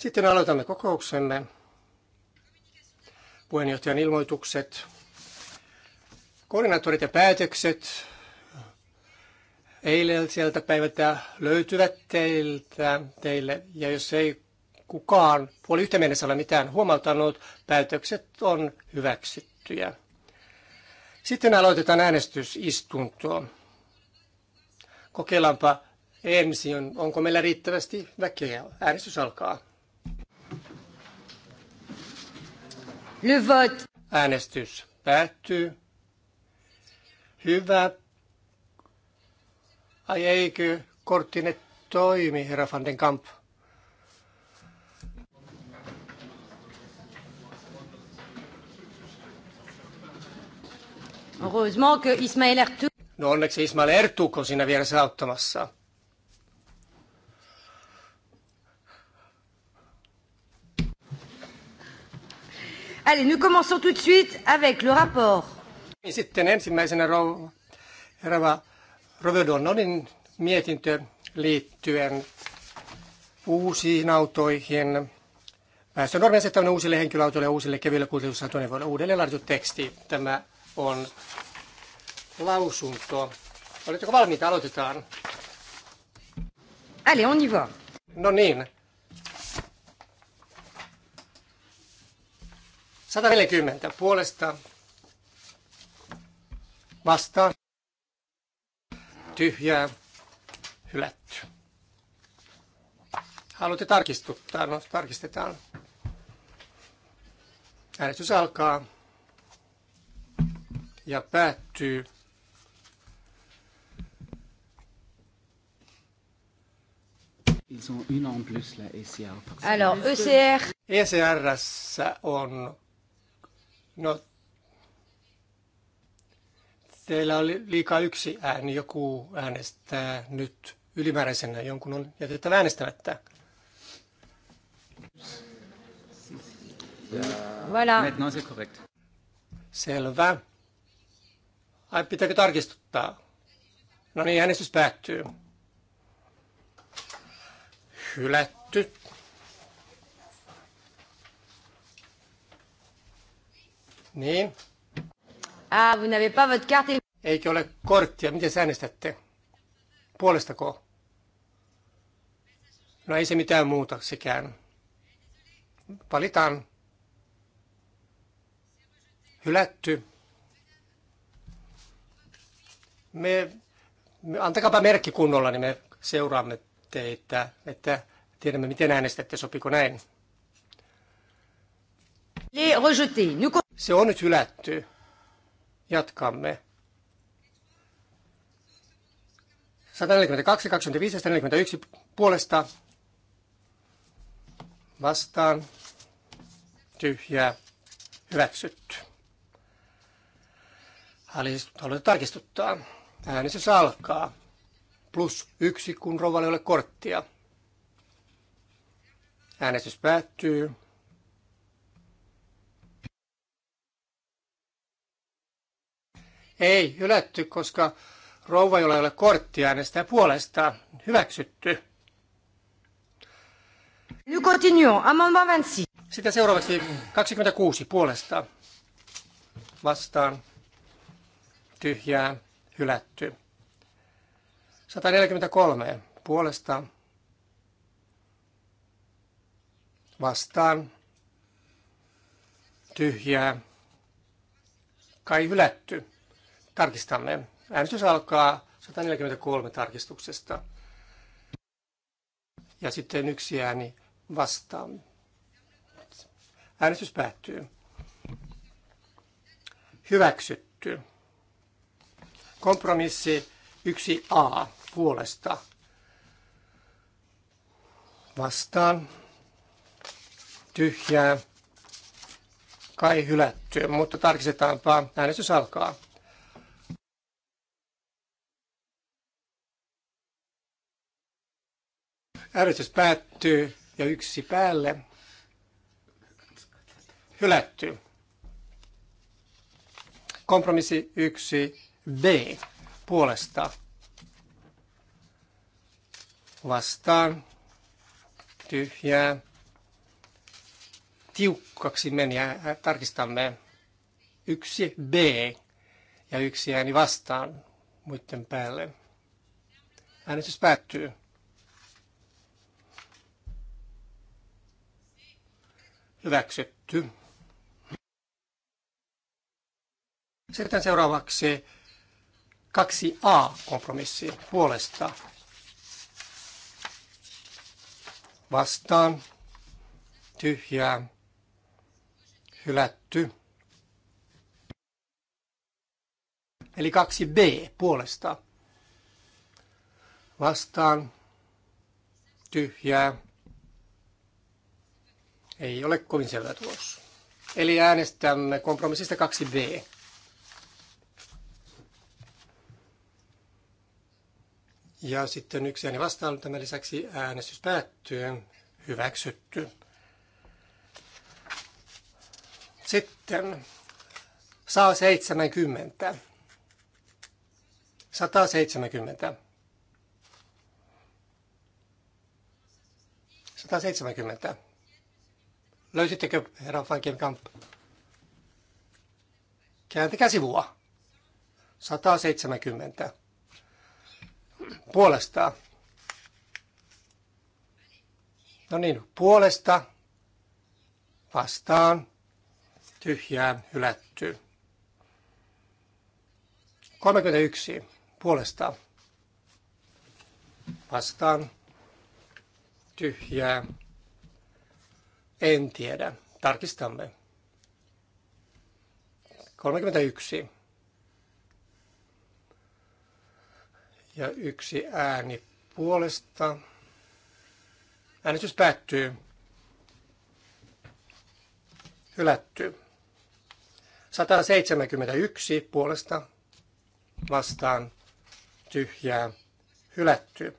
Sitten aloitamme kokouksemme. Puheenjohtajan ilmoitukset, koordinaattorit ja päätökset eiliseltä päivältä löytyvät teiltä, teille. Ja jos ei kukaan puoli yhtä mennessä ole mitään huomaltanut, päätökset on hyväksyttyjä. Sitten aloitetaan äänestysistuntoon. Kokeillaanpa ensin, onko meillä riittävästi väkeä. Äänestys alkaa. Le vote. Äänestys päättyy. Hyvä. Ai eikö korttine toimi, herra van den Kamp? No onneksi Ismail Ertuk on siinä vieressä auttamassa. Allez, nous commençons tout de suite avec le rapport. Niin sitten ensimmäisenä Rova herra mietintö liittyen uusiin autoihin. Päästönormien asettaminen uusille henkilöautoille ja uusille kevyille kuljetusautoille uudelleen laadittu teksti. Tämä on lausunto. Oletteko valmiita? Aloitetaan. Allez, on y va. No niin, 140 puolesta vastaan tyhjää hylätty. Haluatte tarkistuttaa? No, tarkistetaan. Äänestys alkaa ja päättyy. Ils ont une en plus ECR. Alors, ECR. E on No, teillä oli liikaa yksi ääni, joku äänestää nyt ylimääräisenä, jonkun on jätettävä äänestämättä. Voilà. Selvä. Ai, pitääkö tarkistuttaa? No niin, äänestys päättyy. Hylätty. Niin? Ah, vous n'avez pas votre carte. Eikö ole korttia? Miten äänestätte? Puolestako? No ei se mitään muuta sekään. Valitaan. Hylätty. Me, me, antakaapa merkki kunnolla, niin me seuraamme teitä, että tiedämme miten äänestätte, sopiko näin. Les rejetés. Nous se on nyt hylätty. Jatkamme. 142, 25 141 puolesta vastaan tyhjää hyväksytty. Haluaisin tarkistuttaa. Äänestys alkaa. Plus yksi, kun rovalle ole korttia. Äänestys päättyy. Ei hylätty, koska rouva, jolla ei ole korttia, äänestää puolesta. Hyväksytty. Nous continuons. Amendement 26. Sitten seuraavaksi 26 puolesta. Vastaan. Tyhjää. Hylätty. 143 puolesta. Vastaan. Tyhjää. Kai hylätty. Tarkistamme. Äänestys alkaa 143 tarkistuksesta. Ja sitten yksi ääni vastaan. Äänestys päättyy. Hyväksytty. Kompromissi 1a puolesta. Vastaan. Tyhjää. Kai hylätty, mutta tarkistetaanpa. Äänestys alkaa. Äänestys päättyy ja yksi päälle. Hylättyy. Kompromissi 1 B puolesta vastaan tyhjää. Tiukkaksi meni ja tarkistamme yksi B ja yksi ääni vastaan muiden päälle. Äänestys päättyy. Hyväksytty. Sitten seuraavaksi 2a-kompromissi puolesta vastaan tyhjää hylätty. Eli 2b puolesta vastaan tyhjää ei ole kovin selvä tulos. Eli äänestämme kompromissista 2b. Ja sitten yksi ääni vastaan tämän lisäksi äänestys päättyy. Hyväksytty. Sitten 170. 170. 170. Löysittekö herra kamp? Kääntäkää sivua. 170. Puolesta. No niin, puolesta. Vastaan. Tyhjää, hylätty. 31. Puolesta. Vastaan. Tyhjää, en tiedä. Tarkistamme. 31. Ja yksi ääni puolesta. Äänestys päättyy. Hylätty. 171 puolesta vastaan tyhjää hylätty.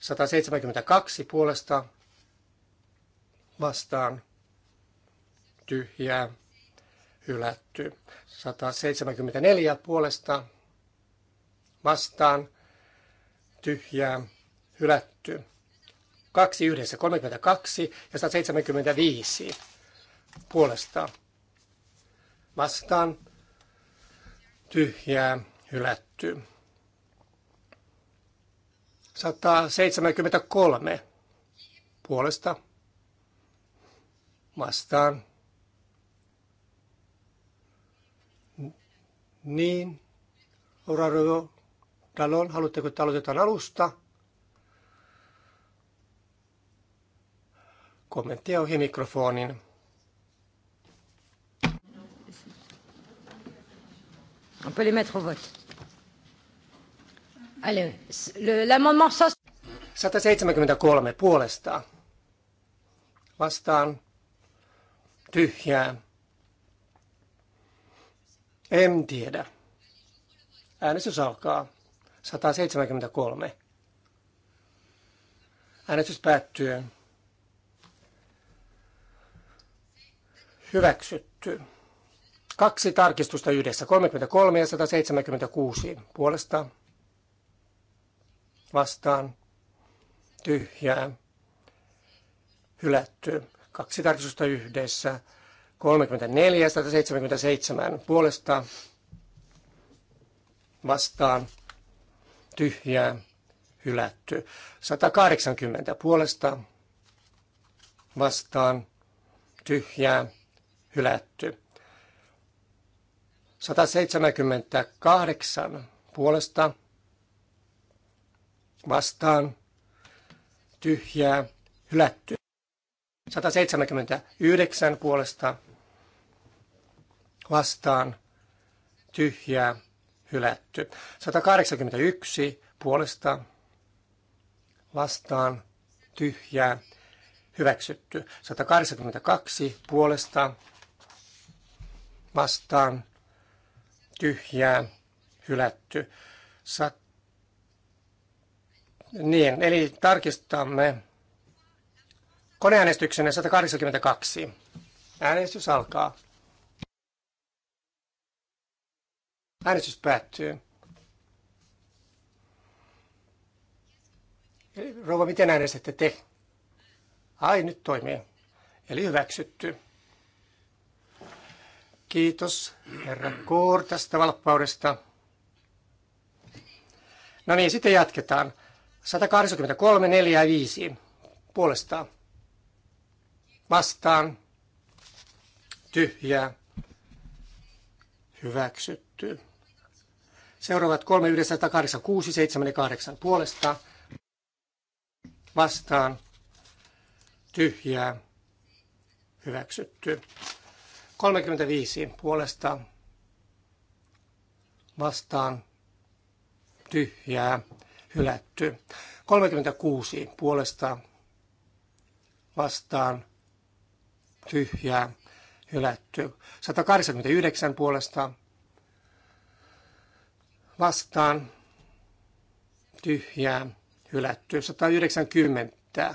172 puolesta vastaan tyhjää hylätty. 174 puolesta vastaan tyhjää hylätty. 2 yhdessä 32 ja 175 puolesta vastaan tyhjää hylätty. 173 puolesta vastaan. Niin, Orarojo Dalon, haluatteko, että aloitetaan alusta? Kommenttia ohi mikrofonin. On peut les mettre au vote. Allez, l'amendement 173 puolesta vastaan Tyhjää. En tiedä. Äänestys alkaa. 173. Äänestys päättyy. Hyväksytty. Kaksi tarkistusta yhdessä, 33 ja 176 puolesta. Vastaan. Tyhjää. Hylätty. Kaksi tarkistusta yhdessä. 34 177 puolesta vastaan tyhjää hylätty. 180 puolesta vastaan tyhjää hylätty. 178 puolesta vastaan tyhjää hylätty. 179 puolesta vastaan tyhjää hylätty. 181 puolesta vastaan tyhjää hyväksytty. 182 puolesta vastaan tyhjää hylätty. Sat... Niin, eli tarkistamme Koneäänestyksen 182. Äänestys alkaa. Äänestys päättyy. Rouva, miten äänestätte te? Ai, nyt toimii. Eli hyväksytty. Kiitos, herra Koor, tästä valppaudesta. No niin, sitten jatketaan. 183, 4 ja 5 puolestaan vastaan tyhjää hyväksytty. Seuraavat kolme yhdessä 186, 7 ja 8 puolesta vastaan tyhjää hyväksytty. 35 puolesta vastaan tyhjää hylätty. 36 puolesta vastaan tyhjää hylätty. 189 puolesta vastaan tyhjää hylätty. 190.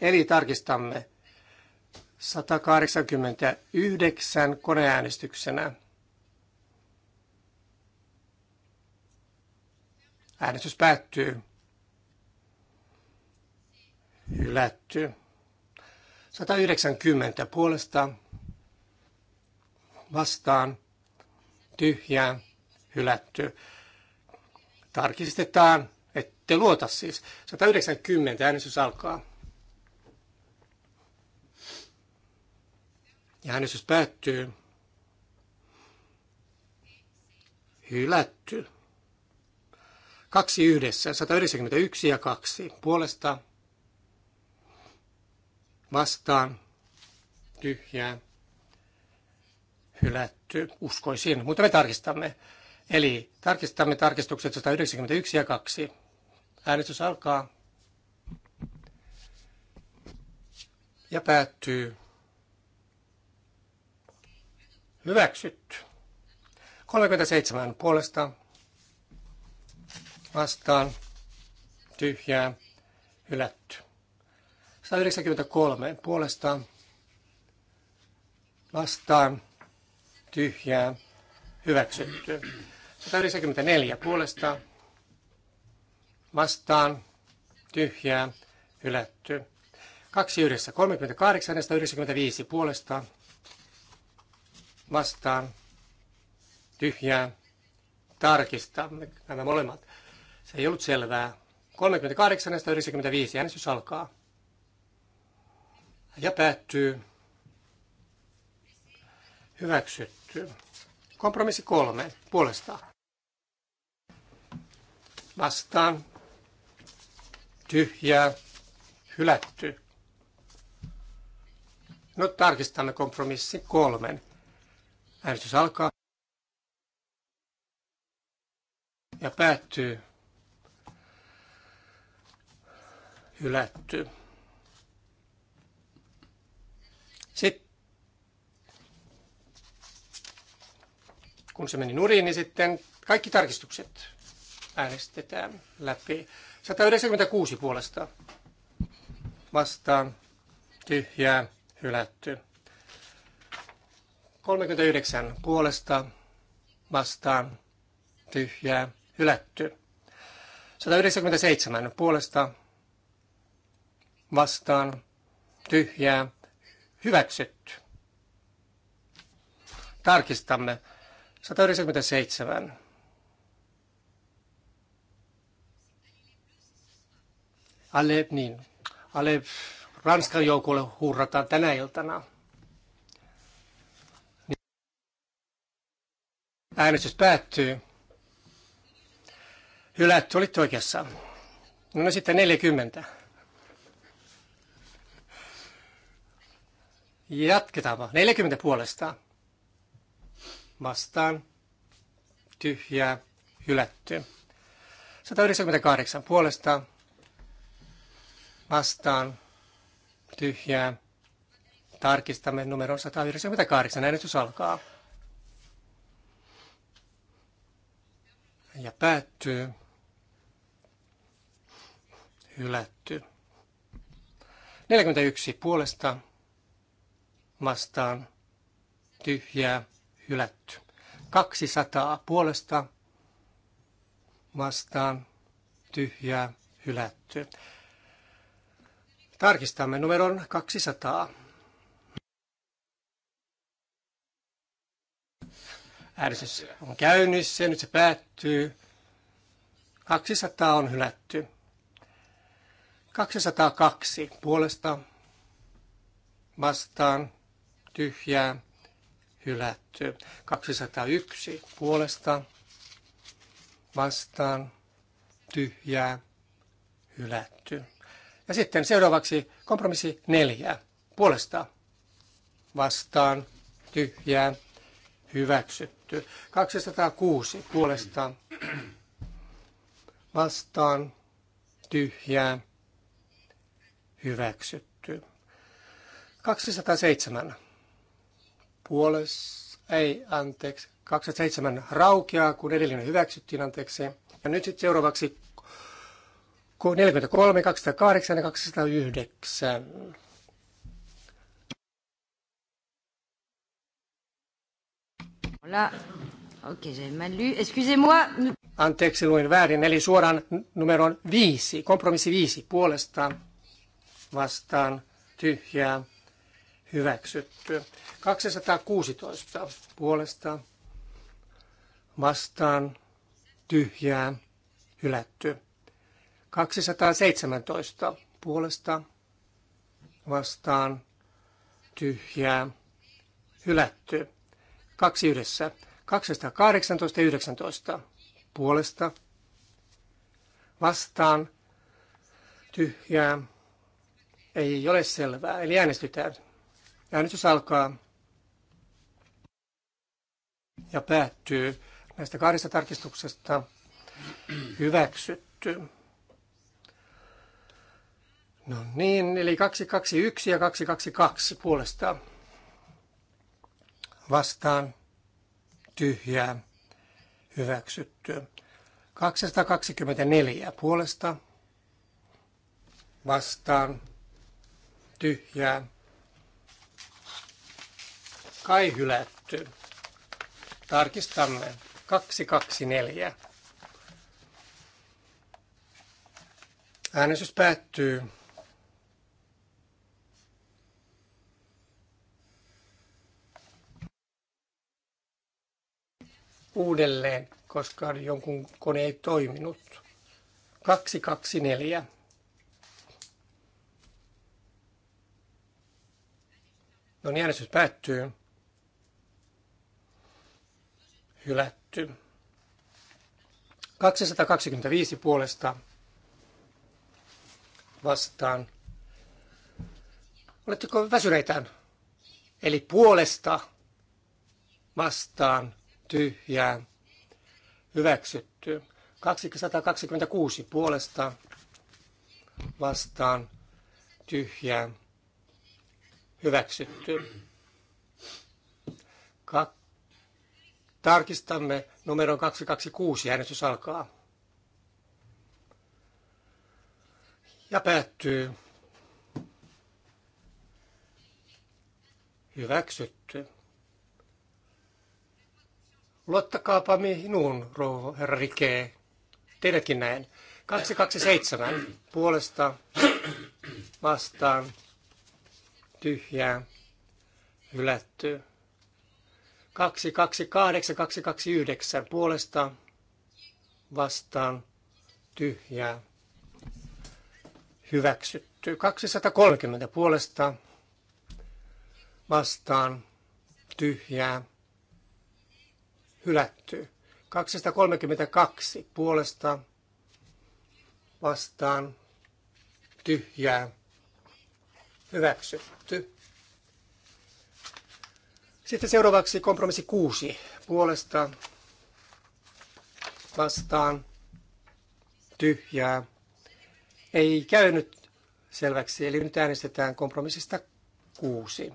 Eli tarkistamme 189 koneäänestyksenä. Äänestys päättyy. Hylätty. 190 puolesta vastaan tyhjää hylätty. Tarkistetaan, ette luota siis. 190 äänestys alkaa. Ja äänestys päättyy. Hylätty. Kaksi yhdessä, 191 ja kaksi puolesta vastaan tyhjää hylätty, uskoisin, mutta me tarkistamme. Eli tarkistamme tarkistukset 191 ja 2. Äänestys alkaa ja päättyy. Hyväksytty. 37 puolesta vastaan tyhjää hylätty. 193 puolesta vastaan tyhjää hyväksyttyä. 194 puolesta vastaan tyhjää hylätty. 2 yhdessä 38 ja 195 puolesta vastaan tyhjää tarkistamme nämä molemmat. Se ei ollut selvää. 38 ja 195 äänestys alkaa ja päättyy hyväksytty. Kompromissi kolme puolestaan. Vastaan tyhjää hylätty. No tarkistamme kompromissi kolmen. Äänestys alkaa ja päättyy hylätty. kun se meni nurin, niin sitten kaikki tarkistukset äänestetään läpi. 196 puolesta vastaan tyhjää hylätty. 39 puolesta vastaan tyhjää hylätty. 197 puolesta vastaan tyhjää hyväksytty. Tarkistamme 197. Alep, niin. Alep Ranskan joukolle hurrataan tänä iltana. Äänestys päättyy. Hylätty, olitte oikeassa. No, no sitten 40. Jatketaan vaan. 40 puolestaan vastaan tyhjää hylätty. 198 puolesta vastaan tyhjää. Tarkistamme numero 198. Äänestys alkaa. Ja päättyy. Hylätty. 41 puolesta vastaan tyhjää hylätty. 200 puolesta vastaan tyhjää hylätty. Tarkistamme numeron 200. Äänestys on käynnissä, nyt se päättyy. 200 on hylätty. 202 puolesta vastaan tyhjää hylätty. 201 puolesta vastaan tyhjää hylätty. Ja sitten seuraavaksi kompromissi neljä. Puolesta vastaan tyhjää hyväksytty. 206 puolesta vastaan tyhjää hyväksytty. 207 puolessa, ei anteeksi, 27 raukeaa, kun edellinen hyväksyttiin, anteeksi. Ja nyt sitten seuraavaksi 43, 208 ja 209. Là, ok, Excusez-moi. Anteeksi, luin väärin. Eli suoraan numeron viisi, kompromissi viisi puolesta vastaan tyhjää hyväksytty. 216 puolesta vastaan tyhjää hylätty. 217 puolesta vastaan tyhjää hylätty. Kaksi yhdessä. 218 ja 19 puolesta vastaan tyhjää ei ole selvää. Eli äänestytään Äänestys alkaa ja päättyy näistä kahdesta tarkistuksesta hyväksytty. No niin, eli 221 ja 222 puolesta vastaan tyhjää hyväksytty. 224 puolesta vastaan tyhjää kai hylätty. Tarkistamme 224. Äänestys päättyy. Uudelleen, koska jonkun kone ei toiminut. 224. No niin, äänestys päättyy hylätty. 225 puolesta vastaan. Oletteko väsyneitä? Eli puolesta vastaan tyhjää hyväksytty. 226 puolesta vastaan tyhjää hyväksytty. Tarkistamme numeron 226, äänestys alkaa. Ja päättyy. Hyväksytty. Luottakaapa minuun, rouva herra Rikee. Teidätkin näen. 227 puolesta vastaan tyhjää hylättyä. 228, 229 puolesta vastaan tyhjää hyväksytty. 230 puolesta vastaan tyhjää hylätty. 232 puolesta vastaan tyhjää hyväksytty. Sitten seuraavaksi kompromissi kuusi puolesta vastaan tyhjää. Ei käynyt selväksi, eli nyt äänestetään kompromissista kuusi.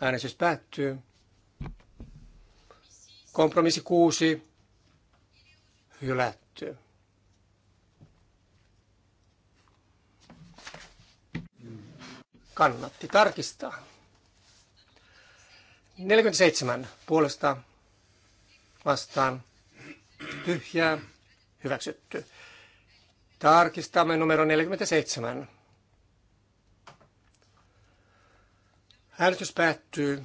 Äänestys päättyy. Kompromissi kuusi hylätty. Kannatti tarkistaa. 47 puolesta vastaan tyhjää hyväksytty. Tarkistamme numero 47. Äänestys päättyy.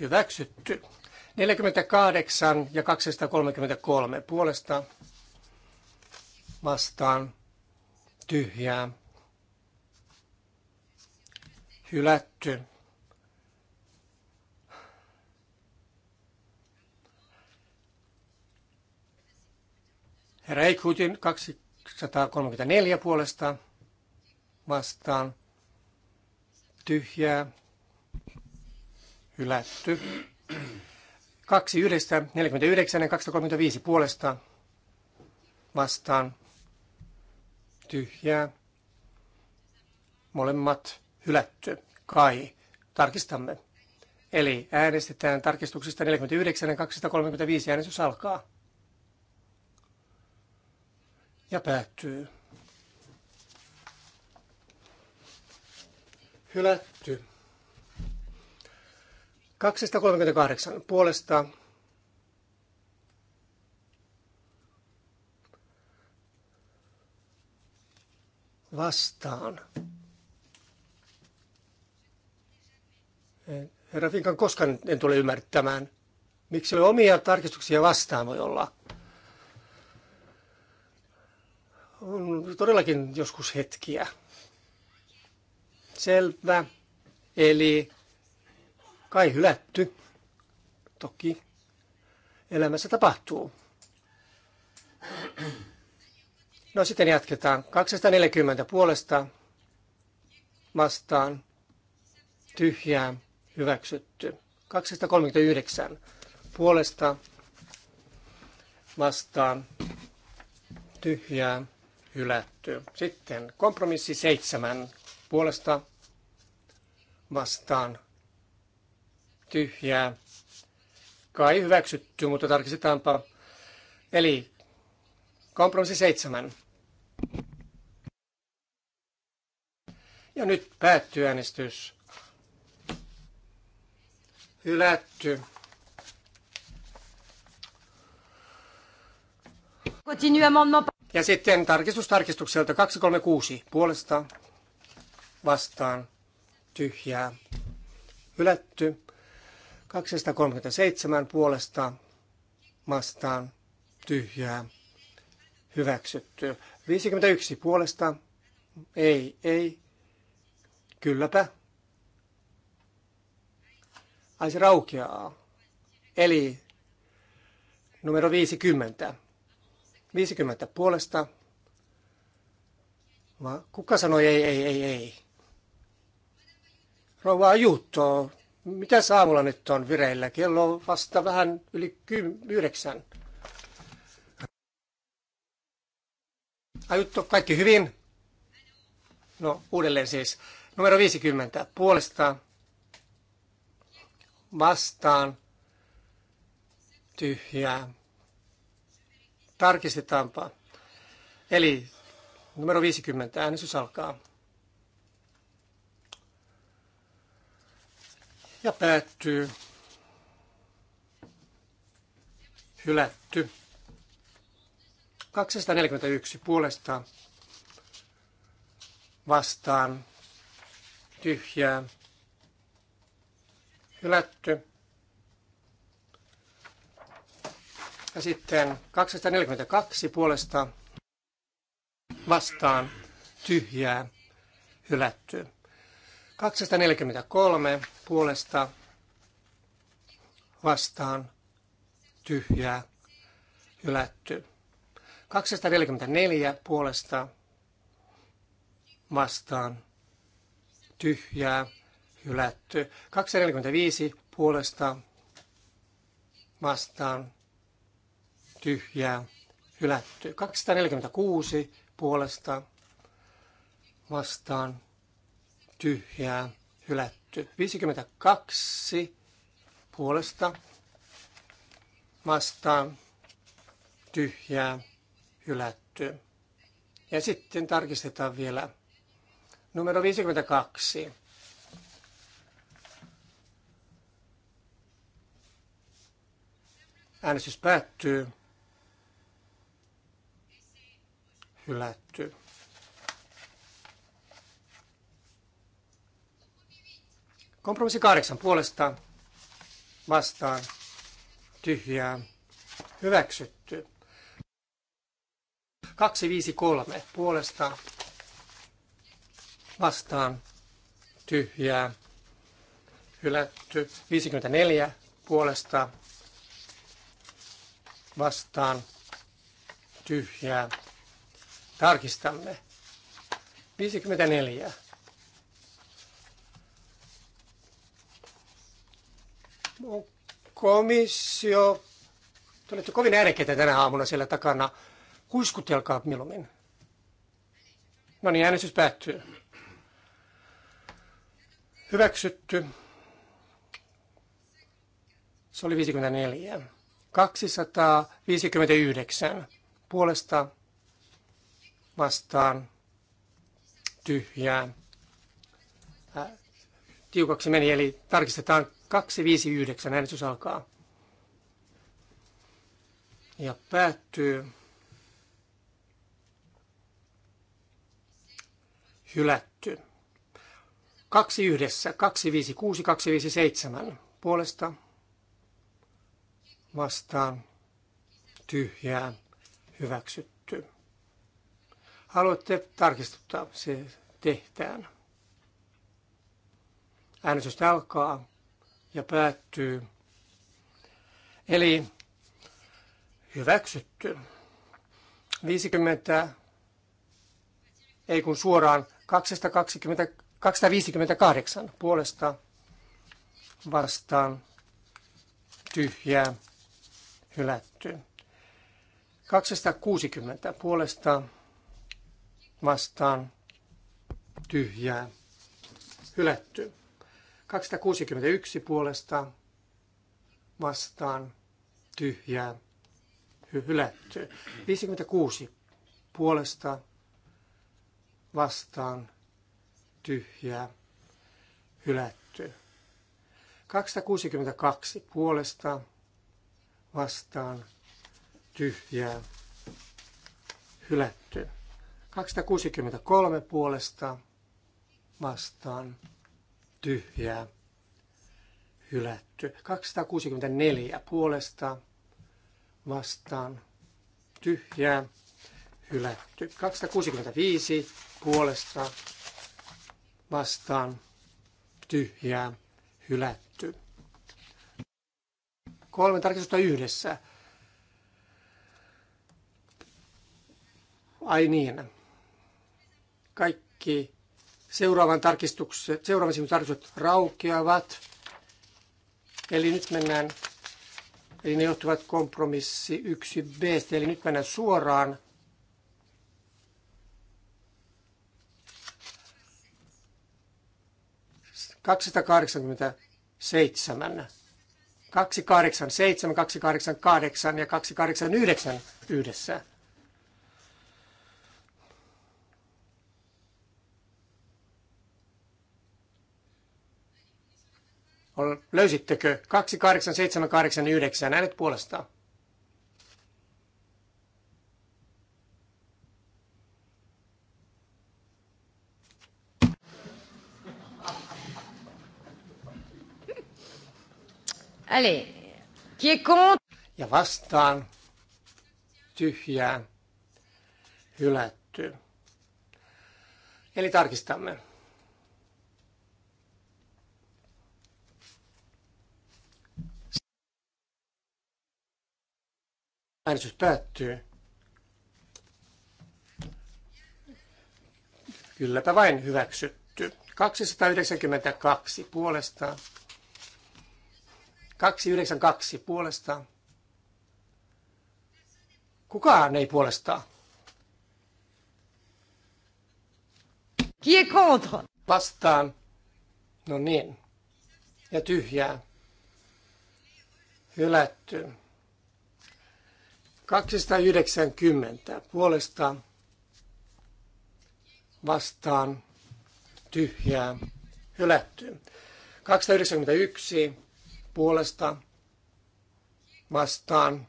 Hyväksytty. 48 ja 233 puolesta vastaan tyhjää hylätty. Herra Eikhutin 234 puolesta vastaan tyhjää hylätty. 2 yhdestä 49 ja 235 puolesta vastaan tyhjää. Molemmat hylätty, kai, tarkistamme. Eli äänestetään tarkistuksista 49 ja 235 äänestys alkaa. Ja päättyy. Hylätty. 238 puolesta vastaan. Herra Finkan koskaan en tule ymmärtämään, miksi oli omia tarkistuksia vastaan voi olla. On todellakin joskus hetkiä. Selvä. Eli kai hylätty. Toki elämässä tapahtuu. No sitten jatketaan. 240 puolesta vastaan tyhjää hyväksytty. 239 puolesta vastaan tyhjää hylätty. Sitten kompromissi 7 puolesta vastaan tyhjää. Kai hyväksytty, mutta tarkistetaanpa. Eli kompromissi 7. Ja nyt päättyy äänestys. Hylätty. Ja sitten tarkistus tarkistukselta 236 puolesta vastaan tyhjää hylätty. 237 puolesta vastaan tyhjää hyväksytty. 51 puolesta ei, ei, kylläpä Ai raukeaa. Eli numero 50. 50 puolesta. Va, kuka sanoi ei, ei, ei, ei? Rouva Jutto, mitä saamulla nyt on vireillä? Kello on vasta vähän yli yhdeksän. Ajuttu, kaikki hyvin? No, uudelleen siis. Numero 50 puolesta vastaan tyhjää. Tarkistetaanpa. Eli numero 50, äänestys alkaa. Ja päättyy. Hylätty. 241 puolesta vastaan tyhjää Hylätty. Ja sitten 242 puolesta vastaan tyhjää hylätty. 243 puolesta vastaan tyhjää hylätty. 244 puolesta vastaan tyhjää hylätty. 245 puolesta vastaan tyhjää hylätty. 246 puolesta vastaan tyhjää hylätty. 52 puolesta vastaan tyhjää hylätty. Ja sitten tarkistetaan vielä numero 52. Äänestys päättyy. Hylätty. Kompromissi kahdeksan puolesta vastaan tyhjää hyväksytty. 253 puolesta vastaan tyhjää hylätty. 54 puolesta vastaan tyhjää. Tarkistamme. 54. Komissio, te olette kovin ärkeitä tänä aamuna siellä takana. Huiskutelkaa mieluummin. No niin, äänestys päättyy. Hyväksytty. Se oli 54. 259 puolesta vastaan tyhjää. Äh, tiukaksi meni, eli tarkistetaan 259, äänestys alkaa. Ja päättyy. Hylätty. 2 yhdessä, 256, 257 puolesta vastaan tyhjää hyväksytty. Haluatte tarkistuttaa, se tehtään. Äänestys alkaa ja päättyy. Eli hyväksytty. 50, ei kun suoraan 220, 258 puolesta vastaan tyhjää hylätty. 260 puolesta vastaan tyhjää hylätty. 261 puolesta vastaan tyhjää hylätty. 56 puolesta vastaan tyhjää hylätty. 262 puolesta vastaan tyhjää hylätty. 263 puolesta vastaan tyhjää hylätty. 264 puolesta vastaan tyhjää hylätty. 265 puolesta vastaan tyhjää hylätty kolme tarkistusta yhdessä. Ai niin. Kaikki seuraavan tarkistukset, seuraavan sivun tarkistukset raukeavat. Eli nyt mennään, eli ne johtuvat kompromissi 1b, eli nyt mennään suoraan kaksisataakahdeksankymmentäseitsemän 287, 288 ja 289 yhdessä. Löysittekö 28789 äänet puolestaan? Allez, qui est contre? Ja vastaan. Tyhjää. Hylätty. Eli tarkistamme. Äänestys päättyy. Kylläpä vain hyväksytty. 292 puolestaan 292 puolestaan. Kukaan ei puolestaan. Qui est contre? Vastaan. No niin. Ja tyhjää. Hylätty. 290 puolesta vastaan tyhjää hylätty. 291 puolesta vastaan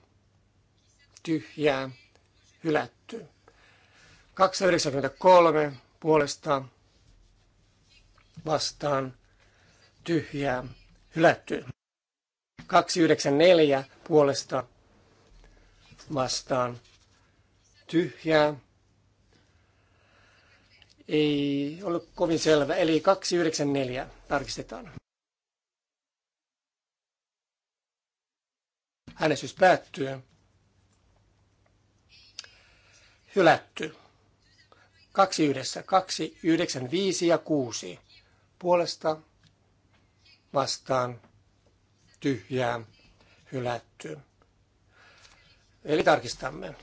tyhjää hylätty. 293 puolesta vastaan tyhjää hylätty. 294 puolesta vastaan tyhjää ei ollut kovin selvä. Eli 294 tarkistetaan. Äänestys päättyy. Hylätty. 2 yhdessä. 2, 9, 5 ja 6. Puolesta vastaan tyhjää hylätty. Eli tarkistamme.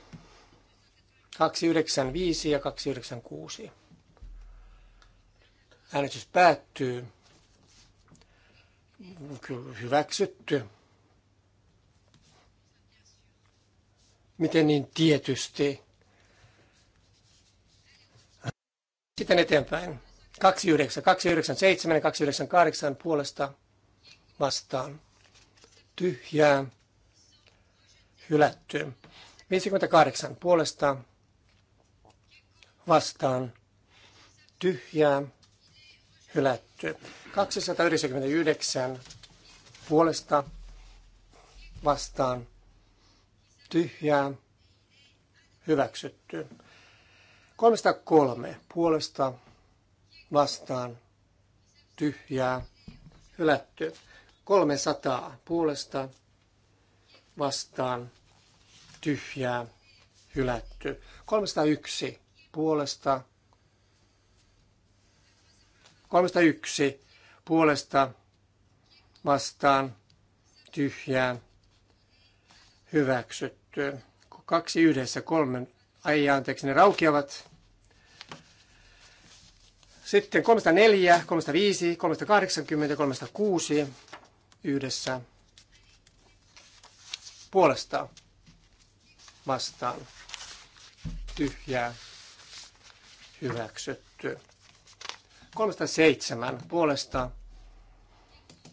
295 ja 296. Äänestys päättyy. Hyväksytty. Miten niin tietysti? Sitten eteenpäin. 29, 297 ja 298 puolesta vastaan. Tyhjää. Hylätty. 58 puolesta vastaan. Tyhjää. Hylätty. 299 puolesta vastaan tyhjää, hyväksytty. 303 puolesta vastaan tyhjää, hylätty. 300 puolesta vastaan tyhjää, hylätty. 301 puolesta 301 puolesta vastaan tyhjää, hyväksytty. Kaksi yhdessä, kolmen. Ai anteeksi, ne raukeavat. Sitten 304, 305, 380, 306 yhdessä puolesta vastaan tyhjää hyväksytty. 307 puolesta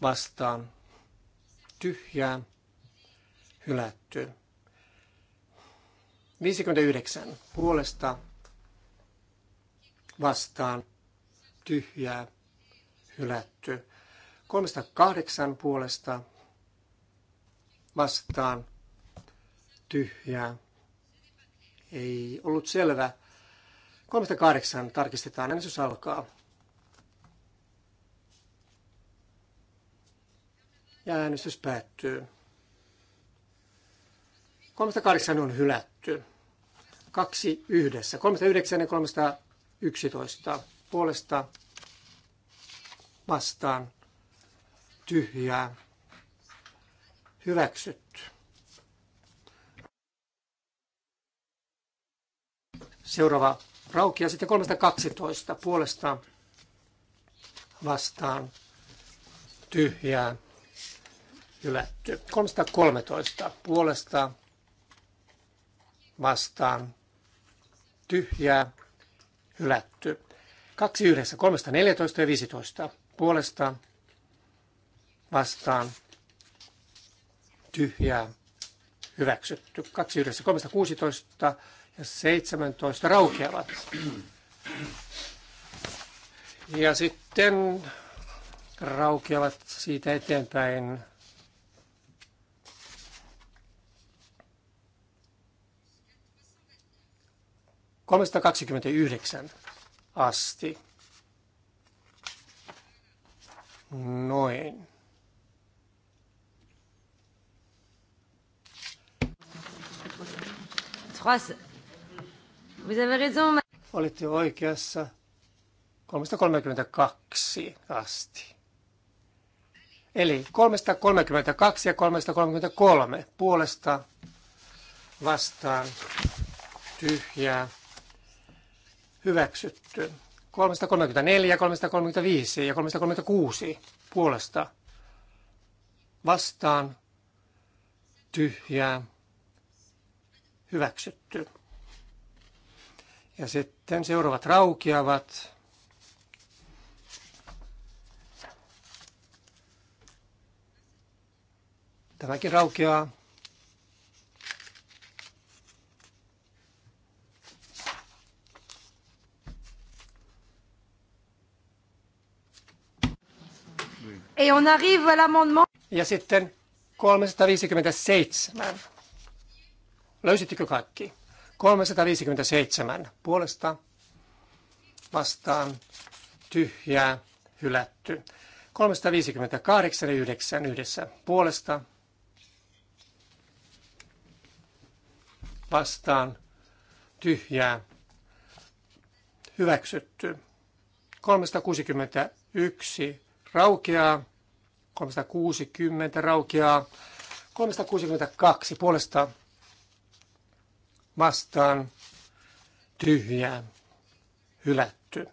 vastaan tyhjää hylätty. 59 puolesta vastaan tyhjää hylätty. 308 puolesta vastaan tyhjää. Ei ollut selvä. 308 tarkistetaan. Äänestys alkaa. Ja äänestys päättyy. 308 on hylätty kaksi yhdessä. 309 ja 311 puolesta vastaan tyhjää hyväksytty. Seuraava raukia sitten 312 puolesta vastaan tyhjää hylätty. 313 puolesta vastaan tyhjää hylätty. 2, 9, neljätoista ja 15 puolesta vastaan tyhjää hyväksytty. 2, 9, 316 ja 17 raukeavat. Ja sitten raukeavat siitä eteenpäin 329 asti. Noin. Trois. Vous avez raison. Olitte oikeassa 332 asti. Eli 332 ja 333 puolesta vastaan tyhjää hyväksytty. 334, 335 ja 336 puolesta vastaan tyhjää hyväksytty. Ja sitten seuraavat raukiavat. Tämäkin raukeaa. Et on arrive à l'amendement. Ja sitten 357. Löysittekö kaikki? 357 puolesta vastaan tyhjää hylätty. 358 9 yhdessä puolesta vastaan tyhjää hyväksytty. 361 raukeaa 360 raukeaa 362 puolesta vastaan tyhjää hylätty.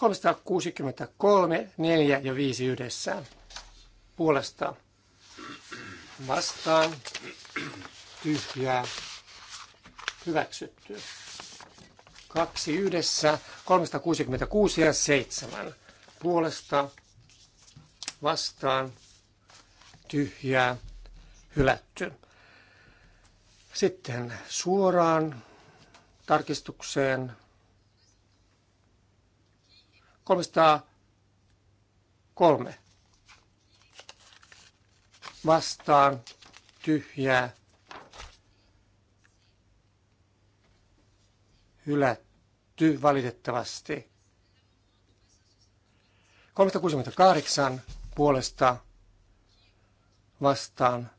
363, 4 ja 5 yhdessä puolesta vastaan tyhjää hyväksytty. Kaksi yhdessä, 366 ja 7 puolesta vastaan tyhjää hylätty. Sitten suoraan tarkistukseen 303 vastaan tyhjää hylätty valitettavasti. 368 puolesta vastaan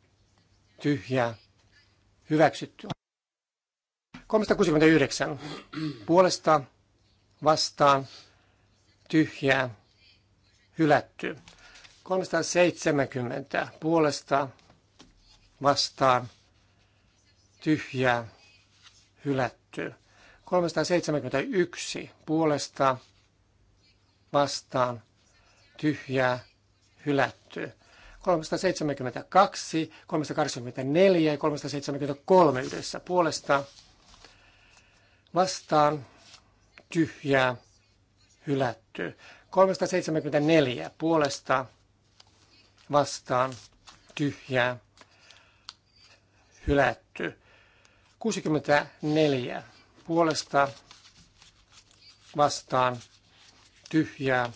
tyhjää hyväksytty. 369 puolesta vastaan tyhjää hylätty. 370 puolesta vastaan tyhjää hylätty. 371 puolesta vastaan tyhjää hylätty. 372, 384 ja 373 yhdessä puolesta vastaan tyhjää hylätty. 374 puolesta vastaan tyhjää hylätty. 64 puolesta vastaan tyhjää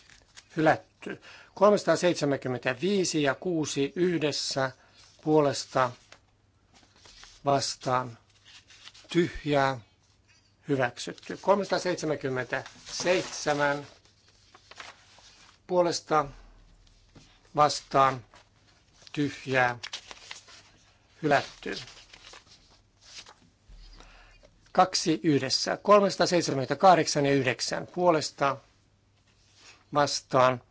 hylätty. 375 ja 6 yhdessä puolesta vastaan tyhjää hyväksytty. 377 puolesta vastaan tyhjää hylätty. Kaksi yhdessä. 378 ja 9 puolesta vastaan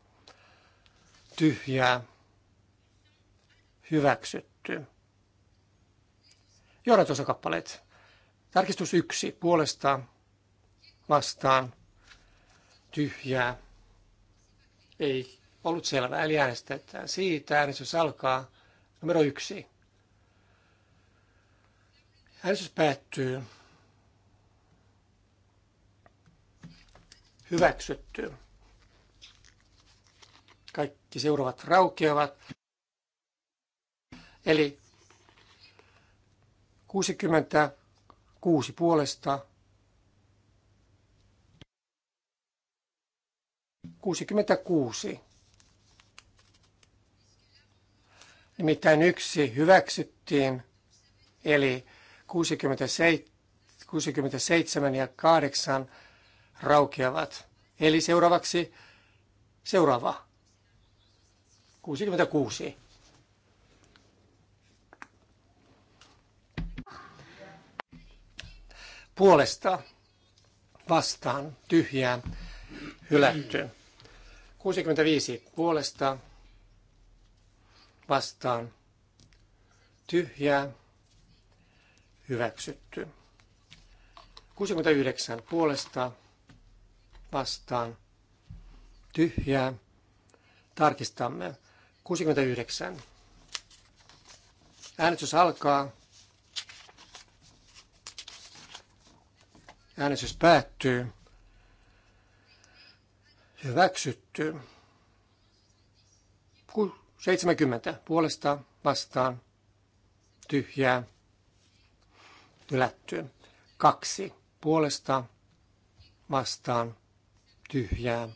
tyhjää, hyväksytty. osakappaleet. Tarkistus yksi puolesta vastaan tyhjää. Ei ollut selvää, eli äänestetään siitä. Äänestys alkaa numero yksi. Äänestys päättyy. Hyväksytty kaikki seuraavat raukeavat. Eli 66 puolesta 66. Nimittäin yksi hyväksyttiin, eli 67, 67 ja 8 raukeavat. Eli seuraavaksi seuraava 66. Puolesta vastaan tyhjää hylätty. 65. Puolesta vastaan tyhjää hyväksytty. 69. Puolesta vastaan tyhjää tarkistamme. 69. Äänestys alkaa. Äänestys päättyy. Hyväksytty. 70 puolesta vastaan tyhjää hylätty. Kaksi puolesta vastaan tyhjää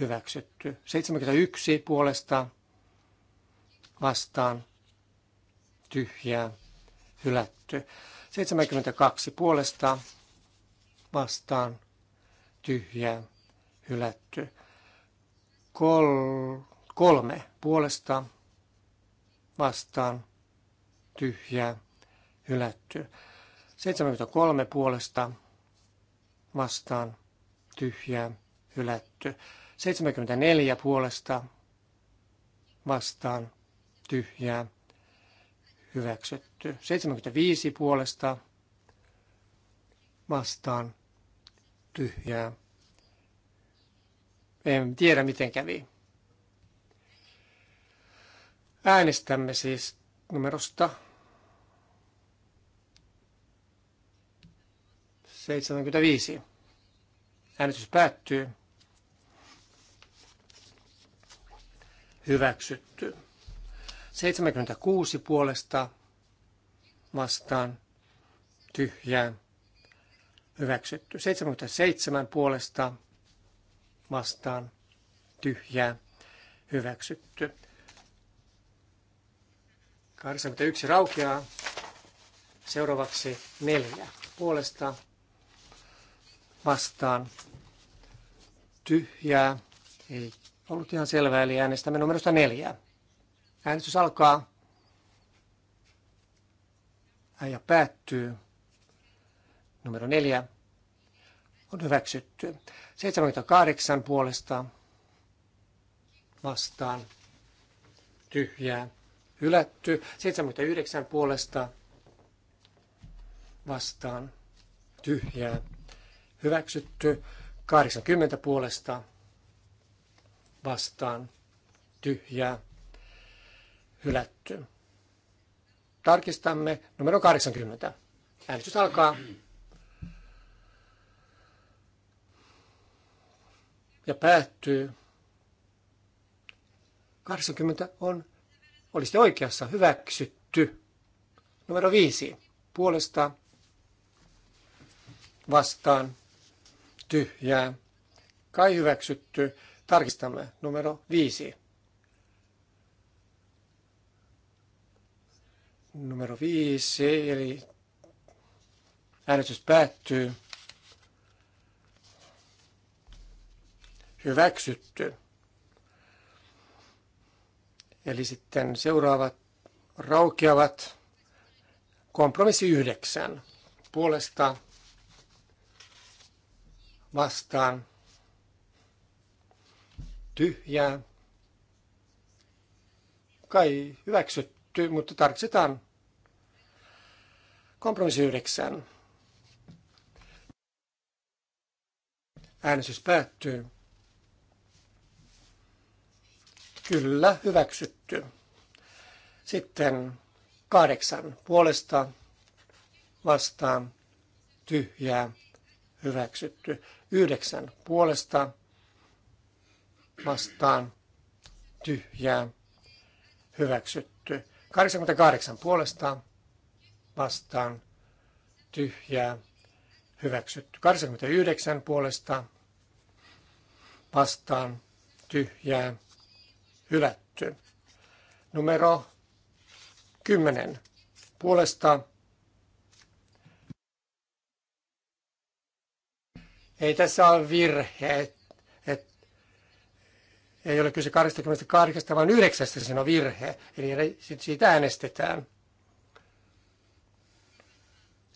hyväksytty. 71 puolesta vastaan tyhjää hylätty. 72 puolesta vastaan tyhjää hylätty. Kol- kolme puolesta vastaan tyhjää hylätty. 73 puolesta vastaan tyhjää hylätty. 74 puolesta vastaan tyhjää hyväksytty. 75 puolesta vastaan tyhjää. En tiedä miten kävi. Äänestämme siis numerosta 75. Äänestys päättyy. Hyväksytty. 76 puolesta vastaan tyhjää hyväksytty. 77 puolesta vastaan tyhjää hyväksytty. 81 raukeaa. Seuraavaksi neljä puolesta vastaan tyhjää. Ei ollut ihan selvää, eli äänestämme numerosta neljää. Äänestys alkaa ja päättyy. Numero neljä on hyväksytty. 78 puolesta vastaan tyhjää hylätty. 79 puolesta vastaan tyhjää hyväksytty. 80 puolesta vastaan tyhjää hylätty. Tarkistamme numero 80. Äänestys alkaa. Ja päättyy. 80 on, olisitte oikeassa, hyväksytty. Numero 5. Puolesta vastaan tyhjää. Kai hyväksytty. Tarkistamme numero 5. numero 5, eli äänestys päättyy. Hyväksytty. Eli sitten seuraavat raukeavat kompromissi yhdeksän puolesta vastaan tyhjää. Kai hyväksytty hyväksytty, mutta tarvitsetaan kompromissi yhdeksän. Äänestys päättyy. Kyllä, hyväksytty. Sitten kahdeksan puolesta vastaan tyhjää hyväksytty. Yhdeksän puolesta vastaan tyhjää hyväksytty. 88 puolesta vastaan tyhjää hyväksytty. 89 puolesta vastaan tyhjää hylätty. Numero 10 puolesta ei tässä ole virhe, ei ole kyse 28, vaan 9 siinä on virhe. Eli siitä äänestetään.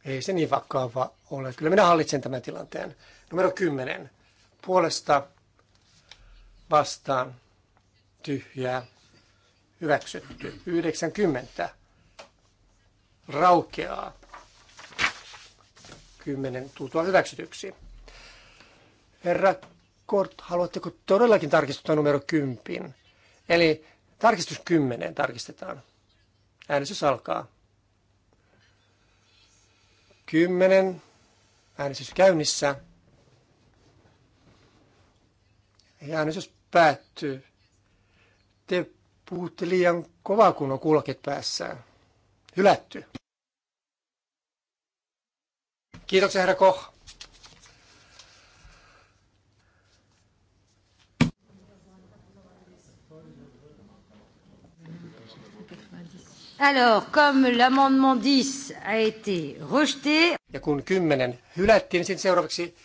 Ei se niin vakava ole. Kyllä minä hallitsen tämän tilanteen. Numero 10. Puolesta vastaan tyhjää hyväksytty. 90 raukeaa. 10 tultua hyväksytyksi. Herra kort, haluatteko todellakin tarkistuttaa numero 10? Eli tarkistus 10 tarkistetaan. Äänestys alkaa. 10. Äänestys käynnissä. Ja äänestys päättyy. Te puhutte liian kovaa, kun on kuulokit päässään. Hylätty. Kiitoksia, herra Koch. Alors, comme l'amendement 10 a été rejeté... Ja kun 10 hylättiin, niin seuraavaksi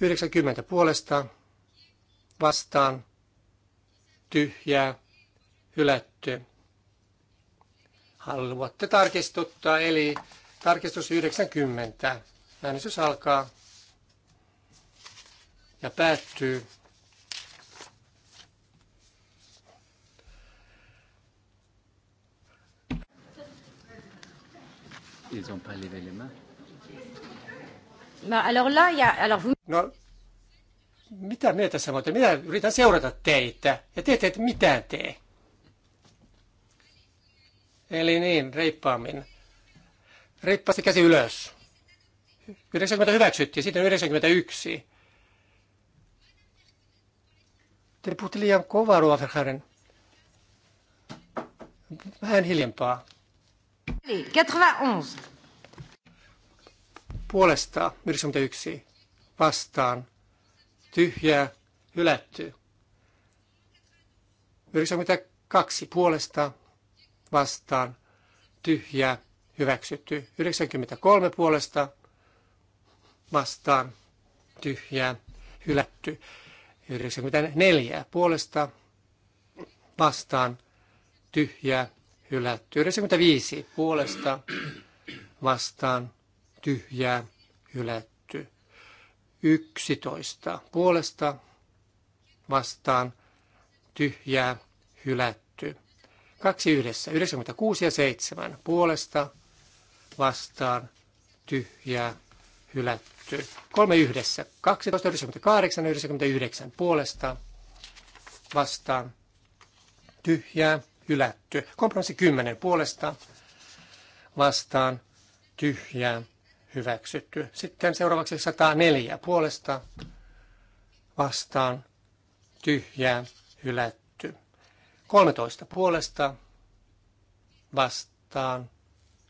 90 puolesta vastaan tyhjää hylätty. Haluatte tarkistuttaa, eli tarkistus 90. Äänestys alkaa ja päättyy. Ils n'ont pas levé les mains. Bah, alors là, il y a... alors vous... No, mitä mieltä sä voitte? Minä yritän seurata teitä, ja te teette mitään tee. Eli niin, reippaammin. Reippaasti käsi ylös. 90 hyväksyttiin, sitten 91. Te puhutte liian kovaa, Ruoferharen. Vähän hiljempaa. 91. Niin, puolesta 91 vastaan tyhjää hylätty. 92 puolesta vastaan tyhjää hyväksytty. 93 puolesta vastaan tyhjää hylätty. 94 puolesta vastaan tyhjää hylätty. 95 puolesta vastaan tyhjää hylätty. 11 puolesta vastaan tyhjää hylätty. Kaksi yhdessä, 96 ja 7 puolesta vastaan tyhjää hylätty. Kolme yhdessä, 12, 98, ja 99 puolesta vastaan tyhjää hylätty hylätty. Kompromissi 10 puolesta vastaan tyhjää hyväksytty. Sitten seuraavaksi 104 puolesta vastaan tyhjää hylätty. 13 puolesta vastaan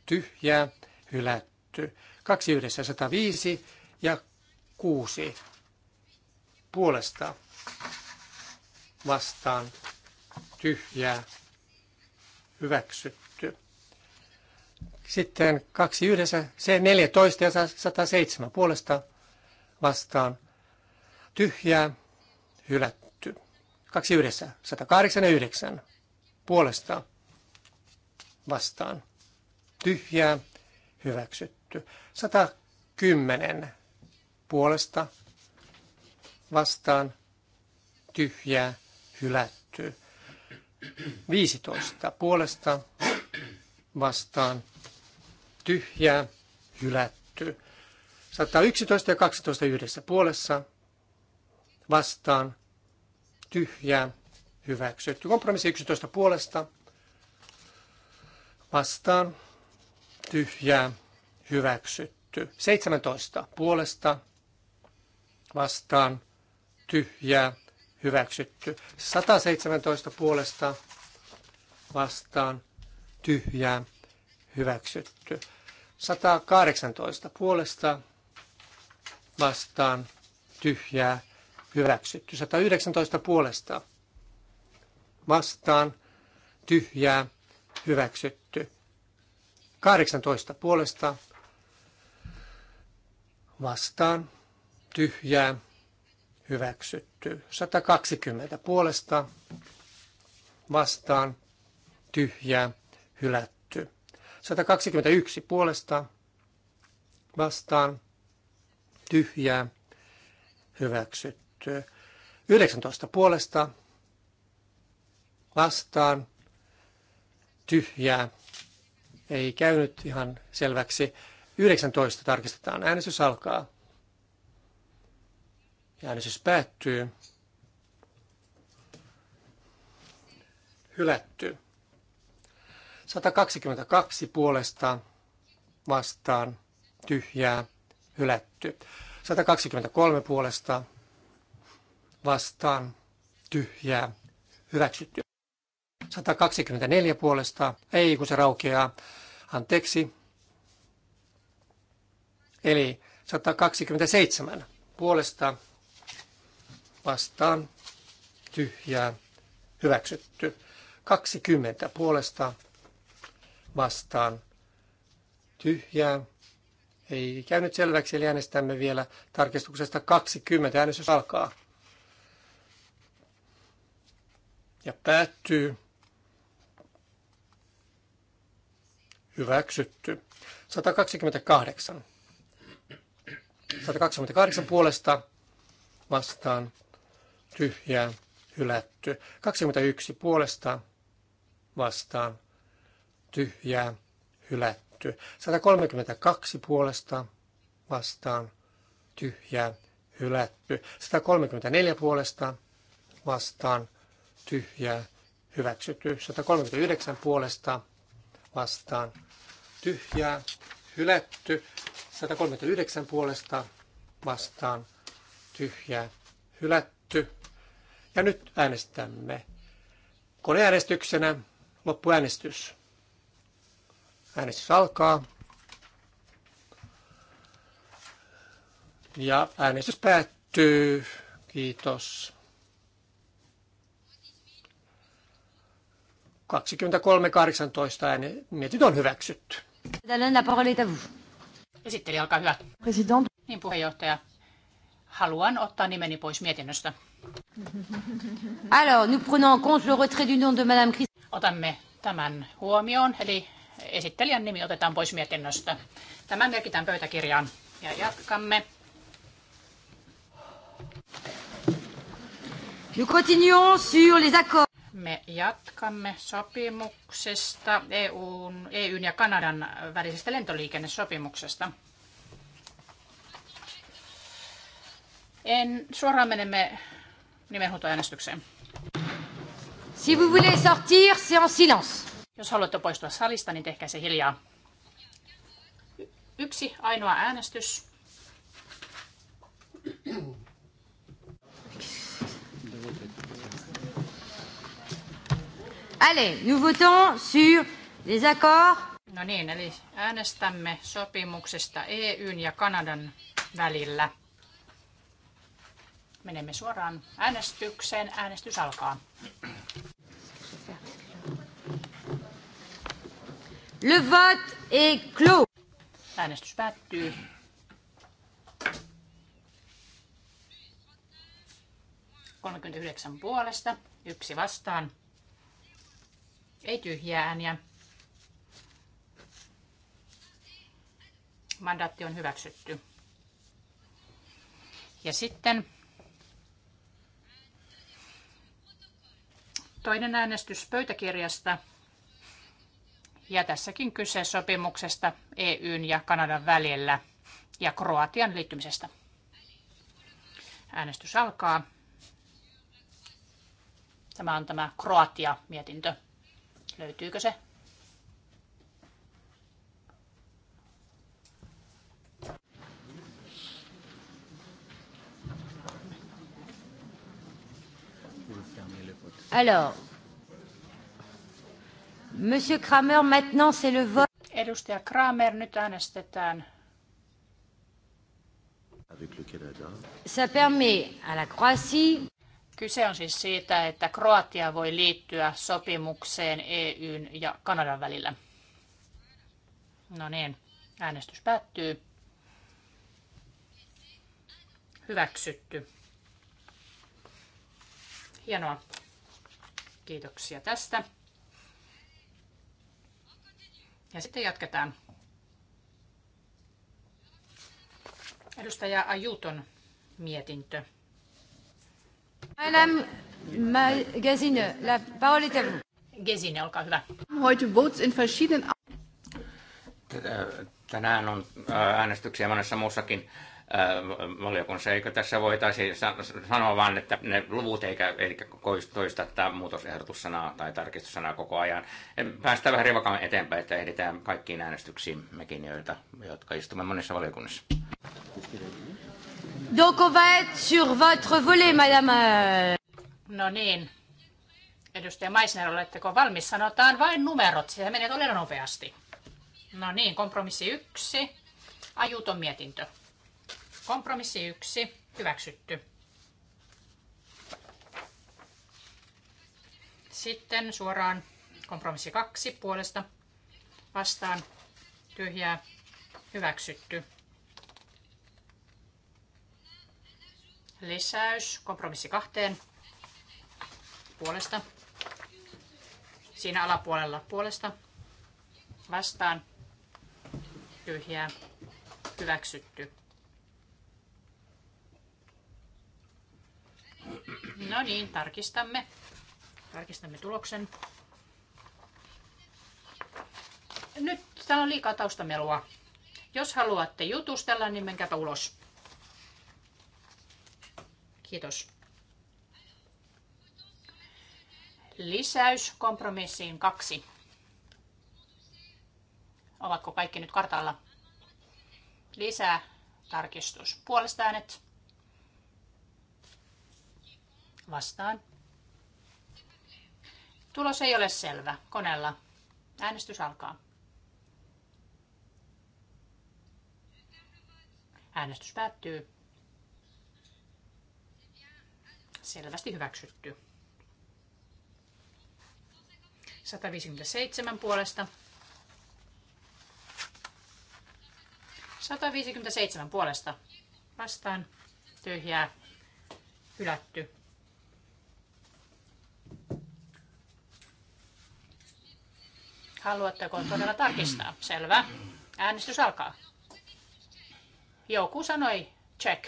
tyhjää hylätty. 2 yhdessä 105 ja 6 puolesta vastaan tyhjää hyväksytty. Sitten kaksi yhdessä, C14 ja 107 puolesta vastaan tyhjää, hylätty. Kaksi yhdessä, 189 puolesta vastaan tyhjää, hyväksytty. 110 puolesta vastaan tyhjää, hylätty. 15 puolesta vastaan tyhjää hylätty. 111 ja 12 yhdessä puolessa vastaan tyhjää hyväksytty. Kompromissi 11 puolesta vastaan tyhjää hyväksytty. 17 puolesta vastaan tyhjää hyväksytty. 117 puolesta vastaan tyhjää hyväksytty. 118 puolesta vastaan tyhjää hyväksytty. 119 puolesta vastaan tyhjää hyväksytty. 18 puolesta vastaan tyhjää hyväksytty. 120 puolesta vastaan tyhjää hylätty. 121 puolesta vastaan tyhjää hyväksytty. 19 puolesta vastaan tyhjää ei käynyt ihan selväksi. 19 tarkistetaan. Äänestys alkaa. Äänestys päättyy. Hylätty. 122 puolesta vastaan tyhjää hylätty. 123 puolesta vastaan tyhjää hyväksytty. 124 puolesta, ei kun se raukeaa, anteeksi. Eli 127 puolesta vastaan tyhjää hyväksytty. 20 puolesta vastaan tyhjää. Ei käynyt selväksi, eli äänestämme vielä tarkistuksesta 20. Äänestys alkaa. Ja päättyy. Hyväksytty. 128. 128 puolesta vastaan tyhjää, hylätty. 21 puolesta vastaan, tyhjää, hylätty. 132 puolesta vastaan, tyhjää, hylätty. 134 puolesta vastaan, tyhjää, hyväksytty. 139 puolesta vastaan, tyhjää, hylätty. 139 puolesta vastaan, tyhjää, hylätty. Ja nyt äänestämme koneäänestyksenä loppuäänestys. Äänestys alkaa. Ja äänestys päättyy. Kiitos. 23.18 ääni. Mietit on hyväksytty. La Esitteli, olkaa hyvä. President. Niin puheenjohtaja. Haluan ottaa nimeni pois mietinnöstä. Alors, nous prenons en compte le retrait du nom de Madame Christine. Otamme tämän huomioon, eli esittelijän nimi otetaan pois mietinnöstä. Tämän merkitään pöytäkirjaan ja jatkamme. Nous continuons sur les accords. Me jatkamme sopimuksesta, EUn, EUn ja Kanadan välisestä lentoliikennesopimuksesta. En suoraan menemme nimenhuutoäänestykseen. Si vous voulez sortir, c'est en silence. Jos haluatte poistua salista, niin tehkää se hiljaa. Y- Yksi ainoa äänestys. Allez, nous votons sur les accords. No niin, eli äänestämme sopimuksesta EUn ja Kanadan välillä. Menemme suoraan äänestykseen. Äänestys alkaa. Le vote est clos. Äänestys päättyy. Kolmekymmentäyhdeksän puolesta, yksi vastaan. Ei tyhjää ääniä. Mandaatti on hyväksytty. Ja sitten Toinen äänestys pöytäkirjasta. Ja tässäkin kyse sopimuksesta EUn ja Kanadan välillä ja Kroatian liittymisestä. Äänestys alkaa. Tämä on tämä Kroatia-mietintö. Löytyykö se Alors, Monsieur Kramer, maintenant c'est le vote. Edustaja Kramer, nyt äänestetään. Avec le Canada. Ça permet à la Croatie Kyse on siis siitä, että Kroatia voi liittyä sopimukseen EUn ja Kanadan välillä. No niin, äänestys päättyy. Hyväksytty. Hienoa. Kiitoksia tästä. Ja sitten jatketaan. Edustaja Ajuton mietintö. Madame Magazine, la parole est à vous. Gesine, olkaa hyvä. Heute votes in verschiedenen... Tänään on äh, äänestyksiä monessa muussakin valiokunnassa. Eikö tässä voitaisiin sanoa vain, että ne luvut eikä, eikä toista tämä muutosehdotussanaa tai tarkistussanaa koko ajan. Päästään vähän rivakaan eteenpäin, että ehditään kaikkiin äänestyksiin mekin, joita, jotka istumme monissa valiokunnissa. Donc on va être sur votre volet, madame. No niin. Edustaja Maisner, oletteko valmis? Sanotaan vain numerot, se menee todella nopeasti. No niin, kompromissi yksi. Ajuton mietintö. Kompromissi yksi hyväksytty. Sitten suoraan kompromissi kaksi puolesta vastaan tyhjää hyväksytty. Lisäys kompromissi kahteen puolesta. Siinä alapuolella puolesta vastaan tyhjää hyväksytty. No niin, tarkistamme. Tarkistamme tuloksen. Nyt täällä on liikaa taustamelua. Jos haluatte jutustella, niin menkääpä ulos. Kiitos. Lisäys kompromissiin kaksi. Ovatko kaikki nyt kartalla? Lisää tarkistus. Puolesta äänet vastaan. Tulos ei ole selvä koneella. Äänestys alkaa. Äänestys päättyy. Selvästi hyväksytty. 157 puolesta. 157 puolesta. Vastaan tyhjää, hylätty. Haluatteko todella tarkistaa? Selvä. Äänestys alkaa. Joku sanoi check.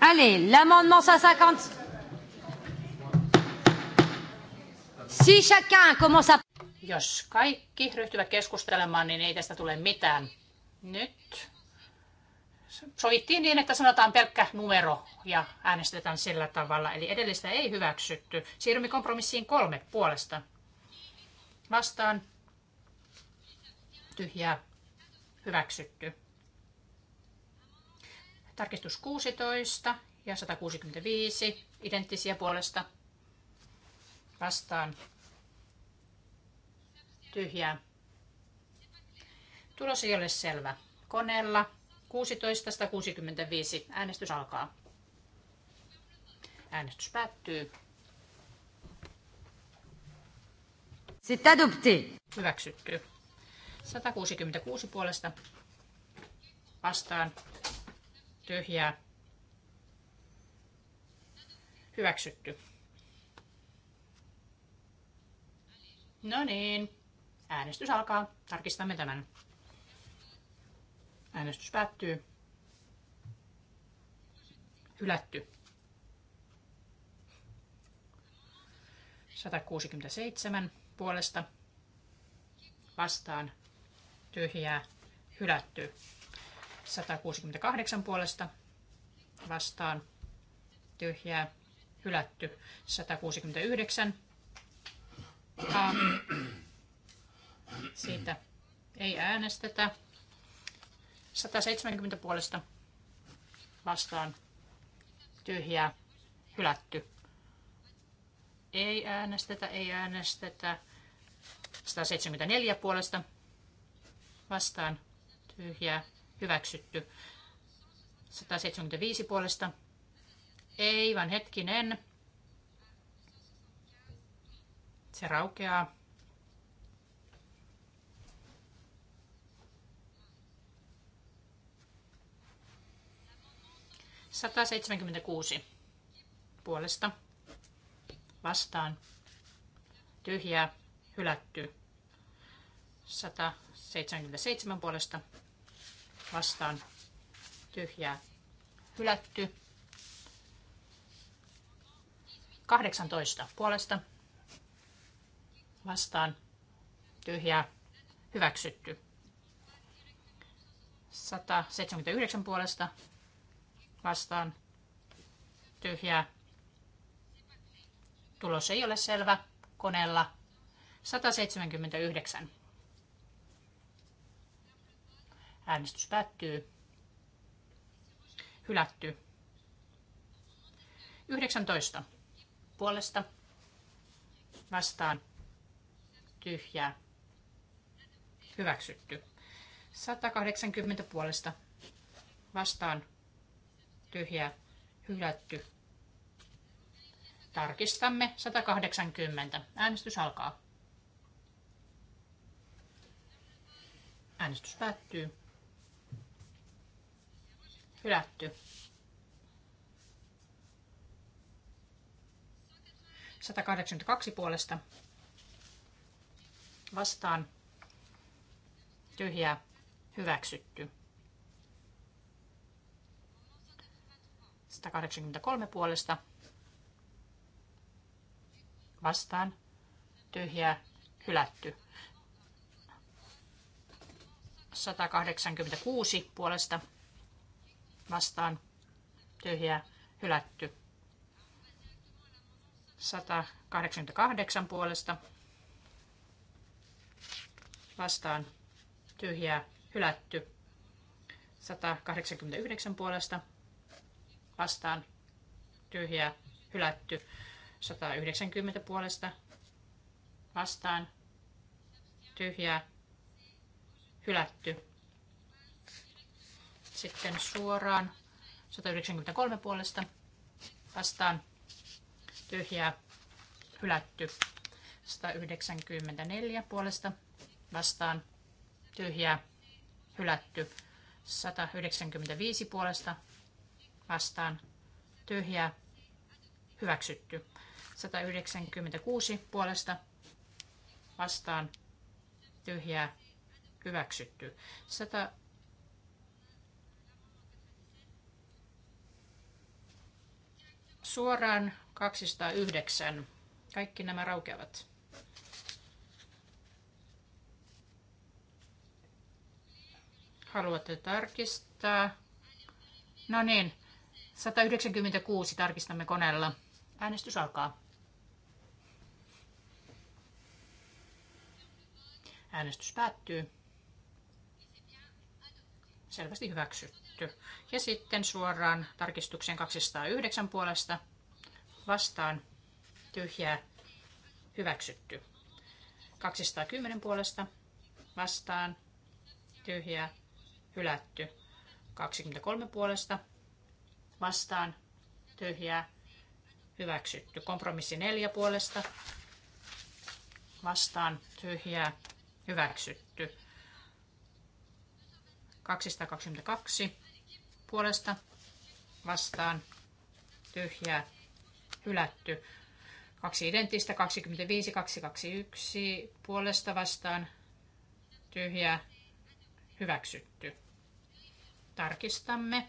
Allez, l'amendement 150. Si chacun commence à... Jos kaikki ryhtyvät keskustelemaan, niin ei tästä tule mitään. Nyt sovittiin niin, että sanotaan pelkkä numero ja äänestetään sillä tavalla. Eli edellistä ei hyväksytty. Siirrymme kompromissiin kolme puolesta. Vastaan. Tyhjää. Hyväksytty. Tarkistus 16 ja 165. Identtisiä puolesta. Vastaan. Tyhjää. Tulos ei ole selvä. Koneella 16.165. Äänestys alkaa. Äänestys päättyy. C'est adopté. Hyväksytty. 166 puolesta vastaan tyhjää. Hyväksytty. No niin, äänestys alkaa. Tarkistamme tämän. Äänestys päättyy. Hylätty. 167 puolesta vastaan tyhjää hylätty. 168 puolesta vastaan tyhjää hylätty. 169 A. Ah. Siitä ei äänestetä. 170 puolesta vastaan tyhjää hylätty. Ei äänestetä, ei äänestetä. 174 puolesta vastaan tyhjää hyväksytty. 175 puolesta. Ei, vaan hetkinen. Se raukeaa. 176 puolesta vastaan tyhjää hylätty. 177 puolesta vastaan tyhjää hylätty. 18 puolesta vastaan tyhjää hyväksytty. 179 puolesta vastaan tyhjää. Tulos ei ole selvä koneella. 179. Äänestys päättyy. Hylätty. 19. Puolesta vastaan tyhjää. Hyväksytty. 180 puolesta vastaan tyhjä hylätty. Tarkistamme 180. Äänestys alkaa. Äänestys päättyy. Hylätty. 182 puolesta. Vastaan. tyhjä Hyväksytty. 183 puolesta vastaan tyhjää hylätty. 186 puolesta vastaan tyhjää hylätty. 188 puolesta vastaan tyhjää hylätty. 189 puolesta vastaan tyhjä hylätty. 190 puolesta vastaan tyhjä hylätty. Sitten suoraan 193 puolesta vastaan tyhjä hylätty. 194 puolesta vastaan tyhjä hylätty. 195 puolesta vastaan tyhjää hyväksytty. 196 puolesta vastaan tyhjää hyväksytty. 100 suoraan 209. Kaikki nämä raukeavat. Haluatte tarkistaa? No niin, 196 tarkistamme koneella. Äänestys alkaa. Äänestys päättyy. Selvästi hyväksytty. Ja sitten suoraan tarkistuksen 209 puolesta vastaan tyhjää hyväksytty. 210 puolesta vastaan tyhjää hylätty. 23 puolesta vastaan tyhjää hyväksytty. Kompromissi neljä puolesta vastaan tyhjää hyväksytty. 222 puolesta vastaan tyhjää hylätty. Kaksi identtistä 25 221 puolesta vastaan tyhjää hyväksytty. Tarkistamme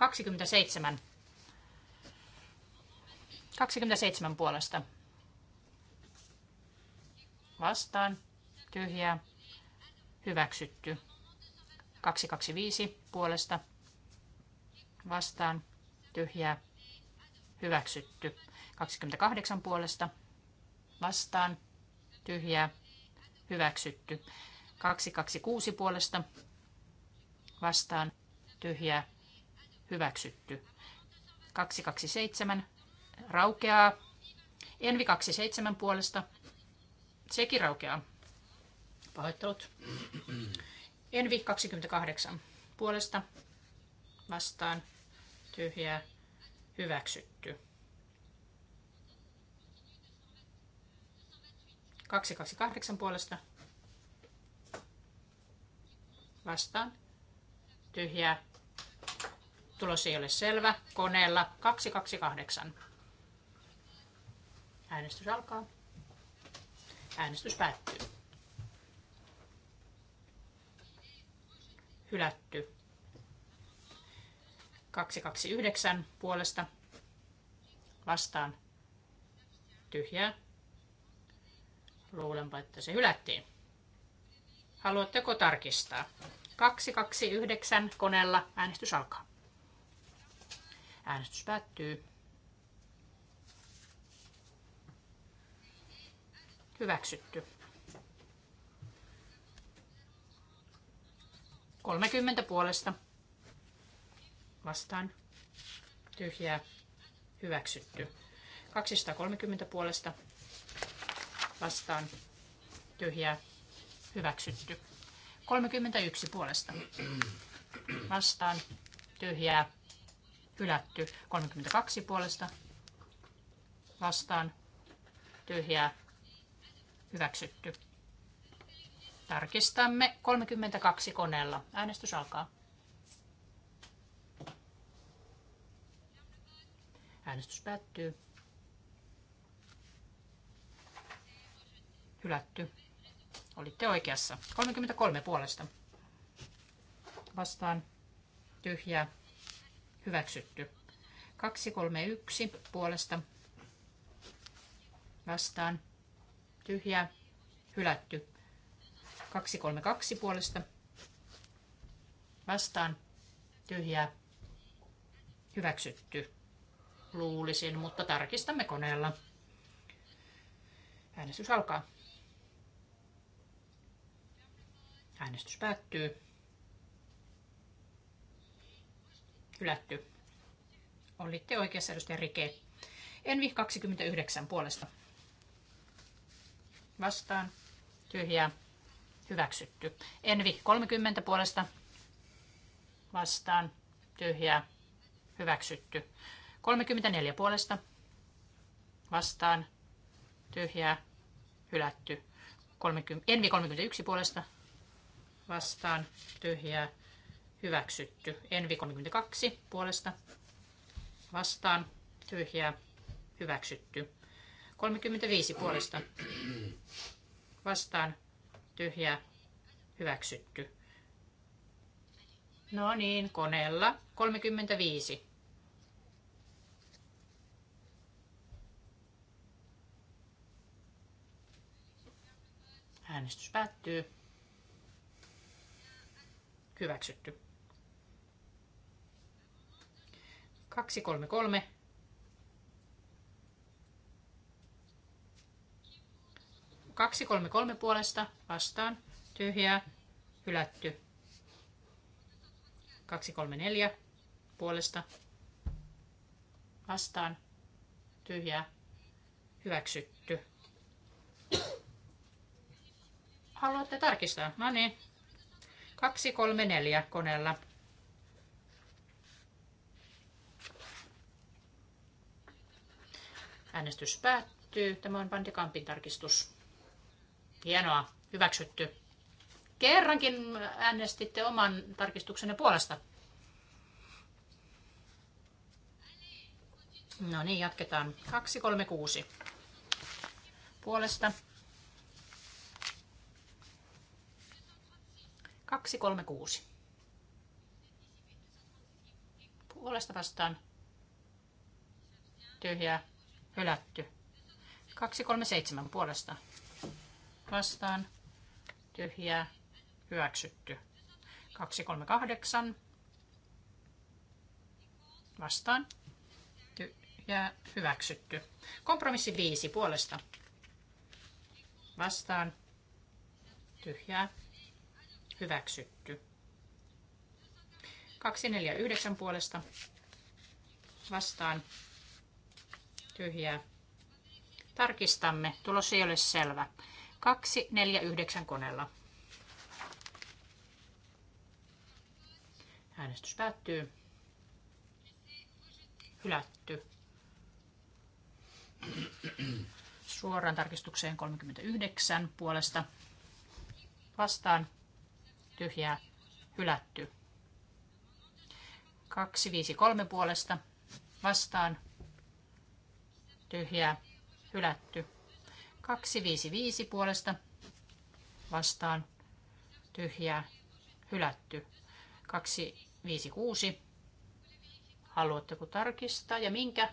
27. 27 puolesta. Vastaan. Tyhjää. Hyväksytty. 225 puolesta. Vastaan. Tyhjää. Hyväksytty. 28 puolesta. Vastaan. Tyhjää. Hyväksytty. 226 puolesta. Vastaan. Tyhjää hyväksytty. 227 raukeaa. Envi 27 puolesta. Sekin raukeaa. Pahoittelut. Envi 28 puolesta vastaan tyhjää hyväksytty. 228 puolesta vastaan tyhjää Tulos ei ole selvä. Koneella 228. Äänestys alkaa. Äänestys päättyy. Hylätty. 229 puolesta vastaan tyhjää. Luulenpa, että se hylättiin. Haluatteko tarkistaa? 229 koneella äänestys alkaa. Äänestys päättyy. Hyväksytty. 30 puolesta. Vastaan. Tyhjää. Hyväksytty. 230 puolesta. Vastaan. Tyhjää. Hyväksytty. 31 puolesta. Vastaan. Tyhjää hylätty. 32 puolesta vastaan tyhjää hyväksytty. Tarkistamme 32 koneella. Äänestys alkaa. Äänestys päättyy. Hylätty. Olitte oikeassa. 33 puolesta. Vastaan. Tyhjää. Hyväksytty. 231 puolesta vastaan. Tyhjä. Hylätty. 232 puolesta vastaan. tyhjä Hyväksytty. Luulisin, mutta tarkistamme koneella. Äänestys alkaa. Äänestys päättyy. Hylätty. Olitte oikeassa, edustaja Rike. Envi 29 puolesta. Vastaan. Tyhjää. Hyväksytty. Envi 30 puolesta. Vastaan. Tyhjää. Hyväksytty. 34 puolesta. Vastaan. Tyhjää. Hylätty. 30, Envi 31 puolesta. Vastaan. Tyhjää hyväksytty. Envi 32 puolesta vastaan tyhjää hyväksytty. 35 puolesta vastaan tyhjää hyväksytty. No niin, koneella 35. Äänestys päättyy. Hyväksytty. Kaksi kolme kolme. Kaksi, kolme, kolme puolesta vastaan. Tyhjää. Hylätty. neljä puolesta vastaan. Tyhjää. Hyväksytty. Haluatte tarkistaa? No niin. neljä koneella. Äänestys päättyy. Tämä on Bandikampin tarkistus. Hienoa. Hyväksytty. Kerrankin äänestitte oman tarkistuksenne puolesta. No niin, jatketaan. 236 puolesta. 236. Puolesta vastaan. Tyhjää. Hylätty. 237 puolesta. Vastaan. Tyhjää. Hyväksytty. 238. Vastaan. Tyhjää. Hyväksytty. Kompromissi 5 puolesta. Vastaan. Tyhjää. Hyväksytty. 249 puolesta. Vastaan tyhjää. Tarkistamme. Tulos ei ole selvä. 2, 4, 9 koneella. Äänestys päättyy. Hylätty. Suoraan tarkistukseen 39 puolesta. Vastaan. Tyhjää. Hylätty. 253 puolesta. Vastaan tyhjää, hylätty. 255 puolesta vastaan, tyhjää, hylätty. 256. Haluatteko tarkistaa ja minkä?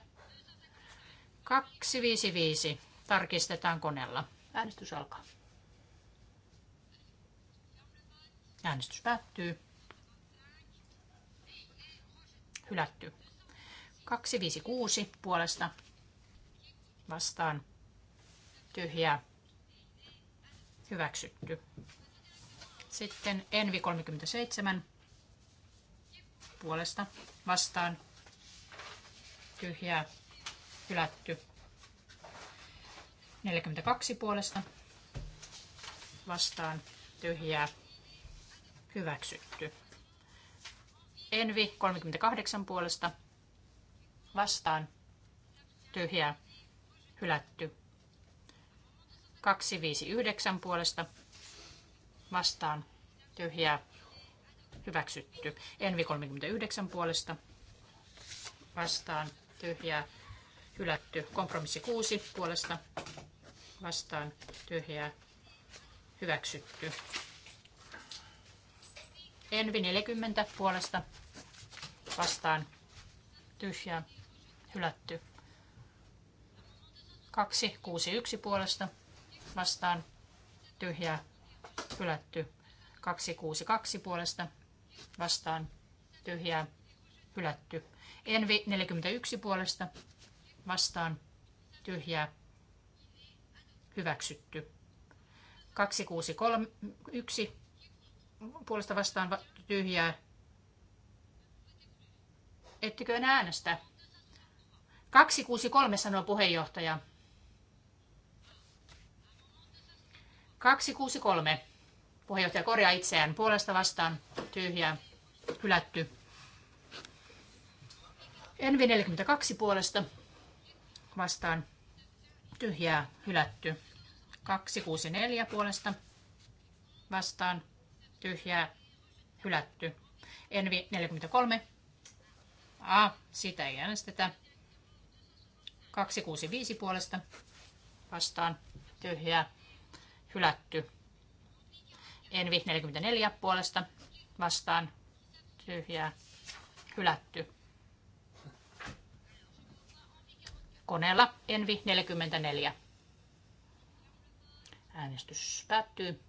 255. Tarkistetaan koneella. Äänestys alkaa. Äänestys päättyy. Hylätty. 256 puolesta vastaan tyhjää hyväksytty. Sitten Envi 37 puolesta vastaan tyhjää hylätty. 42 puolesta vastaan tyhjää hyväksytty. Envi 38 puolesta vastaan tyhjää hylätty. 259 puolesta vastaan tyhjää hyväksytty. Envi 39 puolesta vastaan tyhjää hylätty. Kompromissi 6 puolesta vastaan tyhjää hyväksytty. Envi 40 puolesta vastaan tyhjää hylätty. 2, 6, 1 puolesta vastaan tyhjä hylätty. 2, 6, 2 puolesta vastaan tyhjä hylätty. Envi 41 puolesta vastaan tyhjä hyväksytty. 2, 6, 3, 1 puolesta vastaan tyhjä Ettekö enää äänestä? 263 sanoo puheenjohtaja. 263. Puheenjohtaja korjaa itseään. Puolesta vastaan tyhjää hylätty. Envi 42 puolesta vastaan tyhjää hylätty. 264 puolesta vastaan tyhjää hylätty. Envi 43. A, sitä ei äänestetä. 265 puolesta vastaan tyhjää hylätty. Envi 44 puolesta vastaan tyhjää hylätty. Koneella Envi 44. Äänestys päättyy.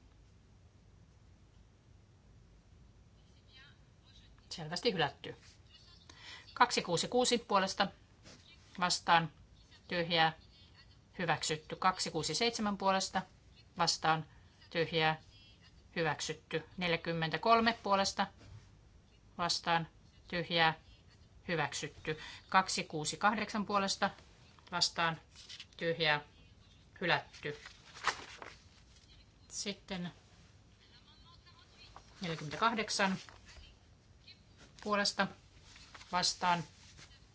Selvästi hylätty. 266 puolesta vastaan tyhjää hyväksytty. 267 puolesta vastaan tyhjää hyväksytty. 43 puolesta vastaan tyhjää hyväksytty. 268 puolesta vastaan tyhjää hylätty. Sitten 48 puolesta vastaan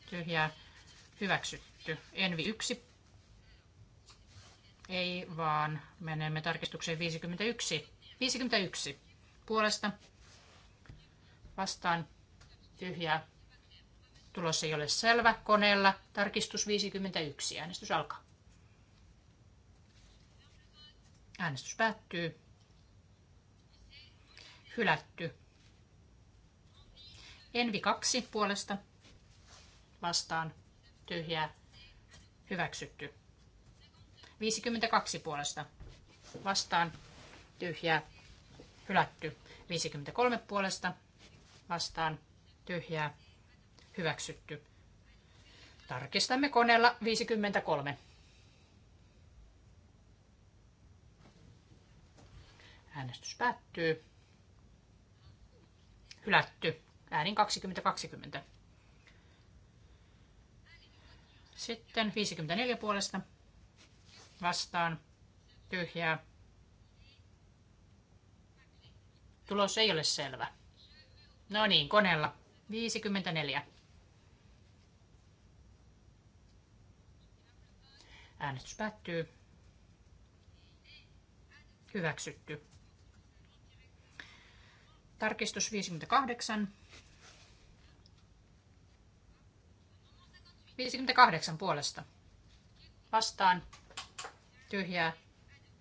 tyhjää hyväksytty. Envi 1 ei vaan, menemme tarkistukseen 51. 51 puolesta vastaan tyhjää. Tulos ei ole selvä koneella. Tarkistus 51. Äänestys alkaa. Äänestys päättyy. Hylätty. Envi 2 puolesta vastaan tyhjää hyväksytty. 52 puolesta vastaan tyhjää hylätty. 53 puolesta vastaan tyhjää hyväksytty. Tarkistamme koneella 53. Äänestys päättyy. Hylätty. Äänin 20-20. Sitten 54 puolesta vastaan tyhjää. Tulos ei ole selvä. No niin, koneella. 54. Äänestys päättyy. Hyväksytty. Tarkistus 58. 58 puolesta. Vastaan tyhjää,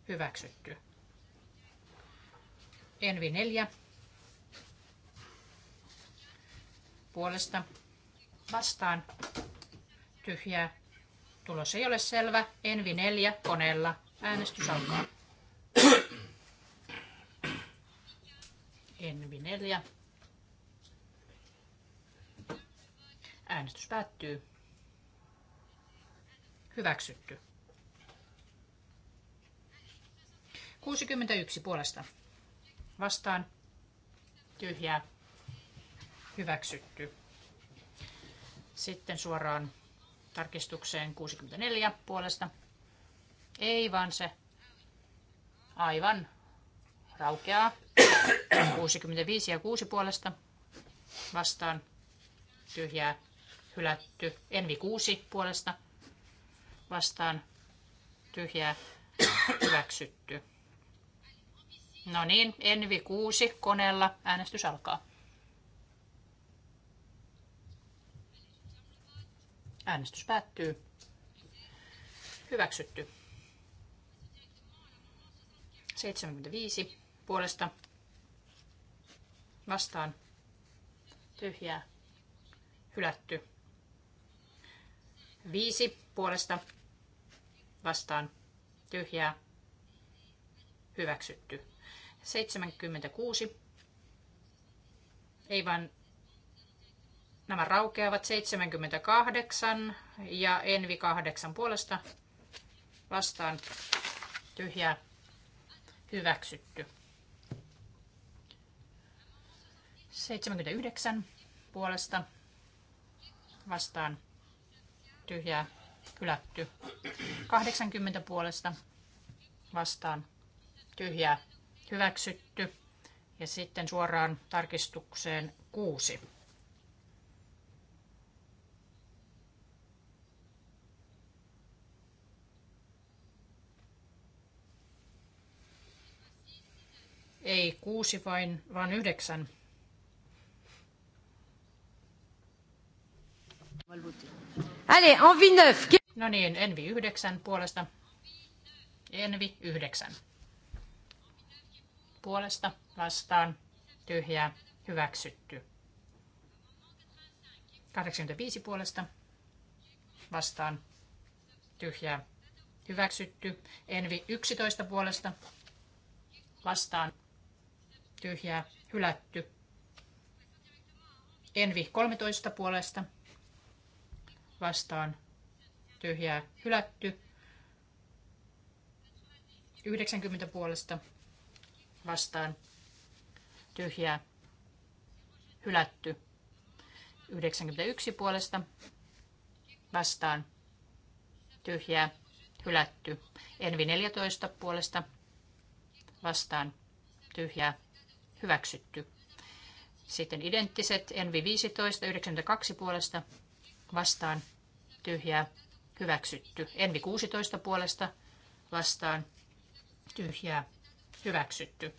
hyväksytty. Envi 4 puolesta vastaan tyhjää. Tulos ei ole selvä. Envi 4 koneella. Äänestys alkaa. Envi 4. Äänestys päättyy. Hyväksytty. 61 puolesta. Vastaan. Tyhjää. Hyväksytty. Sitten suoraan tarkistukseen 64 puolesta. Ei vaan se. Aivan. Raukeaa. 65 ja 6 puolesta. Vastaan. Tyhjää. Hylätty. Envi 6 puolesta. Vastaan. Tyhjää. Hyväksytty. No niin, Envi 6 koneella. Äänestys alkaa. Äänestys päättyy. Hyväksytty. 75 puolesta vastaan tyhjää hylätty. 5 puolesta vastaan tyhjää hyväksytty. 76. Ei vaan nämä raukeavat 78 ja Envi 8 puolesta vastaan tyhjää hyväksytty. 79 puolesta vastaan tyhjää hylätty. 80 puolesta vastaan tyhjää hyväksytty. Ja sitten suoraan tarkistukseen kuusi. Ei kuusi vain, vaan yhdeksän. Allez, envi 9. No niin, envi yhdeksän puolesta. Envi 9 puolesta vastaan tyhjää hyväksytty. 85 puolesta vastaan tyhjää hyväksytty. Envi 11 puolesta vastaan tyhjää hylätty. Envi 13 puolesta vastaan tyhjää hylätty. 90 puolesta vastaan tyhjää hylätty. 91 puolesta vastaan tyhjää hylätty. Envi 14 puolesta vastaan tyhjää hyväksytty. Sitten identtiset Envi 15 92 puolesta vastaan tyhjää hyväksytty. Envi 16 puolesta vastaan tyhjää hyväksytty.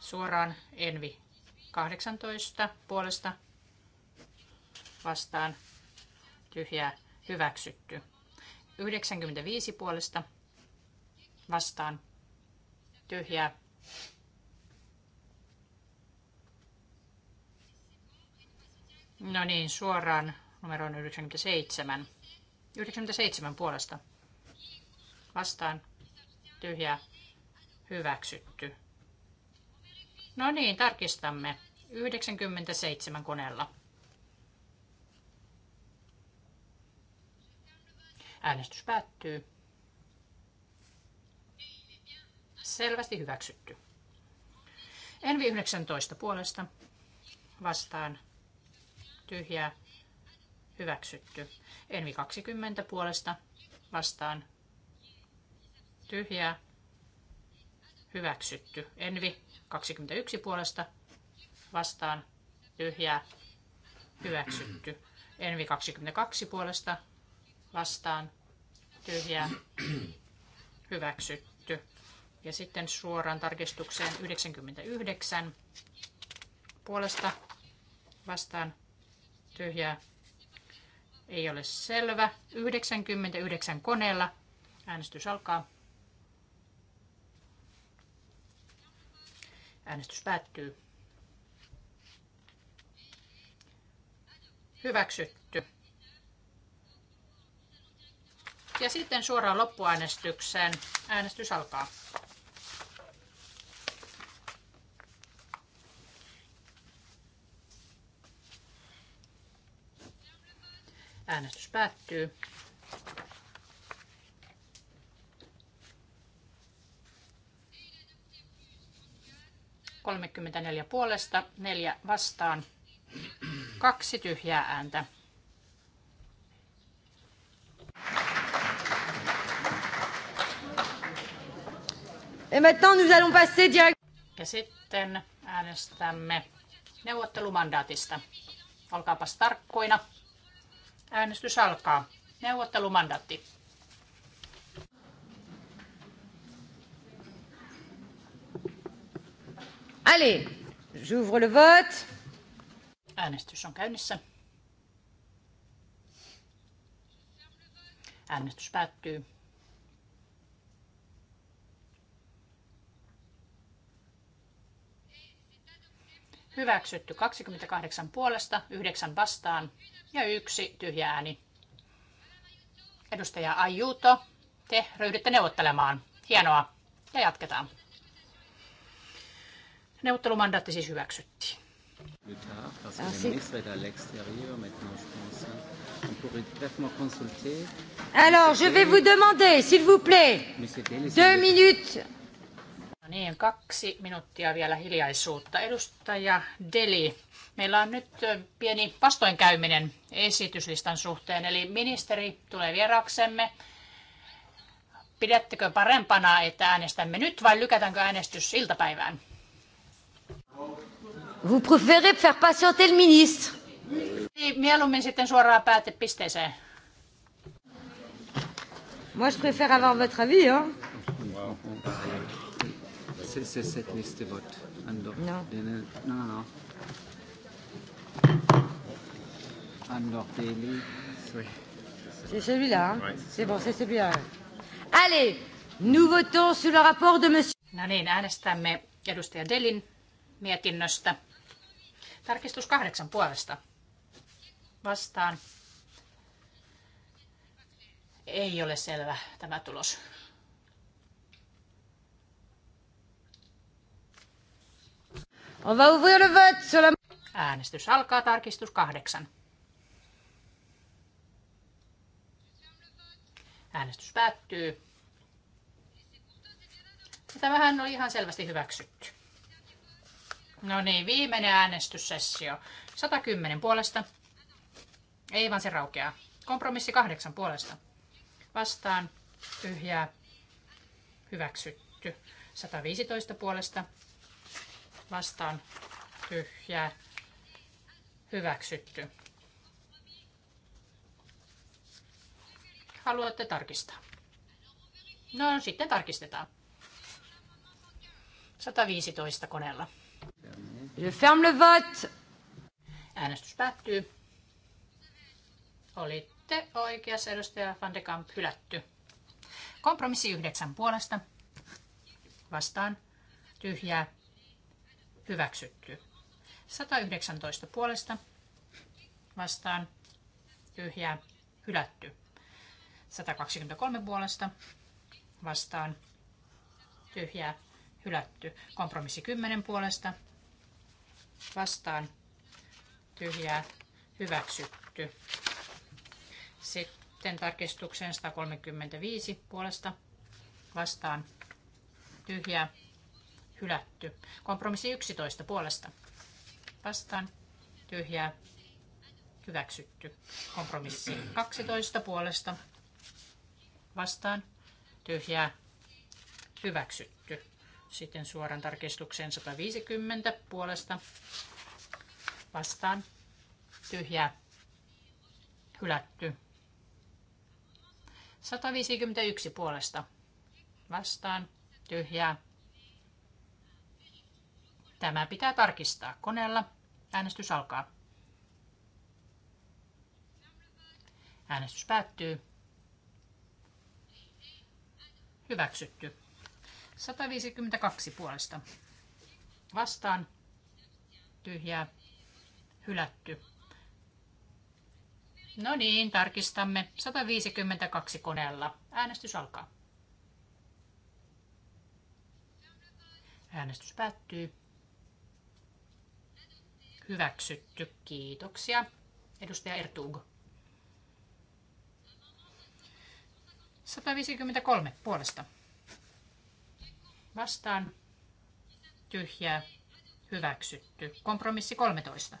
Suoraan Envi 18 puolesta vastaan tyhjää hyväksytty. 95 puolesta vastaan tyhjää No niin, suoraan numeroon 97. 97 puolesta. Vastaan. Tyhjää hyväksytty. No niin, tarkistamme. 97 koneella. Äänestys päättyy. Selvästi hyväksytty. Envi 19 puolesta vastaan tyhjää hyväksytty. Envi 20 puolesta vastaan tyhjää hyväksytty. Envi 21 puolesta vastaan tyhjää hyväksytty. Envi 22 puolesta vastaan tyhjää hyväksytty. Ja sitten suoraan tarkistukseen 99 puolesta vastaan tyhjää ei ole selvä. 99 koneella äänestys alkaa. Äänestys päättyy. Hyväksytty. Ja sitten suoraan loppuäänestykseen. Äänestys alkaa. Äänestys päättyy. 34 puolesta, 4 vastaan, 2 tyhjää ääntä. Et maintenant nous allons passer direct... Ja sitten äänestämme neuvottelumandaatista. Olkaapas tarkkoina. Äänestys alkaa. Neuvottelumandaatti. Allez, j'ouvre le vote. Äänestys on käynnissä. Äänestys päättyy. Hyväksytty 28 puolesta, 9 vastaan ja yksi tyhjä ääni. Edustaja Ajuto, te ryhdytte neuvottelemaan. Hienoa. Ja jatketaan. Neuvottelumandaatti siis hyväksyttiin. Alors, je vais vous demander, s'il vous plaît, deux minutes. No niin, kaksi minuuttia vielä hiljaisuutta. Edustaja Deli, meillä on nyt pieni vastoinkäyminen esityslistan suhteen, eli ministeri tulee vieraaksemme. pidättekö parempana, että äänestämme nyt vai lykätäänkö äänestys iltapäivään? Vous préférez faire patienter le ministre. Niin, mieluummin sitten suoraan päätepisteeseen. Moi, je préfère avoir votre avis, hein. C'est, cette liste de vote. Andor. Non. Non, non, non. Andor Daily. Oui. C'est celui-là, hein. c'est bon, c'est celui-là. Allez, nous votons sur le rapport de monsieur. No niin, äänestämme edustaja Delin mietinnöstä. Tarkistus kahdeksan puolesta. Vastaan. Ei ole selvä tämä tulos. On Äänestys alkaa tarkistus kahdeksan. Äänestys päättyy. Tämähän oli ihan selvästi hyväksytty. No niin, viimeinen äänestyssessio. 110 puolesta. Ei vaan se raukeaa. Kompromissi kahdeksan puolesta. Vastaan tyhjää. Hyväksytty. 115 puolesta. Vastaan tyhjää. Hyväksytty. Haluatte tarkistaa? No sitten tarkistetaan. 115 koneella. Je ferme le vote. Äänestys päättyy. Olitte oikeassa, edustaja Van de Kamp hylätty. Kompromissi yhdeksän puolesta. Vastaan. Tyhjää. Hyväksytty. 119 puolesta. Vastaan. Tyhjää. Hylätty. 123 puolesta. Vastaan. Tyhjää. Hylätty. Kompromissi 10 puolesta vastaan tyhjää hyväksytty. Sitten tarkistuksen 135 puolesta vastaan tyhjää hylätty. Kompromissi 11 puolesta vastaan tyhjää hyväksytty. Kompromissi 12 puolesta vastaan tyhjää hyväksytty. Sitten suoran tarkistukseen 150 puolesta vastaan tyhjä hylätty. 151 puolesta vastaan tyhjä Tämä pitää tarkistaa koneella. Äänestys alkaa. Äänestys päättyy. Hyväksytty. 152 puolesta. Vastaan tyhjää hylätty. No niin, tarkistamme. 152 koneella. Äänestys alkaa. Äänestys päättyy. Hyväksytty. Kiitoksia. Edustaja Ertug. 153 puolesta vastaan tyhjää hyväksytty. Kompromissi 13.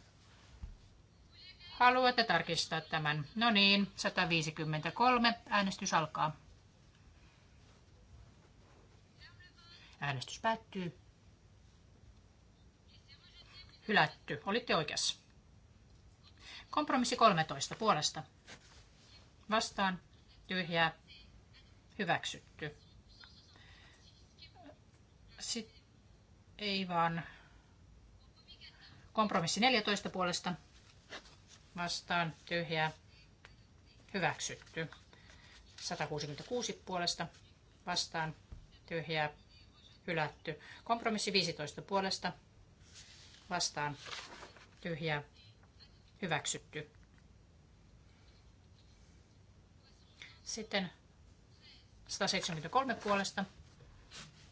Haluatte tarkistaa tämän? No niin, 153. Äänestys alkaa. Äänestys päättyy. Hylätty. Olitte oikeassa. Kompromissi 13 puolesta. Vastaan. Tyhjää. Hyväksytty. Sitten ei vaan. Kompromissi 14 puolesta vastaan tyhjää hyväksytty. 166 puolesta vastaan tyhjää hylätty. Kompromissi 15 puolesta vastaan tyhjää hyväksytty. Sitten 173 puolesta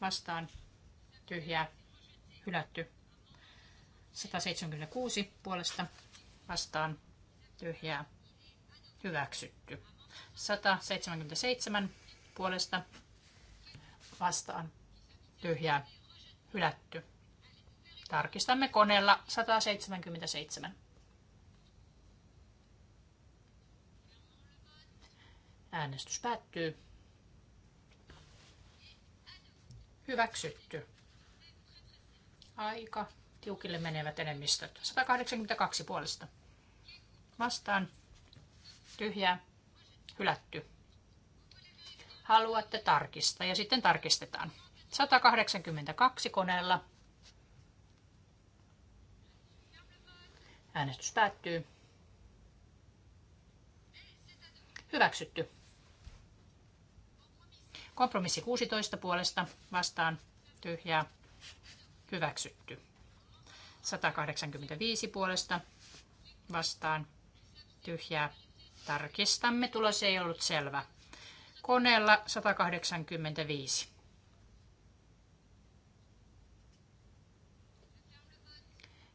vastaan tyhjää hylätty. 176 puolesta vastaan tyhjää hyväksytty. 177 puolesta vastaan tyhjää hylätty. Tarkistamme koneella 177. Äänestys päättyy. Hyväksytty. Aika tiukille menevät enemmistöt. 182 puolesta. Vastaan. Tyhjää. Hylätty. Haluatte tarkistaa ja sitten tarkistetaan. 182 koneella. Äänestys päättyy. Hyväksytty. Kompromissi 16 puolesta vastaan tyhjää Hyväksytty. 185 puolesta vastaan tyhjää. Tarkistamme, tulos ei ollut selvä. Koneella 185.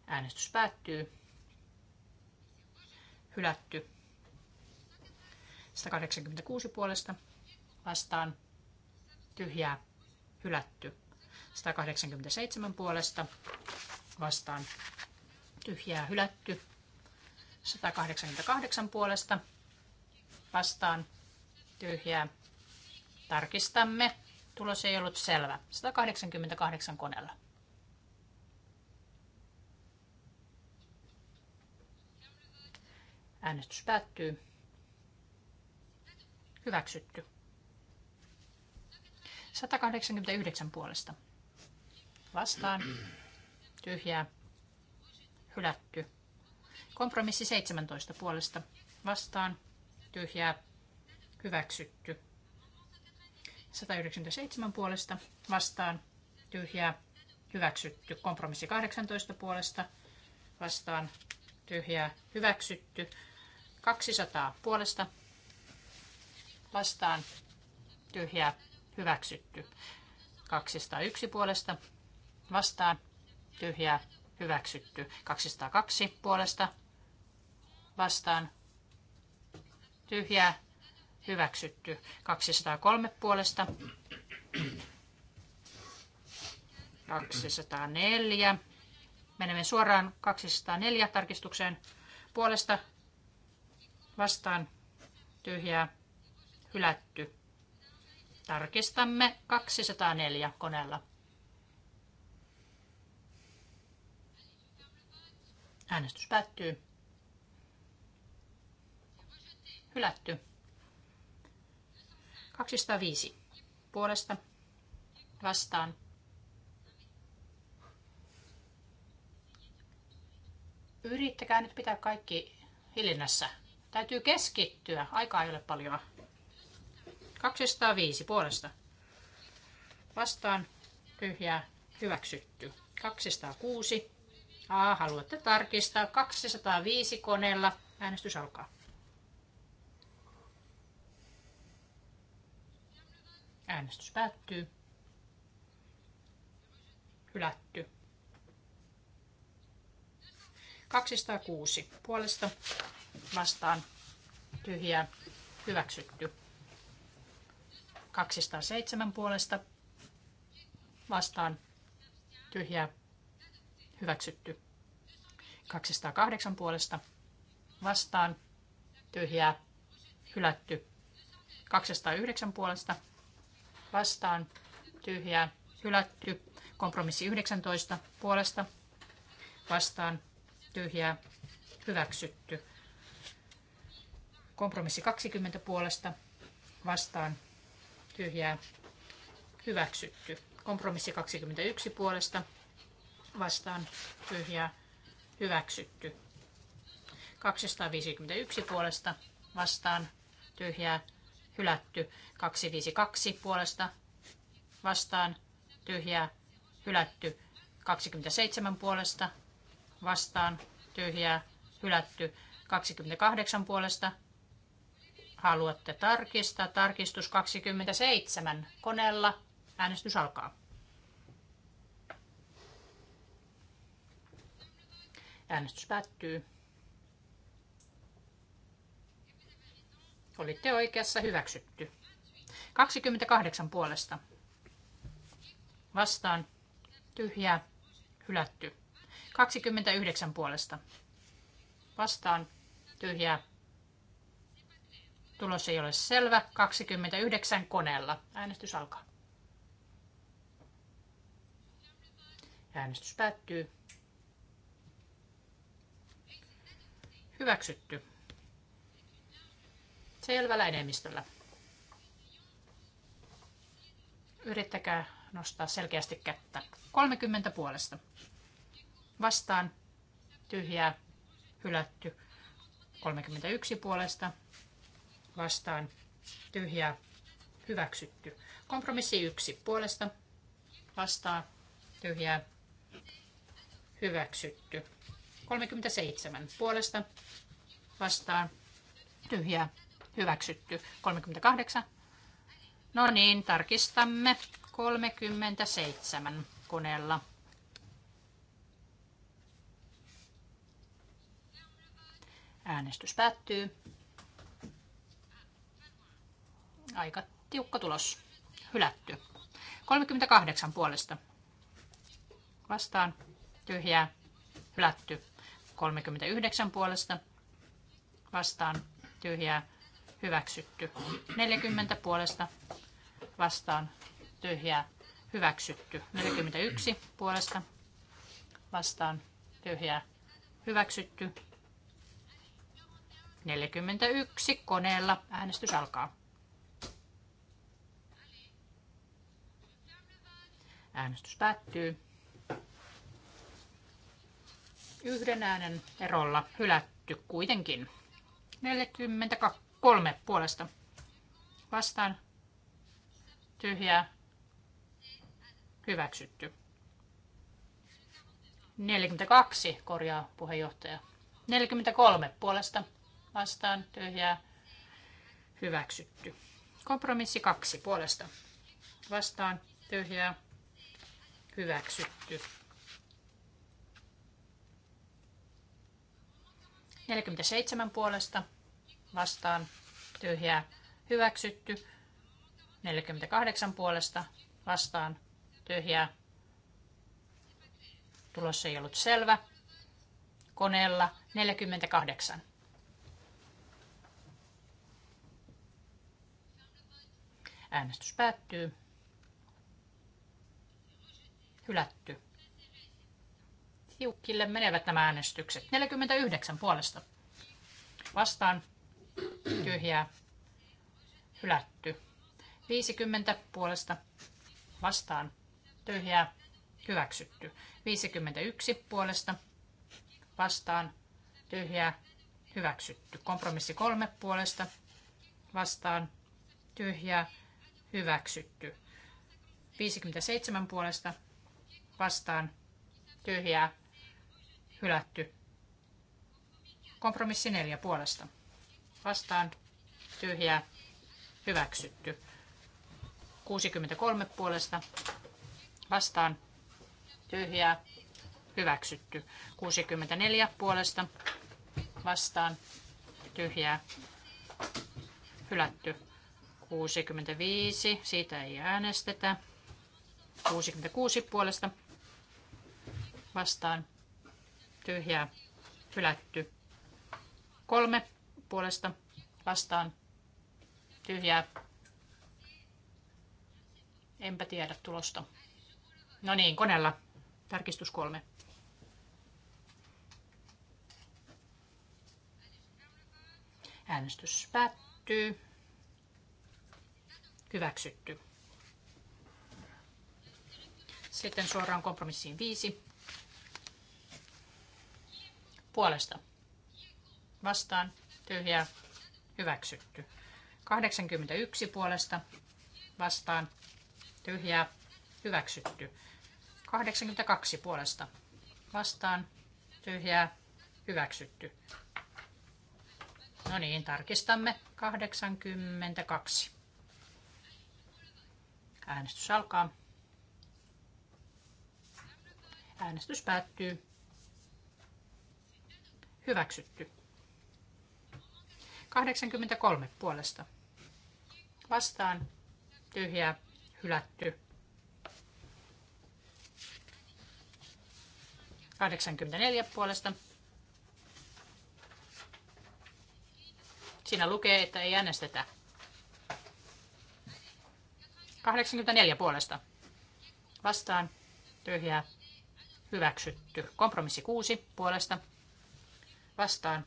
Äänestys päättyy. Hylätty. 186 puolesta vastaan tyhjää. Hylätty. 187 puolesta vastaan tyhjää hylätty. 188 puolesta vastaan tyhjää. Tarkistamme. Tulos ei ollut selvä. 188 koneella. Äänestys päättyy. Hyväksytty. 189 puolesta vastaan, tyhjää, hylätty. Kompromissi 17 puolesta vastaan, tyhjää, hyväksytty. 197 puolesta vastaan, tyhjää, hyväksytty. Kompromissi 18 puolesta vastaan, tyhjää, hyväksytty. 200 puolesta vastaan, tyhjää, hyväksytty. 201 puolesta vastaan tyhjää hyväksytty. 202 puolesta vastaan tyhjää hyväksytty. 203 puolesta 204. Menemme suoraan 204 tarkistukseen puolesta vastaan tyhjää hylätty. Tarkistamme 204 koneella. Äänestys päättyy. Hylätty. 205. Puolesta. Vastaan. Yrittäkää nyt pitää kaikki hiljennässä. Täytyy keskittyä. Aikaa ei ole paljon. 205 puolesta. Vastaan tyhjää hyväksytty. 206 A, haluatte tarkistaa 205 koneella. Äänestys alkaa. Äänestys päättyy. Hylätty. 206 puolesta vastaan tyhjää hyväksytty. 207 puolesta vastaan tyhjää Hyväksytty. 208 puolesta vastaan. Tyhjää. Hylätty. 209 puolesta vastaan. Tyhjää. Hylätty. Kompromissi 19 puolesta vastaan. Tyhjää. Hyväksytty. Kompromissi 20 puolesta vastaan. Tyhjää. Hyväksytty. Kompromissi 21 puolesta vastaan tyhjää hyväksytty. 251 puolesta vastaan tyhjää hylätty. 252 puolesta vastaan tyhjää hylätty. 27 puolesta vastaan tyhjää hylätty. 28 puolesta haluatte tarkistaa. Tarkistus 27 koneella. Äänestys alkaa. Äänestys päättyy. Olitte oikeassa hyväksytty. 28 puolesta. Vastaan. Tyhjää. Hylätty. 29 puolesta. Vastaan. Tyhjää. Tulos ei ole selvä. 29 koneella. Äänestys alkaa. Äänestys päättyy. Hyväksytty. Selvällä enemmistöllä. Yrittäkää nostaa selkeästi kättä. 30 puolesta. Vastaan. Tyhjää. Hylätty. 31 puolesta. Vastaan. Tyhjää. Hyväksytty. Kompromissi 1 puolesta. Vastaan. Tyhjää. Hyväksytty. 37 puolesta vastaan tyhjä hyväksytty. 38. No niin, tarkistamme 37 koneella. Äänestys päättyy. Aika tiukka tulos. Hylätty. 38 puolesta. Vastaan. Tyhjää. Hylätty. 39 puolesta vastaan tyhjää hyväksytty. 40 puolesta vastaan tyhjää hyväksytty. 41 puolesta vastaan tyhjää hyväksytty. 41 koneella äänestys alkaa. Äänestys päättyy. Yhden äänen erolla hylätty kuitenkin. 43 puolesta. Vastaan. Tyhjää. Hyväksytty. 42 korjaa puheenjohtaja. 43 puolesta vastaan tyhjää hyväksytty. Kompromissi 2 puolesta vastaan tyhjää hyväksytty. 47 puolesta vastaan tyhjää hyväksytty. 48 puolesta vastaan tyhjää. Tulos ei ollut selvä. Koneella 48. Äänestys päättyy. Hylätty tiukille menevät nämä äänestykset. 49 puolesta. Vastaan tyhjää hylätty. 50 puolesta vastaan tyhjää hyväksytty. 51 puolesta vastaan tyhjää hyväksytty. Kompromissi 3 puolesta vastaan tyhjää hyväksytty. 57 puolesta vastaan tyhjää hylätty. Kompromissi neljä puolesta. Vastaan tyhjää hyväksytty. 63 puolesta vastaan tyhjää hyväksytty. 64 puolesta vastaan tyhjää hylätty. 65, siitä ei äänestetä. 66 puolesta vastaan tyhjää, hylätty. Kolme puolesta vastaan, tyhjää. Enpä tiedä tulosta. No niin, koneella. Tarkistus kolme. Äänestys päättyy. Hyväksytty. Sitten suoraan kompromissiin viisi puolesta. Vastaan tyhjää hyväksytty. 81 puolesta vastaan tyhjää hyväksytty. 82 puolesta vastaan tyhjää hyväksytty. No niin, tarkistamme 82. Äänestys alkaa. Äänestys päättyy. Hyväksytty. 83 puolesta. Vastaan. Tyhjää. Hylätty. 84 puolesta. Siinä lukee, että ei äänestetä. 84 puolesta. Vastaan. Tyhjää. Hyväksytty. Kompromissi 6 puolesta vastaan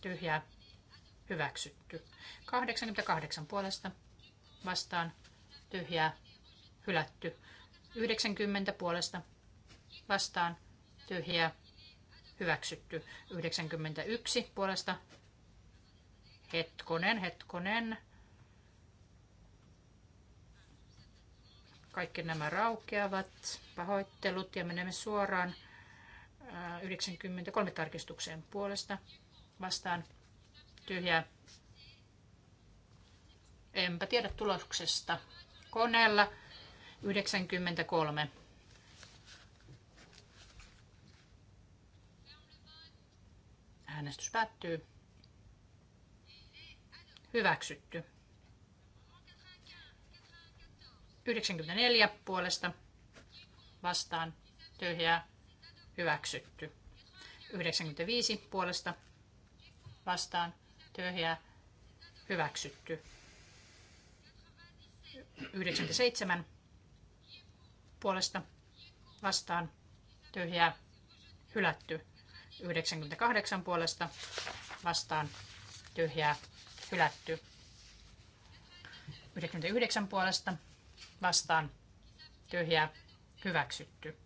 tyhjää hyväksytty. 88 puolesta vastaan tyhjää hylätty. 90 puolesta vastaan tyhjää hyväksytty. 91 puolesta hetkonen, hetkonen. Kaikki nämä raukeavat pahoittelut ja menemme suoraan 93 tarkistukseen puolesta vastaan tyhjää. Enpä tiedä tuloksesta. Koneella 93. Äänestys päättyy. Hyväksytty. 94 puolesta vastaan tyhjää hyväksytty. 95 puolesta vastaan tyhjää hyväksytty. 97 puolesta vastaan tyhjää hylätty. 98 puolesta vastaan tyhjää hylätty. 99 puolesta vastaan tyhjää hyväksytty.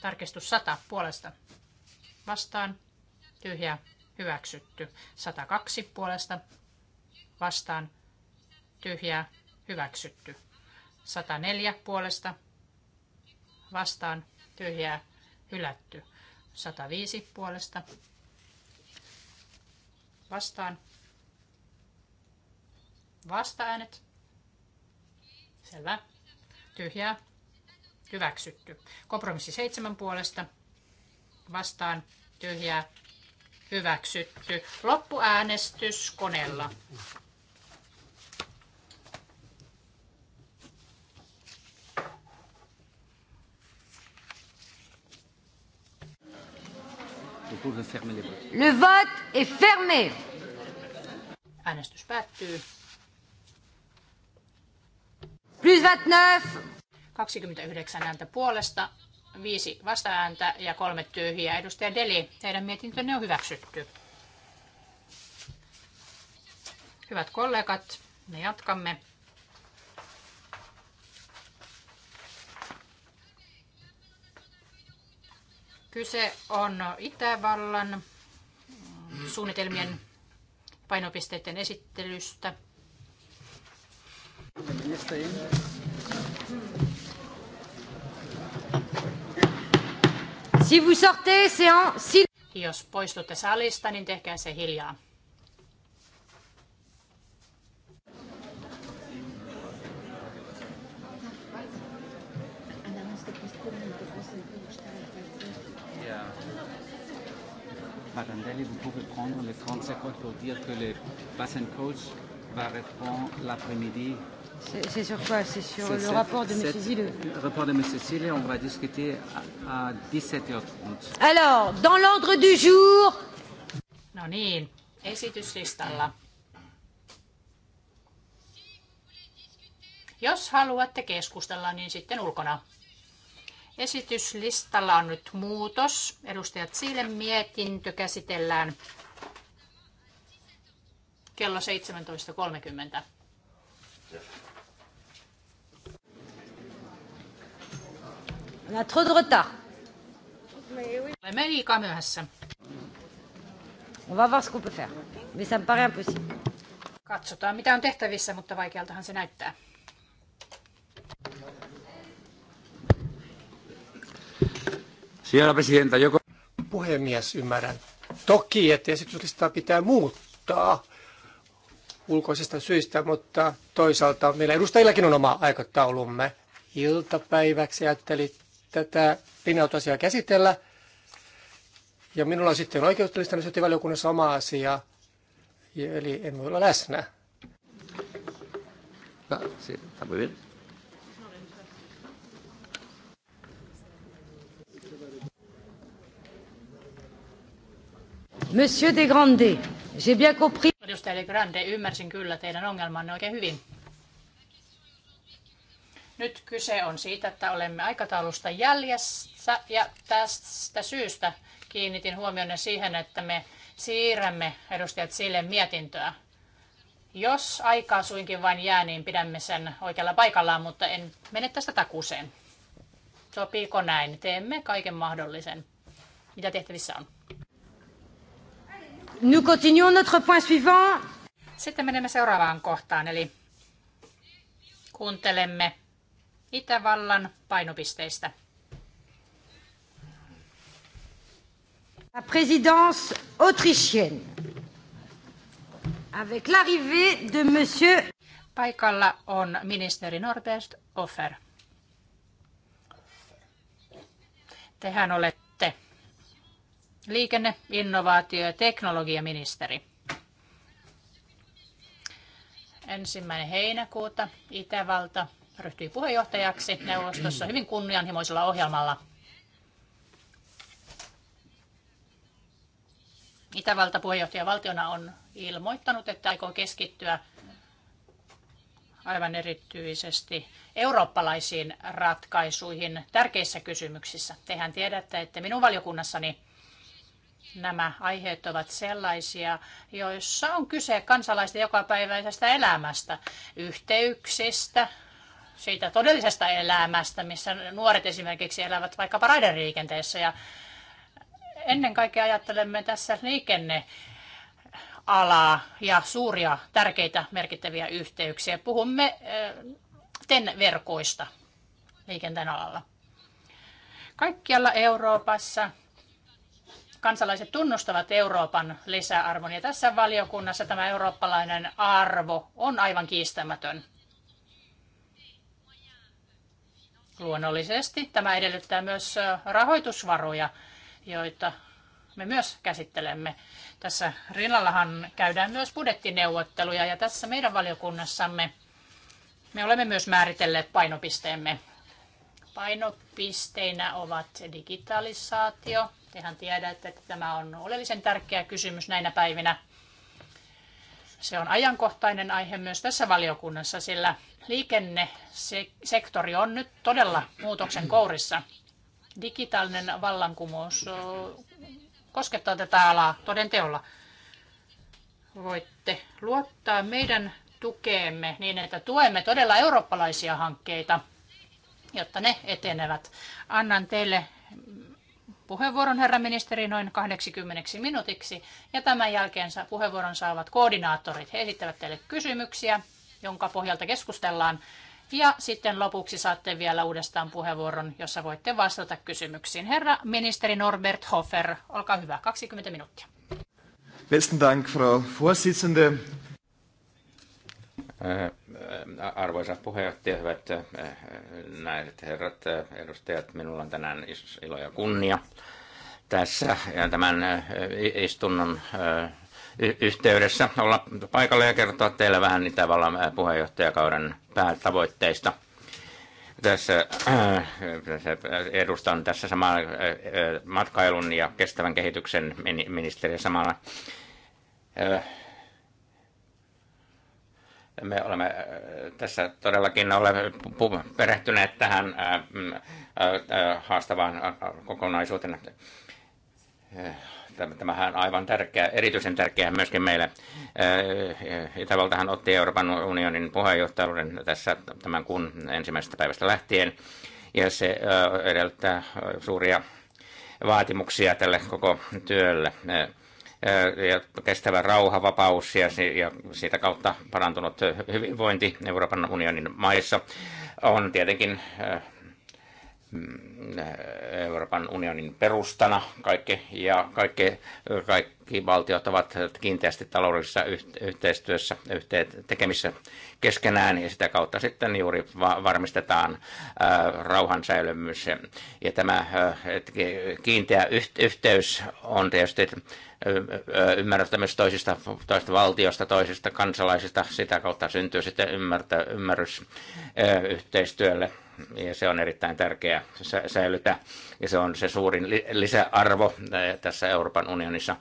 Tarkistus 100 puolesta. Vastaan. tyhjä Hyväksytty. 102 puolesta. Vastaan. tyhjä Hyväksytty. 104 puolesta. Vastaan. Tyhjää. Hylätty. 105 puolesta. Vastaan. Vasta-äänet. Selvä. Tyhjää. Hyväksytty. Kompromissi seitsemän puolesta. Vastaan tyhjää. Hyväksytty. Loppuäänestys koneella. Le vote est fermé. Äänestys päättyy. Plus 29. 29 ääntä puolesta, 5 vastaääntä ja 3 tyhjää. Edustaja Deli, teidän mietintönne on hyväksytty. Hyvät kollegat, me jatkamme. Kyse on Itävallan suunnitelmien painopisteiden esittelystä. Mistä Si vous sortez, c'est un sil- Jos poistutte salista, niin tehkää se hiljaa. Parandelli, vous pouvez prendre les 30 secondes pour dire que le bassin coach va reprendre l'après-midi C'est sur quoi C'est sur le rapport de M. Zille Le rapport de M. Zille, on va discuter à, à 17h30. Alors, dans l'ordre du jour... No niin, esityslistalla. Jos haluatte keskustella, niin sitten ulkona. Esityslistalla on nyt muutos. Edustajat Siilen mietintö käsitellään kello 17.30. Yeah. On a trop de retard. On Olemme liikaa myöhässä. On va voir ce qu'on peut faire. Mais ça me paraît impossible. Katsotaan mitä on tehtävissä, mutta vaikealtahan se näyttää. Siellä presidenta, joko... Puhemies, ymmärrän. Toki, että esityslistaa pitää muuttaa ulkoisista syistä, mutta toisaalta meillä edustajillakin on oma aikataulumme. Iltapäiväksi ajattelit tätä linja-autoasiaa käsitellä. Ja minulla on sitten oikeudellista niin valiokunnassa oma asia, eli en voi olla läsnä. No, Monsieur de Grande, j'ai bien compris. Edustaja de Grande, ymmärsin kyllä teidän ongelmanne oikein hyvin. Nyt kyse on siitä, että olemme aikataulusta jäljessä ja tästä syystä kiinnitin huomionne siihen, että me siirrämme edustajat sille mietintöä. Jos aikaa suinkin vain jää, niin pidämme sen oikealla paikallaan, mutta en mene tästä takuuseen. Sopiiko näin? Teemme kaiken mahdollisen, mitä tehtävissä on. Nous continuons notre point suivant. Sitten menemme seuraavaan kohtaan, eli kuuntelemme Itävallan painopisteistä. La présidence autrichienne. Avec l'arrivée de monsieur... Paikalla on ministeri Norbert Offer. Tehän olette liikenne-, innovaatio- ja teknologiaministeri. Ensimmäinen heinäkuuta Itävalta ryhtyi puheenjohtajaksi neuvostossa hyvin kunnianhimoisella ohjelmalla. Itävalta puheenjohtajavaltiona on ilmoittanut, että aikoo keskittyä aivan erityisesti eurooppalaisiin ratkaisuihin tärkeissä kysymyksissä. Tehän tiedätte, että minun valiokunnassani nämä aiheet ovat sellaisia, joissa on kyse kansalaisten jokapäiväisestä elämästä, yhteyksistä, siitä todellisesta elämästä, missä nuoret esimerkiksi elävät vaikkapa raideliikenteessä. Ja ennen kaikkea ajattelemme tässä liikenne alaa ja suuria, tärkeitä, merkittäviä yhteyksiä. Puhumme eh, TEN-verkoista liikenteen alalla. Kaikkialla Euroopassa kansalaiset tunnustavat Euroopan lisäarvon ja tässä valiokunnassa tämä eurooppalainen arvo on aivan kiistämätön. Luonnollisesti tämä edellyttää myös rahoitusvaroja, joita me myös käsittelemme. Tässä rinnallahan käydään myös budjettineuvotteluja ja tässä meidän valiokunnassamme me olemme myös määritelleet painopisteemme. Painopisteinä ovat digitalisaatio. Tehän tiedätte, että tämä on oleellisen tärkeä kysymys näinä päivinä. Se on ajankohtainen aihe myös tässä valiokunnassa, sillä liikennesektori on nyt todella muutoksen kourissa. Digitaalinen vallankumous koskettaa tätä alaa toden teolla. Voitte luottaa meidän tukeemme niin, että tuemme todella eurooppalaisia hankkeita, jotta ne etenevät. Annan teille puheenvuoron herra ministeri noin 80 minuutiksi ja tämän jälkeen puheenvuoron saavat koordinaattorit. He esittävät teille kysymyksiä, jonka pohjalta keskustellaan. Ja sitten lopuksi saatte vielä uudestaan puheenvuoron, jossa voitte vastata kysymyksiin. Herra ministeri Norbert Hofer, olkaa hyvä, 20 minuuttia. Besten Dank, Frau Vorsitzende. Arvoisa puheenjohtaja, hyvät näiset herrat, edustajat, minulla on tänään ilo ja kunnia tässä ja tämän istunnon yhteydessä olla paikalla ja kertoa teille vähän tavallaan puheenjohtajakauden päätavoitteista. Tässä edustan tässä samaa matkailun ja kestävän kehityksen ministeriä samalla me olemme äh, tässä todellakin olemme perehtyneet tähän äh, mm, äh, haastavaan kokonaisuuteen. Tämähän on aivan tärkeä, erityisen tärkeä myöskin meille. Itävaltahan otti Euroopan unionin puheenjohtajuuden tässä tämän kuun ensimmäisestä päivästä lähtien, ja se edellyttää suuria vaatimuksia tälle koko työlle ja kestävä rauha, vapaus ja, ja siitä kautta parantunut hyvinvointi Euroopan unionin maissa on tietenkin mm, Euroopan unionin perustana kaikki, ja kaikki, kaikki valtiot ovat kiinteästi taloudellisessa yhteistyössä, yhteen tekemissä keskenään ja sitä kautta sitten juuri varmistetaan rauhan säilymys. Ja tämä kiinteä yhteys on tietysti ymmärrystä myös toisista, toista valtiosta, toisista kansalaisista. Sitä kautta syntyy sitten ymmärtä, ymmärrys yhteistyölle ja se on erittäin tärkeää säilytä ja se on se suurin lisäarvo tässä Euroopan unionissa,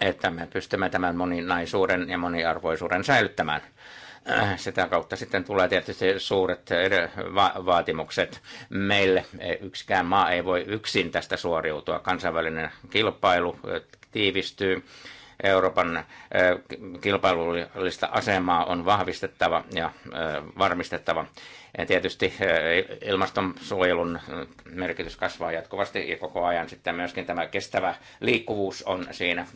että me pystymme tämän moninaisuuden ja moniarvoisuuden säilyttämään äh, sitä kautta sitten tulee tietysti suuret va- vaatimukset meille. Yksikään maa ei voi yksin tästä suoriutua. Kansainvälinen kilpailu tiivistyy. Euroopan kilpailullista asemaa on vahvistettava ja varmistettava. Tietysti ilmastonsuojelun merkitys kasvaa jatkuvasti ja koko ajan sitten myöskin tämä kestävä liikkuvuus on siinä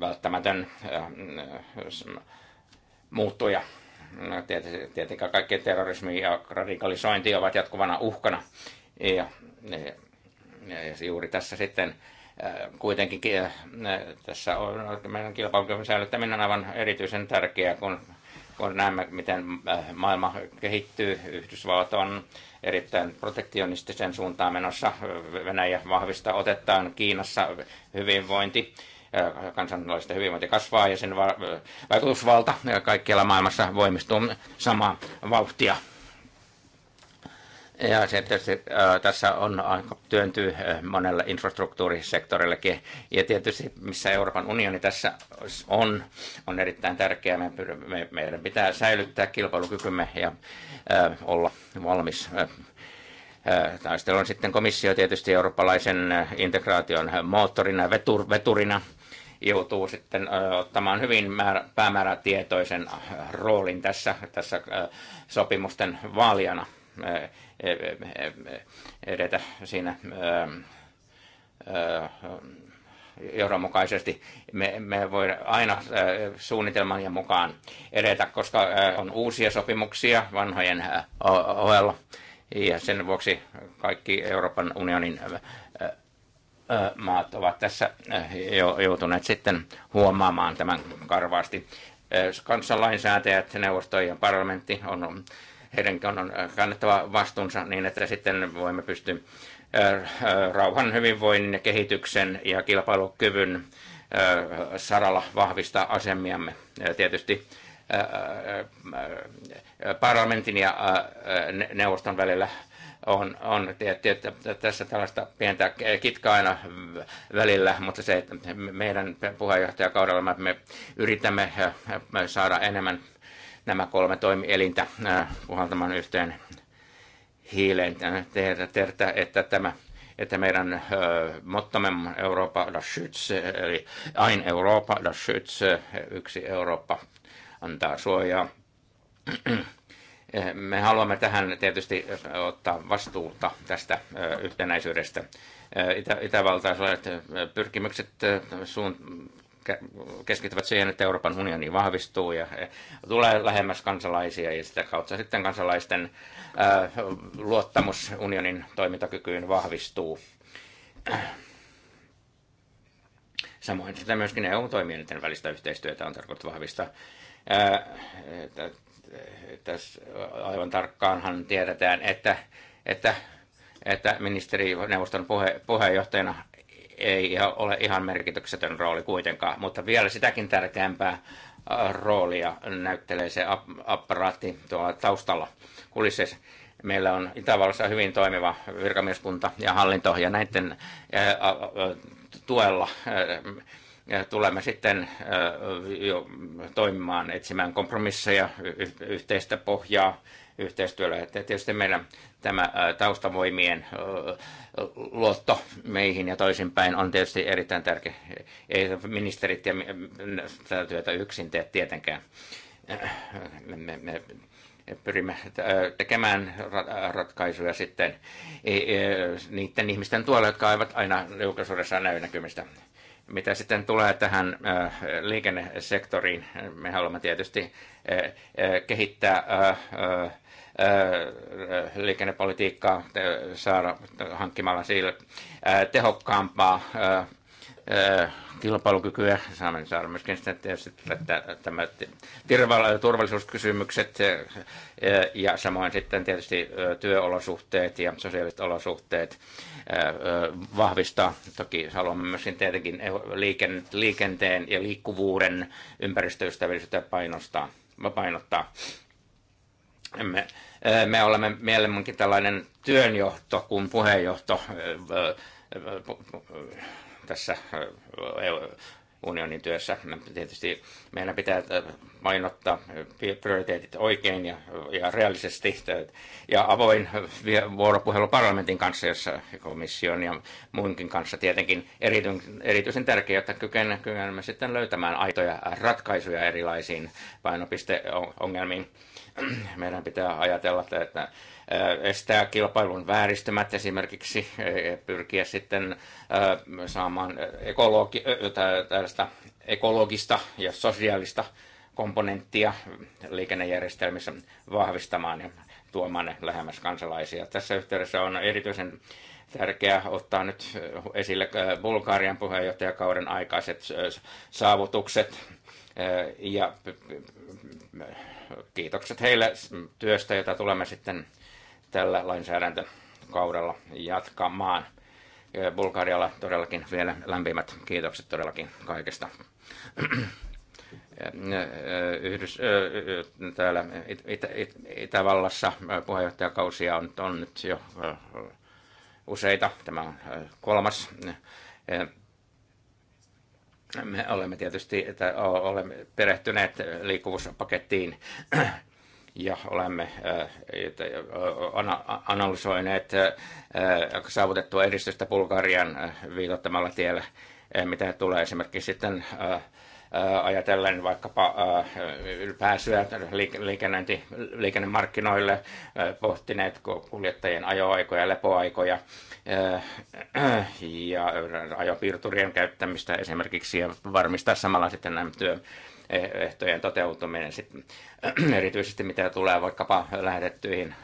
välttämätön muuttuja. No, tietenkään kaikki terrorismi ja radikalisointi ovat jatkuvana uhkana. Ja, ja, ja juuri tässä sitten kuitenkin eh, tässä on meidän kilpailukyvyn säilyttäminen on aivan erityisen tärkeää, kun, kun näemme, miten eh, maailma kehittyy. Yhdysvallat on erittäin protektionistisen suuntaan menossa. Venäjä vahvistaa otettaan Kiinassa hyvinvointi eh, kansalaisten hyvinvointi kasvaa ja sen vaikutusvalta kaikkialla maailmassa voimistuu samaa vauhtia. Ja se tietysti äh, tässä on työntyy monelle infrastruktuurisektorillekin. Ja tietysti missä Euroopan unioni tässä on, on erittäin tärkeää. Me, me, meidän pitää säilyttää kilpailukykymme ja äh, olla valmis äh, on sitten komissio tietysti eurooppalaisen integraation moottorina, vetur, veturina joutuu sitten ottamaan hyvin määrä, päämäärätietoisen roolin tässä, tässä sopimusten vaalijana Eh, edetä siinä ähm, äh, johdonmukaisesti. Me, me voi aina äh, suunnitelman ja mukaan edetä, koska äh, on uusia sopimuksia vanhojen ohella. Ja sen vuoksi kaikki Euroopan unionin maat ovat tässä jo joutuneet sitten huomaamaan tämän karvaasti. Kansanlainsäätäjät, neuvosto ja parlamentti on heidän on äh, kannettava vastuunsa niin, että sitten voimme pystyä äh, äh, rauhan, hyvinvoinnin, kehityksen ja kilpailukyvyn saralla vahvistaa asemiamme. Tietysti parlamentin ja neuvoston välillä on, on tietysti, että tässä tällaista pientä kitkaa aina välillä, mutta se, että meidän puheenjohtajakaudella me yritämme saada enemmän nämä kolme toimielintä puhaltamaan yhteen hiileen. tehdä tehdä, että tämä että meidän mottomme Europa das Schütz, eli Ein Europa das Schütz, yksi Eurooppa antaa suojaa. Me haluamme tähän tietysti ottaa vastuuta tästä yhtenäisyydestä. Itä- itävaltaiset pyrkimykset suun, keskittyvät siihen, että Euroopan unioni vahvistuu ja tulee lähemmäs kansalaisia ja sitä kautta sitten kansalaisten luottamus unionin toimintakykyyn vahvistuu. Samoin sitä myöskin EU-toimijoiden välistä yhteistyötä on tarkoitus vahvistaa. Tässä aivan tarkkaanhan tiedetään, että, että että ministerineuvoston puhe, puheenjohtajana ei ole ihan merkityksetön rooli kuitenkaan, mutta vielä sitäkin tärkeämpää äh, roolia näyttelee se apparaatti tuolla taustalla kulisseissa. Meillä on Itävallassa hyvin toimiva virkamieskunta ja hallinto, ja näiden äh, äh, tuella tulemme sitten jo toimimaan, etsimään kompromisseja, yhteistä pohjaa yhteistyöllä. Että tietysti meillä tämä taustavoimien luotto meihin ja toisinpäin on tietysti erittäin tärkeä. Ei ministerit ja tätä työtä yksin tee tietenkään. Me, me pyrimme tekemään ratkaisuja sitten niiden ihmisten tuolla, jotka eivät aina julkisuudessa näy näkymistä. Mitä sitten tulee tähän liikennesektoriin, me haluamme tietysti kehittää liikennepolitiikkaa saada hankkimalla sille tehokkaampaa kilpailukykyä. Saamme saada myöskin sitten että tämä turvallisuuskysymykset ja samoin sitten tietysti työolosuhteet ja sosiaaliset olosuhteet vahvistaa. Toki haluamme myöskin tietenkin liikenteen ja liikkuvuuden ympäristöystävällisyyttä painostaa, painottaa me, me olemme mieluummin tällainen työnjohto kuin puheenjohto tässä unionin työssä. Tietysti meidän pitää mainottaa prioriteetit oikein ja, ja reaalisesti ja avoin vuoropuhelu parlamentin kanssa, jossa komission ja muunkin kanssa tietenkin erityisen, erityisen tärkeää, että kykenemme sitten löytämään aitoja ratkaisuja erilaisiin painopisteongelmiin meidän pitää ajatella, että estää kilpailun vääristymät esimerkiksi, pyrkiä sitten saamaan ekologi- ekologista ja sosiaalista komponenttia liikennejärjestelmissä vahvistamaan ja tuomaan ne lähemmäs kansalaisia. Tässä yhteydessä on erityisen tärkeää ottaa nyt esille Bulgarian puheenjohtajakauden aikaiset saavutukset ja kiitokset heille työstä, jota tulemme sitten tällä lainsäädäntökaudella jatkamaan. Bulgarialla todellakin vielä lämpimät kiitokset todellakin kaikesta. Yhdys, täällä It- It- It- Itävallassa puheenjohtajakausia on, on nyt jo useita. Tämä on kolmas me olemme tietysti että olemme perehtyneet liikkuvuuspakettiin ja olemme analysoineet saavutettua edistystä Bulgarian viitottamalla tiellä, mitä tulee esimerkiksi sitten Äh, ajatellen vaikkapa äh, pääsyä liikennemarkkinoille, äh, pohtineet kuljettajien ajoaikoja, lepoaikoja ja ajopiirturien käyttämistä esimerkiksi ja varmistaa samalla sitten nämä työ, ehtojen toteutuminen, sitten, erityisesti mitä tulee vaikkapa lähetettyihin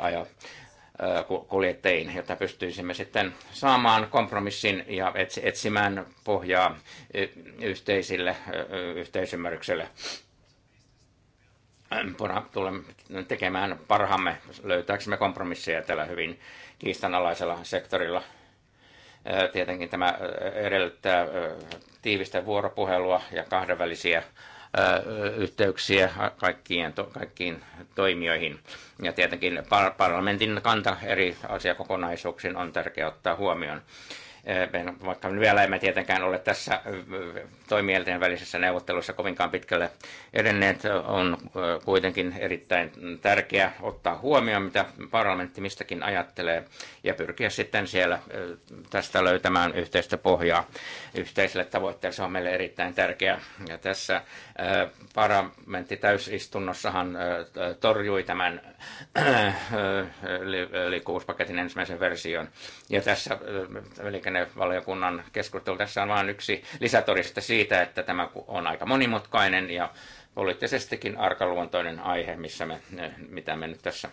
ajo, kuljettajien, jotta pystyisimme sitten saamaan kompromissin ja etsimään pohjaa yhteisille yhteisymmärrykselle. Tulemme tekemään parhaamme löytääksemme kompromisseja tällä hyvin kiistanalaisella sektorilla. Tietenkin tämä edellyttää tiivistä vuoropuhelua ja kahdenvälisiä yhteyksiä kaikkiin, to, kaikkiin toimijoihin. Ja tietenkin parlamentin kanta eri asiakokonaisuuksiin on tärkeää ottaa huomioon. Eh, vaikka vielä emme tietenkään ole tässä eh, toimielten välisessä neuvottelussa kovinkaan pitkälle edenneet, on eh, kuitenkin erittäin tärkeää ottaa huomioon, mitä parlamentti mistäkin ajattelee, ja pyrkiä sitten siellä tästä löytämään yhteistä pohjaa yhteiselle tavoitteelle. Se on meille erittäin tärkeää. Ja tässä parlamentti täysistunnossahan torjui tämän liikkuvuuspaketin ensimmäisen version ja tässä äh, valiokunnan keskustelu, tässä on vain yksi lisätodiste siitä, että tämä on aika monimutkainen ja poliittisestikin arkaluontoinen aihe, missä me, äh, mitä me nyt tässä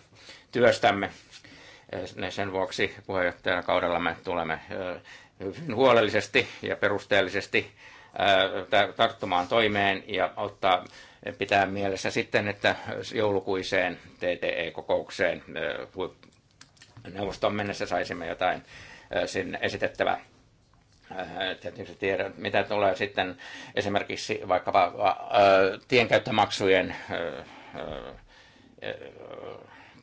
työstämme. Äh, sen vuoksi puheenjohtajan kaudella me tulemme hyvin huolellisesti ja perusteellisesti tarttumaan toimeen ja ottaa pitää mielessä sitten, että joulukuiseen TTE-kokoukseen neuvoston mennessä saisimme jotain sinne esitettävää. Tietysti tiedän, mitä tulee sitten esimerkiksi vaikkapa tienkäyttömaksujen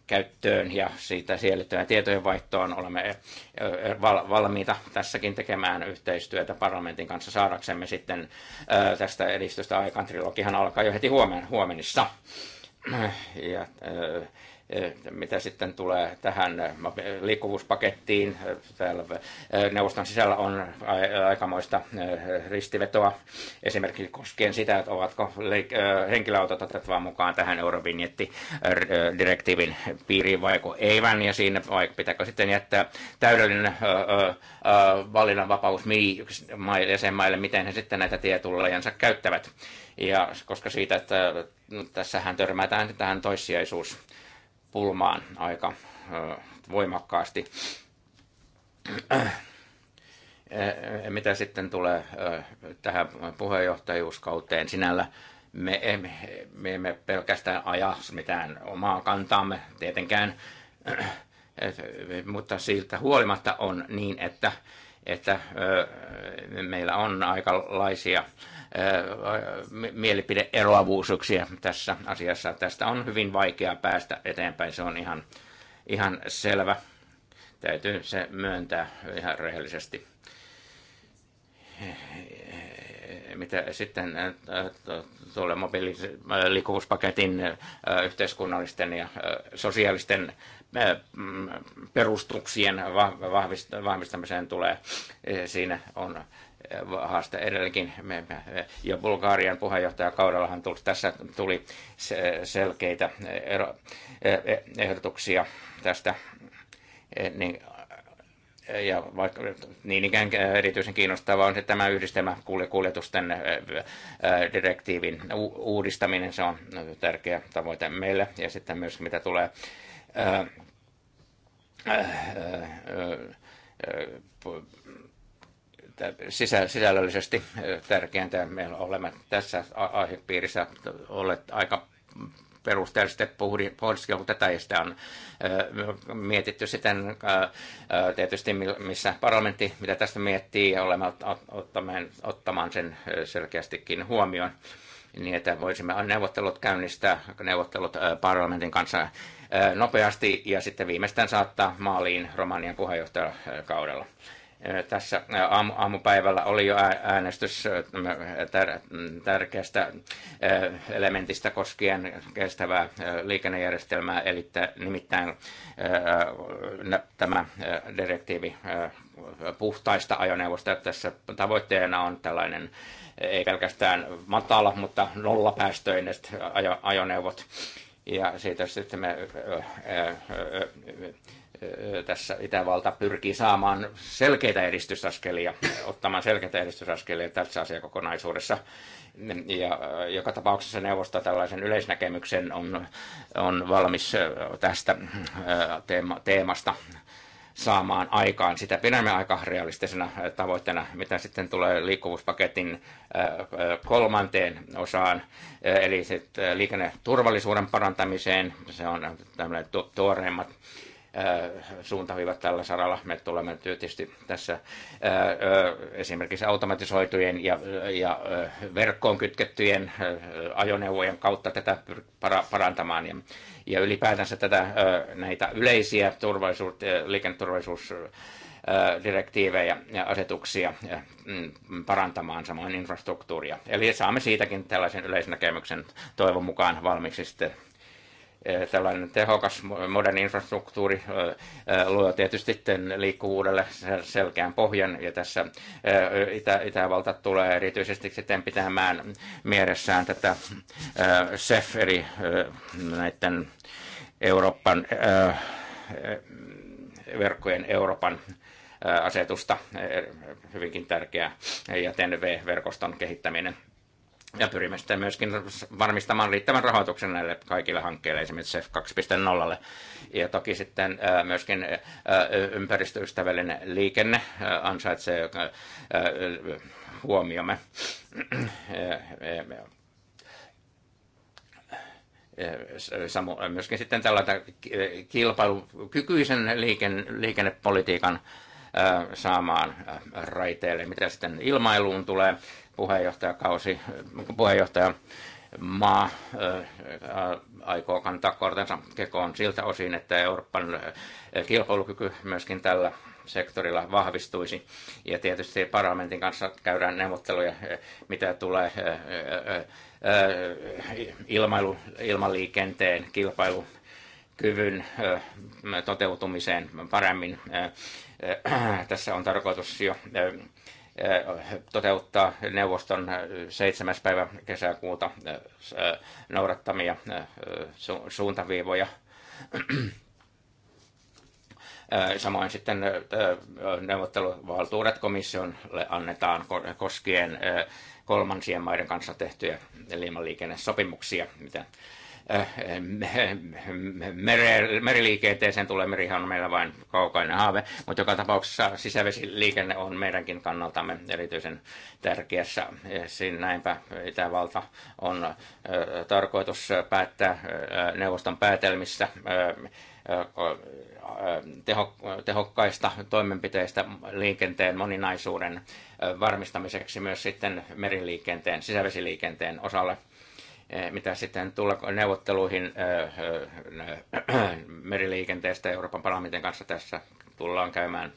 käyttöön ja siitä tietojen vaihtoon. Olemme valmiita tässäkin tekemään yhteistyötä parlamentin kanssa saadaksemme sitten tästä edistystä aikaan. Trilogihan alkaa jo heti huomenissa. Ja Eh, mitä sitten tulee tähän eh, liikkuvuuspakettiin, eh, täällä neuvoston sisällä on aikamoista ristivetoa esimerkiksi koskien sitä, että ovatko henkilöautot otettava mukaan tähän Eurovinjetti-direktiivin piiriin vaiko eivän, ja siinä vai pitääkö sitten jättää täydellinen valinnanvapaus jäsenmaille, miten he sitten näitä tietullajansa käyttävät. Ja koska siitä, että no, tässähän törmätään tähän toissijaisuus pulmaan aika voimakkaasti. Mitä sitten tulee tähän puheenjohtajuuskauteen sinällä, me emme, me emme pelkästään aja mitään omaa kantaamme tietenkään, mutta siltä huolimatta on niin, että, että meillä on aikalaisia mielipideeroavuuksia tässä asiassa. Tästä on hyvin vaikea päästä eteenpäin, se on ihan, ihan selvä. Täytyy se myöntää ihan rehellisesti. Mitä sitten tuolle mobiilikuvuspaketin yhteiskunnallisten ja sosiaalisten mm, perustuksien vahvistamiseen tulee. Siinä on haaste edelleenkin. Me, ja Bulgarian puheenjohtajakaudellahan tuli, tässä tuli selkeitä ero, e, e, ehdotuksia tästä. E, niin, ja vaikka niin ikään erityisen kiinnostavaa on se tämä yhdistelmä kuljetusten direktiivin uudistaminen. Se on tärkeä tavoite meille. Ja sitten myös mitä tulee ää, ää, ää, sisällöllisesti tärkeintä. Me olemme tässä aihepiirissä olleet aika perusteellisesti pohdiskellut tätä ja sitä on mietitty sitten tietysti missä parlamentti, mitä tästä miettii ja olemme ottamaan, ottamaan sen selkeästikin huomioon niin että voisimme neuvottelut käynnistää, neuvottelut parlamentin kanssa nopeasti ja sitten viimeistään saattaa maaliin Romanian puheenjohtajakaudella. kaudella tässä aamupäivällä oli jo äänestys tärkeästä elementistä koskien kestävää liikennejärjestelmää, eli nimittäin tämä direktiivi puhtaista ajoneuvosta. Tässä tavoitteena on tällainen ei pelkästään matala, mutta nollapäästöiset ajoneuvot. Ja siitä sitten me tässä Itävalta pyrkii saamaan selkeitä edistysaskelia, ottamaan selkeitä edistysaskelia tässä asiakokonaisuudessa. Ja joka tapauksessa neuvosto tällaisen yleisnäkemyksen on, on valmis tästä teema, teemasta saamaan aikaan. Sitä pidämme aika realistisena tavoitteena, mitä sitten tulee liikkuvuuspaketin kolmanteen osaan, eli sitten liikenneturvallisuuden parantamiseen. Se on tämmöinen tuoreimmat Äh, suuntaviivat tällä saralla. Me tulemme tietysti tässä äh, äh, esimerkiksi automatisoitujen ja, ja verkkoon kytkettyjen ajoneuvojen kautta tätä parantamaan ja, ja ylipäätänsä tätä, näitä yleisiä turvallisuus, liikenneturvallisuus direktiivejä ja asetuksia mm, parantamaan samoin infrastruktuuria. Eli saamme siitäkin tällaisen yleisnäkemyksen toivon mukaan valmiiksi sitten Eh, tällainen tehokas moderni infrastruktuuri eh, eh, luo tietysti liikkuvuudelle selkeän pohjan ja tässä Itä- Itävalta tulee erityisesti sitten pitämään mielessään tätä SEF eli näiden Euroopan verkkojen Euroopan asetusta, hyvinkin tärkeä ja tnv verkoston kehittäminen ja pyrimme sitten myöskin varmistamaan riittävän rahoituksen näille kaikille hankkeille, esimerkiksi CEF 2.0. Ja toki sitten myöskin ympäristöystävällinen liikenne ansaitsee huomiomme. Samoin myöskin sitten tällaista kilpailukykyisen liiken, liikennepolitiikan saamaan raiteille. Mitä sitten ilmailuun tulee, puheenjohtajakausi, puheenjohtaja maa aikoo kantaa kortensa kekoon siltä osin, että Euroopan kilpailukyky myöskin tällä sektorilla vahvistuisi. Ja tietysti parlamentin kanssa käydään neuvotteluja, mitä tulee ilmailu, ilmaliikenteen kilpailukyvyn toteutumiseen paremmin Äh, tässä on tarkoitus jo äh, äh, toteuttaa neuvoston 7. päivä kesäkuuta noudattamia suuntaviivoja. Samoin sitten neuvotteluvaltuudet komissiolle annetaan koskien kolmansien maiden kanssa tehtyjä ilmaliikennesopimuksia, mitä Äh, meriliikenteeseen tulee, merihan meillä vain kaukainen haave, mutta joka tapauksessa sisävesiliikenne on meidänkin kannaltamme erityisen tärkeässä. Siinä näinpä Itävalta on äh, tarkoitus päättää äh, neuvoston päätelmissä tehokkaista toimenpiteistä liikenteen moninaisuuden varmistamiseksi myös sitten meriliikenteen, sisävesiliikenteen osalle Eh, mitä sitten tulla neuvotteluihin eh, eh, meriliikenteestä Euroopan parlamentin kanssa tässä tullaan käymään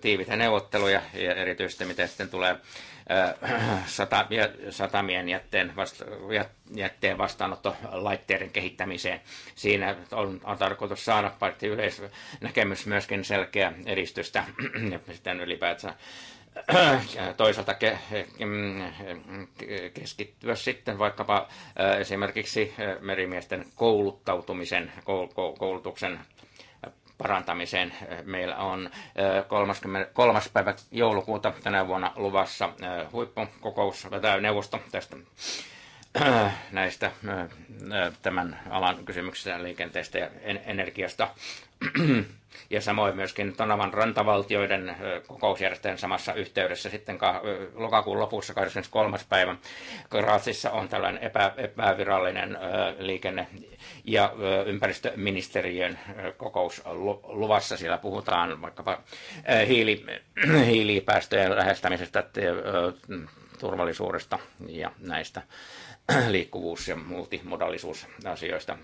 tiivitä neuvotteluja ja erityisesti mitä sitten tulee satamien jätteen, vasta, jätteen vastaanottolaitteiden kehittämiseen. Siinä on, on tarkoitus saada paitsi yleisnäkemys myöskin selkeä edistystä ja sitten ylipäätään toisaalta mm, ke, keskittyä sitten vaikkapa äh, esimerkiksi äh, merimiesten kouluttautumisen, koulutuksen äh, parantamiseen. Meillä on 33. päivä joulukuuta tänä vuonna luvassa huippukokous tai neuvosto tästä näistä tämän alan kysymyksistä liikenteestä ja energiasta. ja samoin myöskin Tonavan rantavaltioiden kokousjärjestäjän samassa yhteydessä sitten lokakuun lopussa 23. päivä Gratsissa on tällainen epä, epävirallinen liikenne- ja ympäristöministeriön kokous luvassa. Siellä puhutaan vaikkapa hiili, hiilipäästöjen lähestämisestä, turvallisuudesta ja näistä liikkuvuus- ja multimodallisuusasioista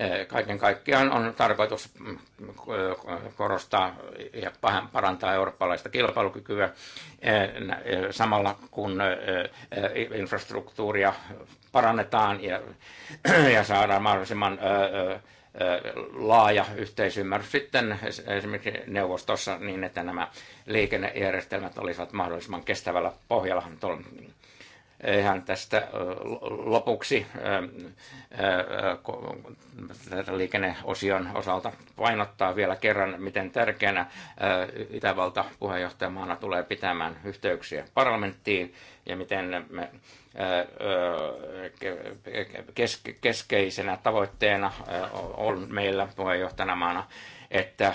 Eh, kaiken kaikkiaan on tarkoitus mm, korostaa ja parantaa eurooppalaista kilpailukykyä eh, eh, samalla kun infrastruktuuria parannetaan ja, saadaan mahdollisimman laaja yhteisymmärrys sitten esimerkiksi neuvostossa niin, että nämä liikennejärjestelmät olisivat mahdollisimman kestävällä pohjalla ihan tästä lopuksi liikenneosion osalta painottaa vielä kerran, miten tärkeänä Itävalta puheenjohtajamaana tulee pitämään yhteyksiä parlamenttiin ja miten me keskeisenä tavoitteena on meillä puheenjohtajamaana, että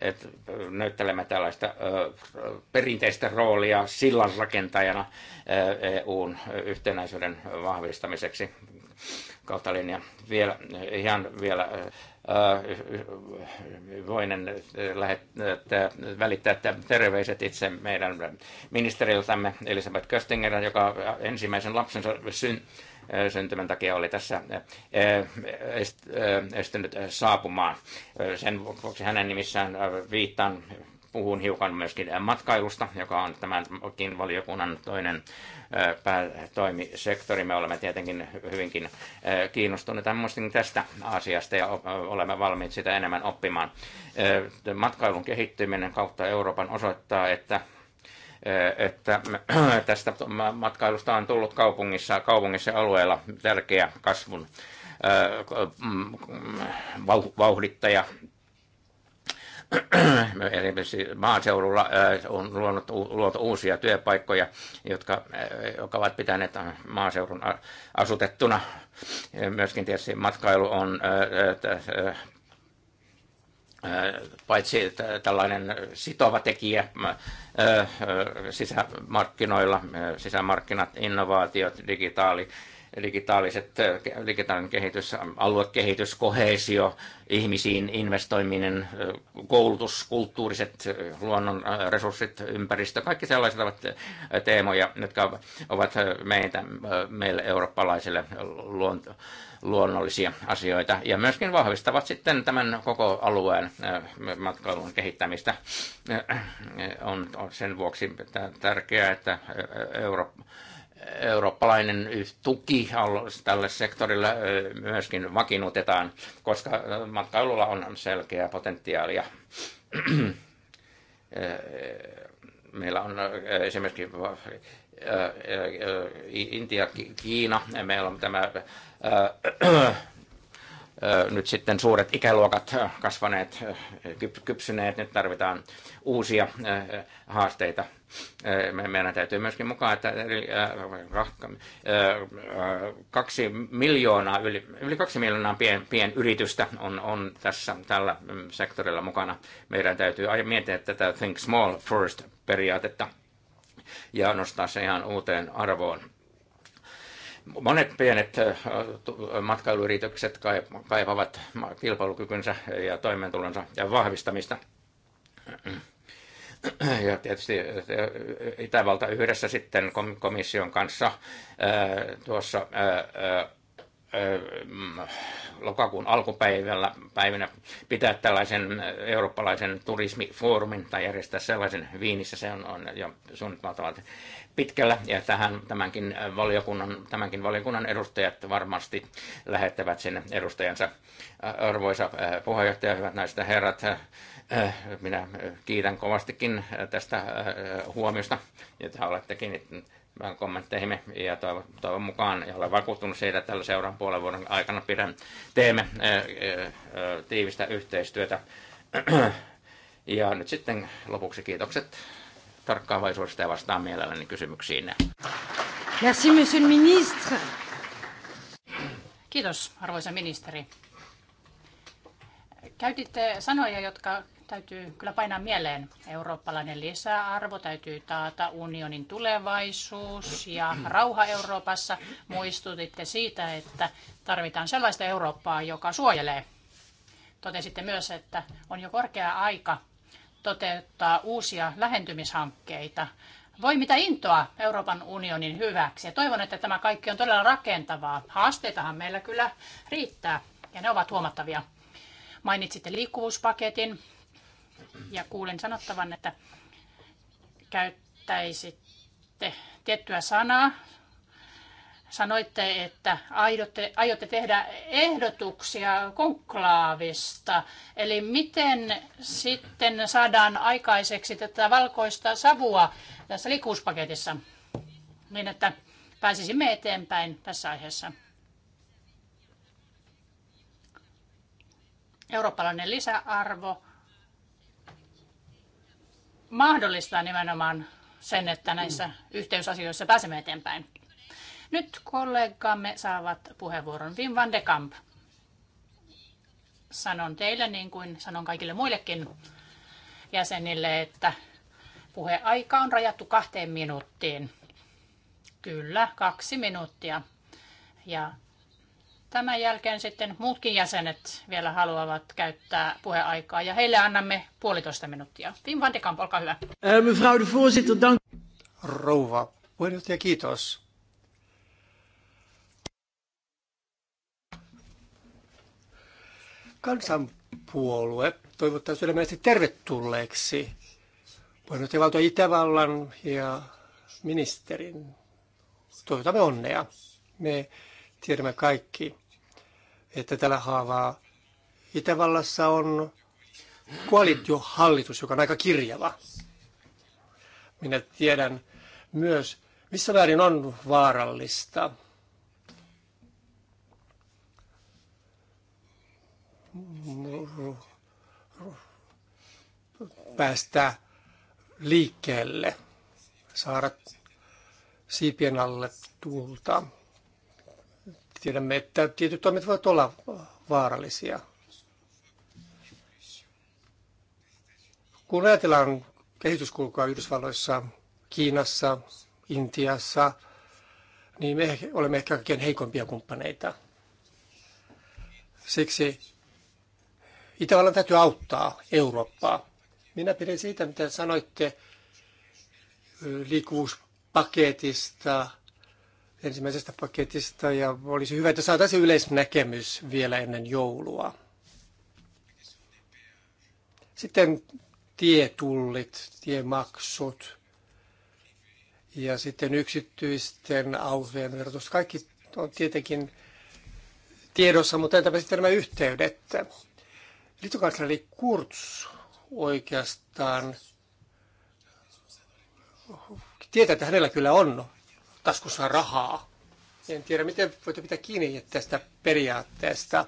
että näyttelemme tällaista perinteistä roolia sillanrakentajana EUn yhtenäisyyden vahvistamiseksi kautta linjan. Vielä, ihan vielä voinen lähettää, välittää terveiset itse meidän ministeriltämme Elisabeth Köstinger, joka ensimmäisen lapsensa syn, syntymän takia oli tässä estynyt saapumaan. Sen vuoksi hänen nimissään viittaan puhun hiukan myöskin matkailusta, joka on tämänkin valiokunnan toinen päätoimisektori. Me olemme tietenkin hyvinkin kiinnostuneita tästä asiasta ja olemme valmiit sitä enemmän oppimaan. Matkailun kehittyminen kautta Euroopan osoittaa, että Eh, että tästä matkailusta on tullut kaupungissa, kaupungissa alueella tärkeä kasvun eh, mm, vauhdittaja. Esimerkiksi maaseudulla eh, on luonut, luotu uusia työpaikkoja, jotka, jotka ovat pitäneet maaseudun asutettuna. Myöskin tietysti matkailu on paitsi tällainen sitova tekijä sisämarkkinoilla, sisämarkkinat, innovaatiot, digitaali, digitaaliset, digitaalinen kehitys, aluekehitys, kohesio, ihmisiin investoiminen, koulutus, kulttuuriset, luonnon resurssit, ympäristö, kaikki sellaiset ovat teemoja, jotka ovat meitä, meille eurooppalaisille luon, luonnollisia asioita ja myöskin vahvistavat sitten tämän koko alueen matkailun kehittämistä. On, on sen vuoksi tärkeää, että Eurooppa eurooppalainen tuki tälle sektorille myöskin vakiinnutetaan, koska matkailulla on selkeä potentiaalia. Meillä on esimerkiksi Intia, Kiina, meillä on tämä nyt sitten suuret ikäluokat kasvaneet, kypsyneet, nyt tarvitaan uusia haasteita. Meidän täytyy myöskin mukaan, että kaksi miljoonaa, yli, yli kaksi miljoonaa pien, yritystä on, on tässä tällä mm, sektorilla mukana. Meidän täytyy miettiä tätä Think Small First periaatetta ja nostaa se ihan uuteen arvoon Monet pienet äh, matkailuyritykset kaipaavat kilpailukykynsä ja toimeentulonsa ja vahvistamista. Ja tietysti äh, Itävalta yhdessä sitten komission kanssa äh, tuossa lokakuun alkupäivällä päivinä pitää tällaisen eurooppalaisen turismifoorumin tai järjestää sellaisen Viinissä. Se on, on jo suunnitelmat ovat pitkällä ja tähän tämänkin äh, valiokunnan, tämänkin valiokunnan edustajat varmasti lähettävät sinne edustajansa. Äh, arvoisa äh, puheenjohtaja, hyvät naiset ja herrat, minä kiitän kovastikin tästä huomiosta, jota olette kiinnittäneet kommentteihimme ja toivon, toivon mukaan, ja olen vakuuttunut siitä, että tällä seuraavan puolen vuoden aikana pidän, teemme ää, ää, tiivistä yhteistyötä. ja nyt sitten lopuksi kiitokset tarkkaavaisuudesta ja vastaan mielelläni kysymyksiin. Merci, monsieur le ministre. Kiitos, arvoisa ministeri. Käytitte sanoja, jotka täytyy kyllä painaa mieleen. Eurooppalainen lisäarvo täytyy taata unionin tulevaisuus ja rauha Euroopassa. Muistutitte siitä, että tarvitaan sellaista Eurooppaa, joka suojelee. Totesitte myös, että on jo korkea aika toteuttaa uusia lähentymishankkeita. Voi mitä intoa Euroopan unionin hyväksi. Ja toivon, että tämä kaikki on todella rakentavaa. Haasteitahan meillä kyllä riittää, ja ne ovat huomattavia. Mainitsitte liikkuvuuspaketin, ja kuulin sanottavan, että käyttäisitte tiettyä sanaa Sanoitte, että aiotte, aiotte tehdä ehdotuksia konklaavista. Eli miten sitten saadaan aikaiseksi tätä valkoista savua tässä likuuspaketissa, niin että pääsisimme eteenpäin tässä aiheessa? Eurooppalainen lisäarvo mahdollistaa nimenomaan sen, että näissä yhteysasioissa pääsemme eteenpäin. Nyt kollegamme saavat puheenvuoron. Wim van de Kamp. Sanon teille, niin kuin sanon kaikille muillekin jäsenille, että puheaika on rajattu kahteen minuuttiin. Kyllä, kaksi minuuttia. Ja tämän jälkeen sitten muutkin jäsenet vielä haluavat käyttää puheaikaa ja heille annamme puolitoista minuuttia. Wim van de Kamp, olkaa hyvä. Eh, mevrouw de voorzitter, dank. Rouva puheenjohtaja, kiitos. kansanpuolue toivottaa sydämellisesti tervetulleeksi puheenjohtajavaltio Itävallan ja ministerin. Toivotamme onnea. Me tiedämme kaikki, että tällä haavaa Itävallassa on koalitiohallitus, joka on aika kirjava. Minä tiedän myös, missä väärin on vaarallista päästä liikkeelle, saada siipien alle tuulta. Tiedämme, että tietyt toimet voivat olla vaarallisia. Kun ajatellaan kehityskulkua Yhdysvalloissa, Kiinassa, Intiassa, niin me olemme ehkä kaikkein heikompia kumppaneita. Siksi Itävallan täytyy auttaa Eurooppaa. Minä pidän siitä, mitä sanoitte liikkuvuuspaketista, ensimmäisestä paketista, ja olisi hyvä, että saataisiin yleisnäkemys vielä ennen joulua. Sitten tietullit, tiemaksut ja sitten yksityisten autojen verotus. Kaikki on tietenkin tiedossa, mutta entäpä sitten nämä yhteydet? liittokansleri Kurz oikeastaan tietää, että hänellä kyllä on taskussa rahaa. En tiedä, miten voitte pitää kiinni tästä periaatteesta.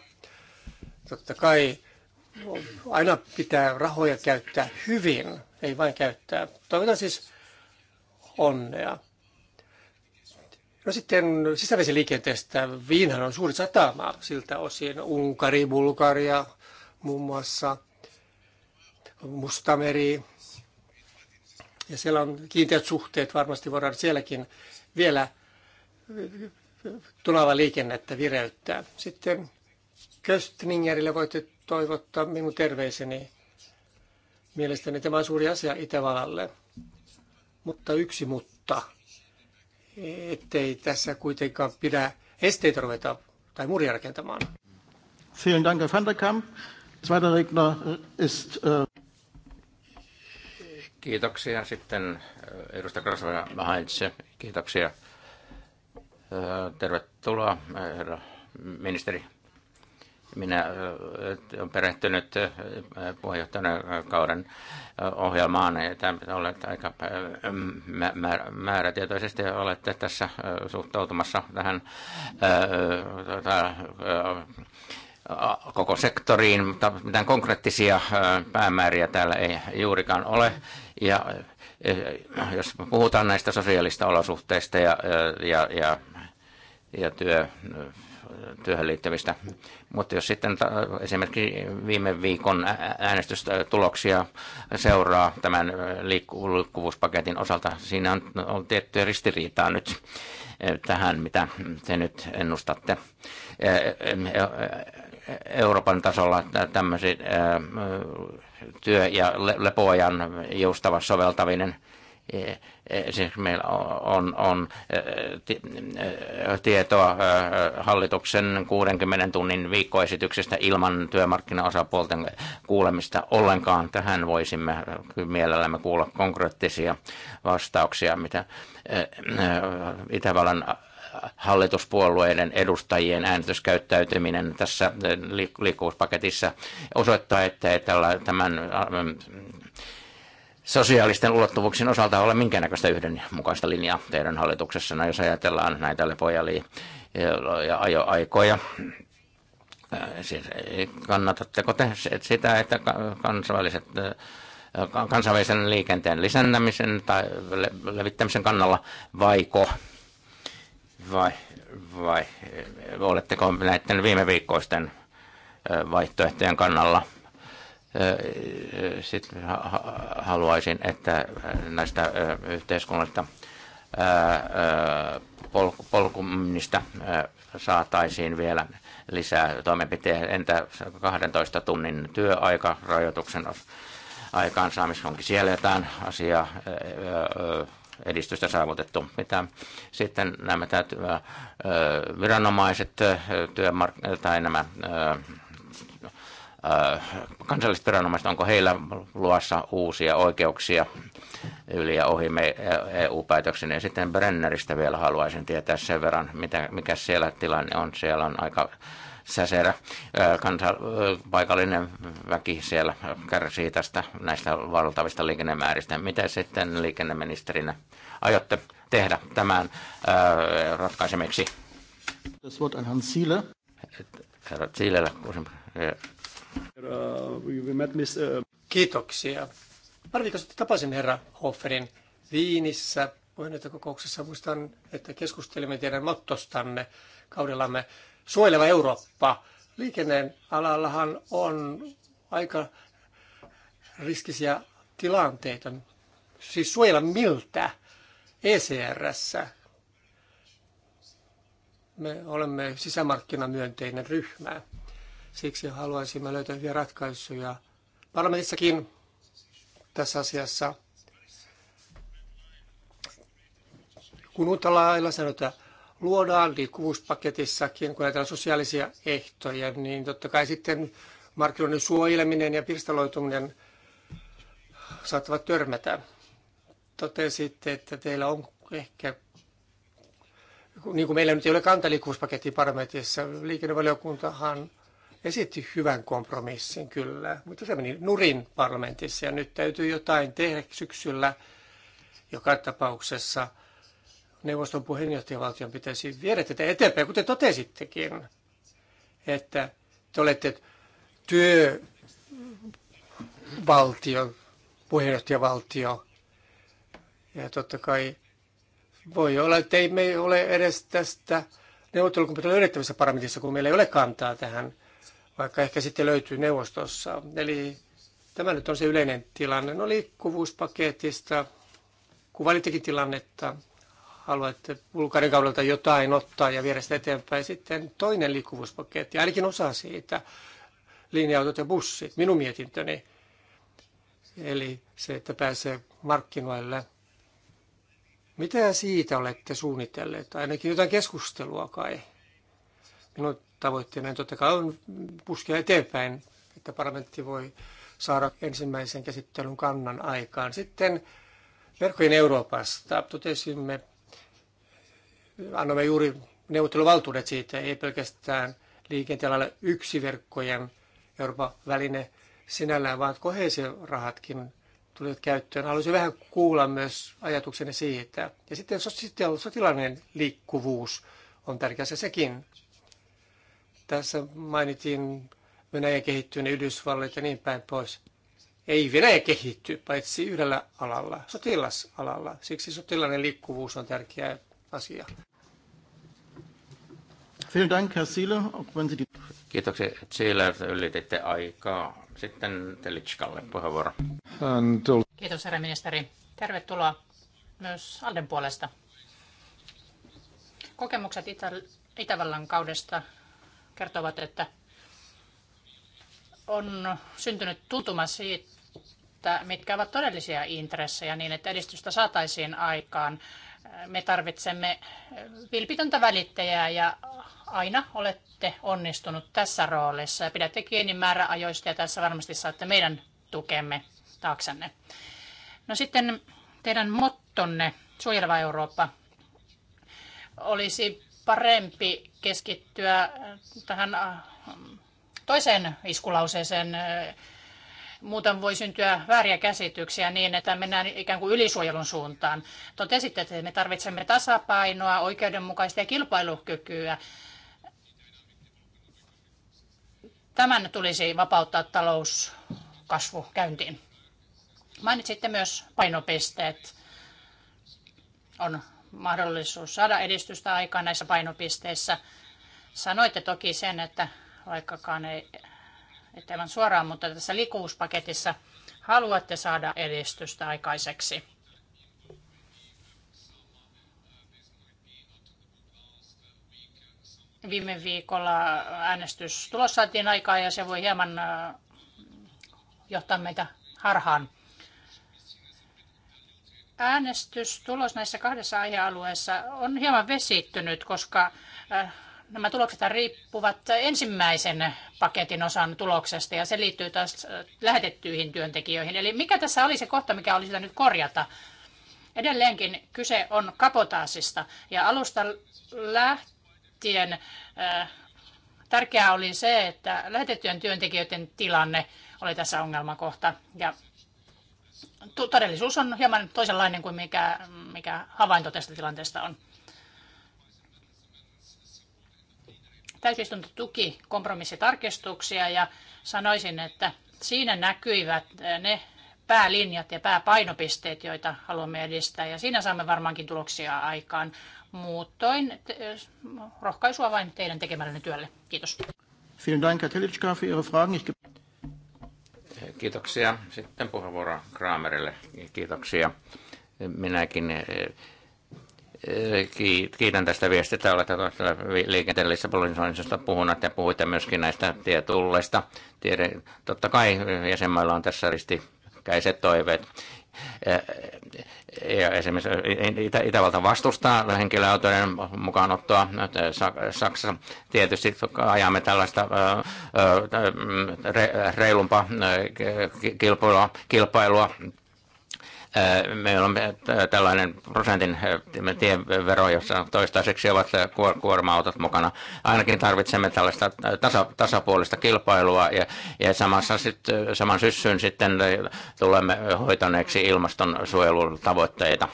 Totta kai aina pitää rahoja käyttää hyvin, ei vain käyttää. Toivotan siis onnea. No sitten sisävesiliikenteestä. Viinhan on suuri satama siltä osin. Unkari, Bulgaria, muun muassa Mustameri. Ja siellä on kiinteät suhteet, varmasti voidaan sielläkin vielä tulava liikennettä vireyttää. Sitten Köstningerille voitte toivottaa minun terveiseni. Mielestäni tämä on suuri asia Itävallalle. Mutta yksi mutta, ettei tässä kuitenkaan pidä esteitä ruveta tai muria rakentamaan. Vielen Dank, Van der Kamp. Zweiter Redner äh, ist... Äh, Kiitoksia sitten äh, edustaja Krasvaja Haintse. Kiitoksia. Tervetuloa, herra ministeri. Minä olen perehtynyt puheenjohtajana kauden ohjelmaan, että olet aika määrätietoisesti olette tässä suhtautumassa tähän koko sektoriin, mutta mitään konkreettisia päämääriä täällä ei juurikaan ole. Ja jos puhutaan näistä sosiaalista olosuhteista ja, ja, ja, ja työ, työhön liittyvistä. Mutta jos sitten esimerkiksi viime viikon äänestystuloksia seuraa tämän liikkuvuuspaketin osalta, siinä on, on tiettyä ristiriitaa nyt tähän, mitä te nyt ennustatte. Euroopan tasolla tämmöisen työ- ja lepoajan joustava soveltaminen e, e, esimerkiksi meillä on, on tietoa hallituksen 60 tunnin viikkoesityksestä ilman työmarkkinaosapuolten kuulemista ollenkaan. Tähän voisimme mielellämme kuulla konkreettisia vastauksia, mitä Itävallan hallituspuolueiden edustajien äänestyskäyttäytyminen tässä eh, liikkuvuuspaketissa osoittaa, että tällä, tämän mm, sosiaalisten ulottuvuuksien osalta ole minkäännäköistä yhdenmukaista linjaa teidän hallituksessana, no, jos ajatellaan näitä lepoja eh, ja ajoaikoja. Eh, siis kannatatteko te sitä, että kansainväliset kansainvälisen liikenteen lisäämisen tai levittämisen kannalla, vaiko vai, vai oletteko näiden viime viikkoisten vaihtoehtojen kannalla? Sitten haluaisin, että näistä yhteiskunnallista polkumista saataisiin vielä lisää toimenpiteitä. Entä 12 tunnin työaikarajoituksen aikaansaamis? onkin siellä jotain asiaa edistystä saavutettu. Mitä sitten nämä täyt, viranomaiset työmark- tai nämä kansalliset viranomaiset, onko heillä luossa uusia oikeuksia yli ja ohi me EU-päätöksen. E ja sitten Brenneristä vielä haluaisin tietää sen verran, mitä, mikä siellä tilanne on. Siellä on aika Säserä, kansa, paikallinen väki siellä kärsii tästä näistä valtavista liikennemääristä. Mitä sitten liikenneministerinä aiotte tehdä tämän ratkaisemiksi? Das Wort an Herrn Ziele. Herra Zielellä. Kiitoksia. Pari viikkoa sitten tapasin herra Hofferin Viinissä puheenjohtajakokouksessa. Muistan, että keskustelimme teidän mottostanne kaudellamme suojeleva Eurooppa. alallahan on aika riskisiä tilanteita. Siis suojella miltä ECRssä? Me olemme sisämarkkinamyönteinen ryhmä. Siksi haluaisimme löytää hyviä ratkaisuja parlamentissakin tässä asiassa. Kun uutta lailla sanotaan, luodaan liikkuvuuspaketissakin, kun ajatellaan sosiaalisia ehtoja, niin totta kai sitten markkinoiden suojeleminen ja pirstaloituminen saattavat törmätä. Totesitte, että teillä on ehkä, niin kuin meillä nyt ei ole liikkuvuuspaketin parlamentissa, liikennevaliokuntahan esitti hyvän kompromissin kyllä, mutta se meni nurin parlamentissa ja nyt täytyy jotain tehdä syksyllä joka tapauksessa – neuvoston puheenjohtajavaltion pitäisi viedä tätä eteenpäin, kuten totesittekin, että te olette työvaltio, puheenjohtajavaltio. Ja totta kai voi olla, että ei me ole edes tästä neuvottelukumppanilla löydettävissä parlamentissa, kun meillä ei ole kantaa tähän, vaikka ehkä sitten löytyy neuvostossa. Eli tämä nyt on se yleinen tilanne. No liikkuvuuspaketista, kuvailittekin tilannetta haluatte Bulgarin kaudelta jotain ottaa ja viedä sitä eteenpäin. Sitten toinen liikkuvuuspaketti, ainakin osa siitä, linja-autot ja bussit, minun mietintöni. Eli se, että pääsee markkinoille. Mitä siitä olette suunnitelleet? Ainakin jotain keskustelua kai. Minun tavoitteena totta kai on puskea eteenpäin, että parlamentti voi saada ensimmäisen käsittelyn kannan aikaan. Sitten verkkojen Euroopasta totesimme annamme juuri neuvotteluvaltuudet siitä, ei pelkästään liikenteellä yksi verkkojen Euroopan väline sinällään, vaan rahatkin tulivat käyttöön. Haluaisin vähän kuulla myös ajatuksenne siitä. Ja sitten sotilainen liikkuvuus on tärkeä se sekin. Tässä mainitin Venäjän kehittyneen Yhdysvallat ja niin päin pois. Ei Venäjä kehitty, paitsi yhdellä alalla, sotilasalalla. Siksi sotilainen liikkuvuus on tärkeä asia. Vielen Dank, Herr Seeler, auch wenn Sie die... Kiitoksia, Seeler, ylititte aikaa. Sitten Telitskalle puheenvuoro. Kiitos, herra ministeri. Tervetuloa myös Alden puolesta. Kokemukset Itä- Itävallan kaudesta kertovat, että on syntynyt tutuma siitä, mitkä ovat todellisia intressejä niin, että edistystä saataisiin aikaan. Me tarvitsemme vilpitöntä välittäjää ja aina olette onnistunut tässä roolissa ja pidätte kiinni määräajoista ja tässä varmasti saatte meidän tukemme taaksenne. No sitten teidän mottonne, Suojeleva Eurooppa, olisi parempi keskittyä äh, tähän äh, toiseen iskulauseeseen. Muuten voi syntyä vääriä käsityksiä niin, että mennään ikään kuin ylisuojelun suuntaan. Totesitte, että me tarvitsemme tasapainoa, oikeudenmukaista ja kilpailukykyä. Tämän tulisi vapauttaa talouskasvu käyntiin. Mainitsitte myös painopisteet. On mahdollisuus saada edistystä aikaan näissä painopisteissä. Sanoitte toki sen, että vaikkakaan ei etteivän suoraan, mutta tässä likuuspaketissa haluatte saada edistystä aikaiseksi. Viime viikolla äänestystulos saatiin aikaa ja se voi hieman johtaa meitä harhaan. Äänestystulos näissä kahdessa aihealueessa on hieman vesittynyt, koska nämä tulokset riippuvat ensimmäisen paketin osan tuloksesta ja se liittyy taas lähetettyihin työntekijöihin. Eli mikä tässä oli se kohta, mikä oli sitä nyt korjata? Edelleenkin kyse on kapotaasista ja alusta lähtien lähtien äh, tärkeää oli se, että lähetettyjen työntekijöiden tilanne oli tässä ongelmakohta. Ja todellisuus on hieman toisenlainen kuin mikä, mikä havainto tästä tilanteesta on. Täysistunto tuki kompromissitarkistuksia ja sanoisin, että siinä näkyivät äh, ne päälinjat ja pääpainopisteet, joita haluamme edistää. Ja siinä saamme varmaankin tuloksia aikaan. Muutoin rohkaisua vain teidän tekemällenne työlle. Kiitos. Kiitoksia. Sitten puheenvuoro Kramerille. Kiitoksia. Minäkin eh, eh, kiitän tästä viestistä. Olette tuossa liikenteen Lissabonisonisosta puhunut ja puhuitte myöskin näistä tietulleista. totta kai jäsenmailla on tässä risti päällekkäiset toiveet. Ja esimerkiksi Itä- Itävalta vastustaa henkilöautojen mukaanottoa. Äh, Saksassa tietysti ajamme tällaista äh, äh, reilumpaa kilpailua, kilpailua Meillä on tällainen prosentin tievero, jossa toistaiseksi ovat kuorma-autot mukana. Ainakin tarvitsemme tällaista tasa, tasapuolista kilpailua ja, ja samassa sit, saman syssyn sitten tulemme hoitaneeksi ilmastonsuojelun tavoitteita.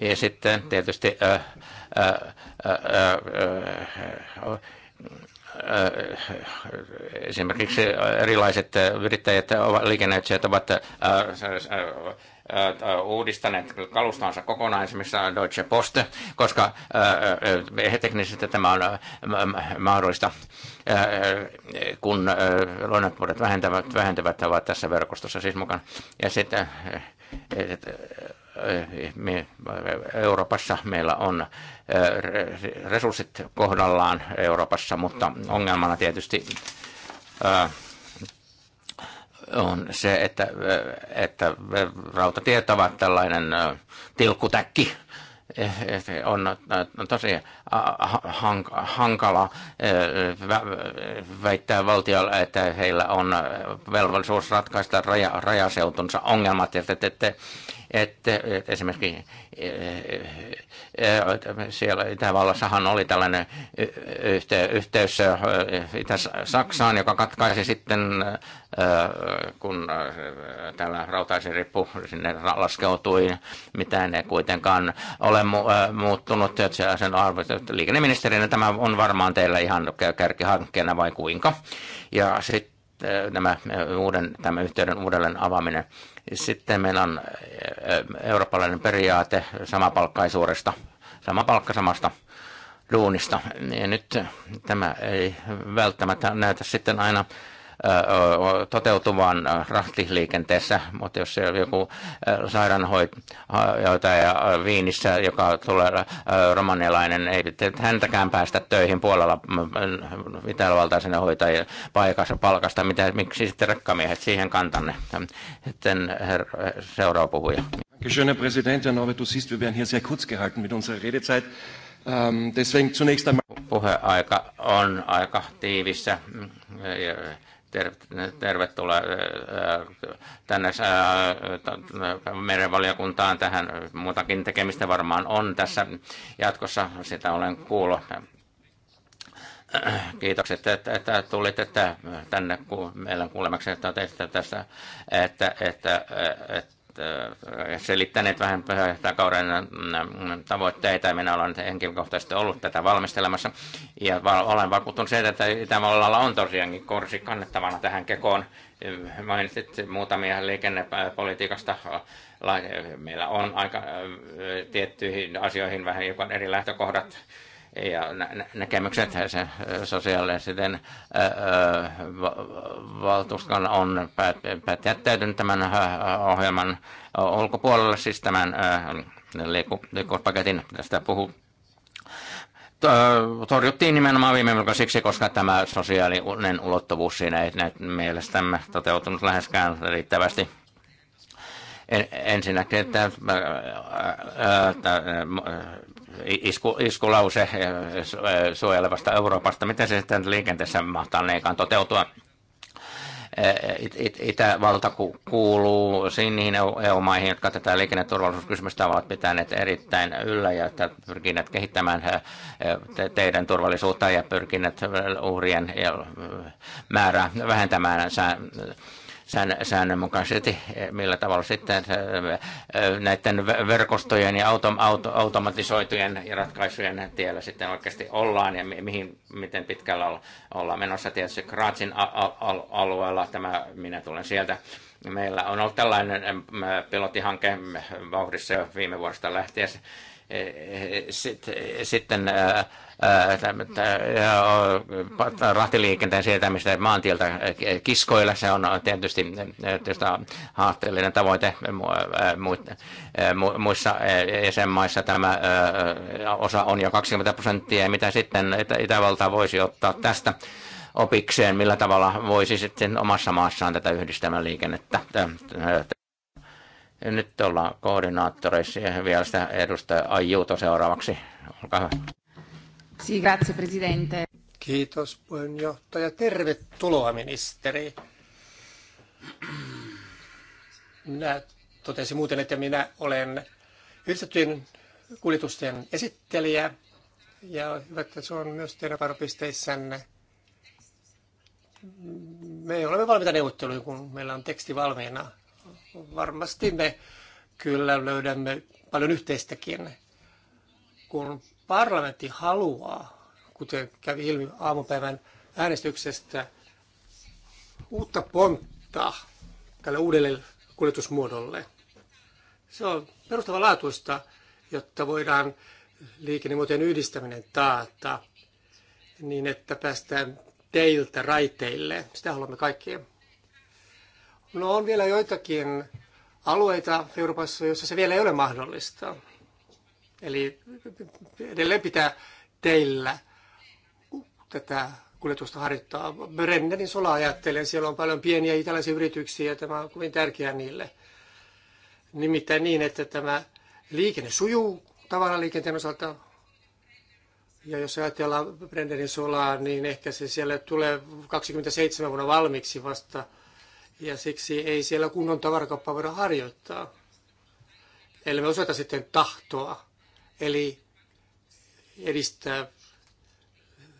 Ja sitten tietysti äh, äh, äh, äh, äh, Äh, äh, esimerkiksi erilaiset yrittäjät, liikennöitsijät ovat äh, uudistaneet kalustansa kokonaan, esimerkiksi Deutsche Post, koska teknisesti tämä on mahdollista, kun luonnonpuolet vähentävät, vähentävät ovat tässä verkostossa siis mukana. Ja sitten Eh, eh, me, Euroopassa meillä on eh, resurssit kohdallaan Euroopassa, mutta ongelmana tietysti on se, että, että rautatiet ovat tällainen tilkkutäkki, on tosi hankala väittää valtiolle, että heillä on velvollisuus ratkaista rajaseutunsa ongelmat, että että esimerkiksi eh, eh, siellä Itävallassahan oli tällainen eh, yhteys Itä-Saksaan, joka katkaisi sitten, kun tällä rautaisen rippu sinne laskeutui, mitä ei kuitenkaan ole muuttunut. Sen arvo, liikenneministerinä tämä on varmaan teillä ihan kärkihankkeena vai kuinka. Ja sitten tämä, uuden, tämän yhteyden uudelleen avaaminen sitten meillä on eh, eurooppalainen periaate samapalkkaisuudesta, sama palkka samasta duunista. Ja nyt tämä ei välttämättä näytä sitten aina toteutumaan rahtiliikenteessä, mutta jos siellä on joku sairaanhoitaja Viinissä, joka tulee romanialainen, ei häntäkään päästä töihin puolella itävaltaisena hoitajien paikassa palkasta, mitä, miksi sitten rekkamiehet siihen kantanne? Sitten seuraava puhuja. Dankeschön, Herr Präsident. Herr Norbert, du siehst, wir werden hier sehr kurz gehalten mit unserer Redezeit. Ähm, deswegen zunächst einmal... Puheaika on aika tiivissä. Ja, tervetuloa tänne merenvaliokuntaan. tähän. Muutakin tekemistä varmaan on tässä jatkossa, sitä olen kuullut. Kiitokset, että, että tulit että tänne meillä kuulemaksi että tästä, että, että, että, Äh, selittäneet vähän puheenjohtajakauden äh, mm, tavoitteita. Minä olen henkilökohtaisesti ollut tätä valmistelemassa ja olen vakuuttunut siitä, että Itävallalla on tosiaankin korsi kannettavana tähän kekoon. Äh, mainitsit muutamia liikennepolitiikasta. Meillä on aika tiettyihin asioihin vähän hiukan eri lähtökohdat ja nä- näkemykset se sosiaalisen valtuuskan on päät- jättäytynyt tämän ohjelman ulkopuolelle, siis tämän liikkuuspaketin, tästä puhuu torjuttiin nimenomaan viime vuonna siksi, koska tämä sosiaalinen ulottuvuus siinä ei näitä mielestämme toteutunut läheskään riittävästi. En, ensinnäkin, että, että isku, iskulause eh, suojelevasta Euroopasta. Miten se sitten liikenteessä mahtaa leikaan toteutua? Eh, it, it, Itävalta kuuluu niihin EU-maihin, e jotka tätä liikenneturvallisuuskysymystä ovat pitäneet erittäin yllä ja että pyrkineet kehittämään eh, teidän turvallisuutta ja pyrkineet uhrien määrää vähentämään säännönmukaisesti, millä tavalla sitten äh, äh, näiden verkostojen ja autom, auto, automatisoitujen ratkaisujen tiellä sitten oikeasti ollaan ja mihin, miten pitkällä ollaan menossa. Tietysti Kraatsin alueella, tämä, minä tulen sieltä, meillä on ollut tällainen äh, pilotihanke vauhdissa jo viime vuodesta lähtien sitten äh, äh, äh, rahtiliikenteen sietämistä maantieltä kiskoilla Se on tietysti haasteellinen tavoite muissa jäsenmaissa. Tämä osa on jo 20 prosenttia. Mitä sitten Itävalta voisi ottaa tästä opikseen? Millä tavalla voisi sitten omassa maassaan tätä yhdistämäliikennettä nyt ollaan koordinaattoreissa ja vielä sitä edustaja Ajuuto seuraavaksi. Olkaa hyvä. Si, grazie presidente. Kiitos puheenjohtaja. Tervetuloa ministeri. Minä totesin muuten, että minä olen yhdistettyjen kuljetusten esittelijä ja hyvä, että se on myös teidän varopisteissänne. Me olemme valmiita neuvotteluihin, kun meillä on teksti valmiina varmasti me kyllä löydämme paljon yhteistäkin. Kun parlamentti haluaa, kuten kävi ilmi aamupäivän äänestyksestä, uutta pontta tälle uudelle kuljetusmuodolle. Se on perustavanlaatuista, jotta voidaan liikennemuotojen yhdistäminen taata niin, että päästään teiltä raiteille. Sitä haluamme kaikkien. No on vielä joitakin alueita Euroopassa, joissa se vielä ei ole mahdollista. Eli edelleen pitää teillä tätä kuljetusta harjoittaa. Brennanin sola ajattelen, siellä on paljon pieniä italaisia yrityksiä ja tämä on kovin tärkeää niille. Nimittäin niin, että tämä liikenne sujuu liikenteen osalta. Ja jos ajatellaan Brennanin solaa, niin ehkä se siellä tulee 27 vuonna valmiiksi vasta – ja siksi ei siellä kunnon tavarakauppaa voida harjoittaa, Eli me osata sitten tahtoa, eli edistää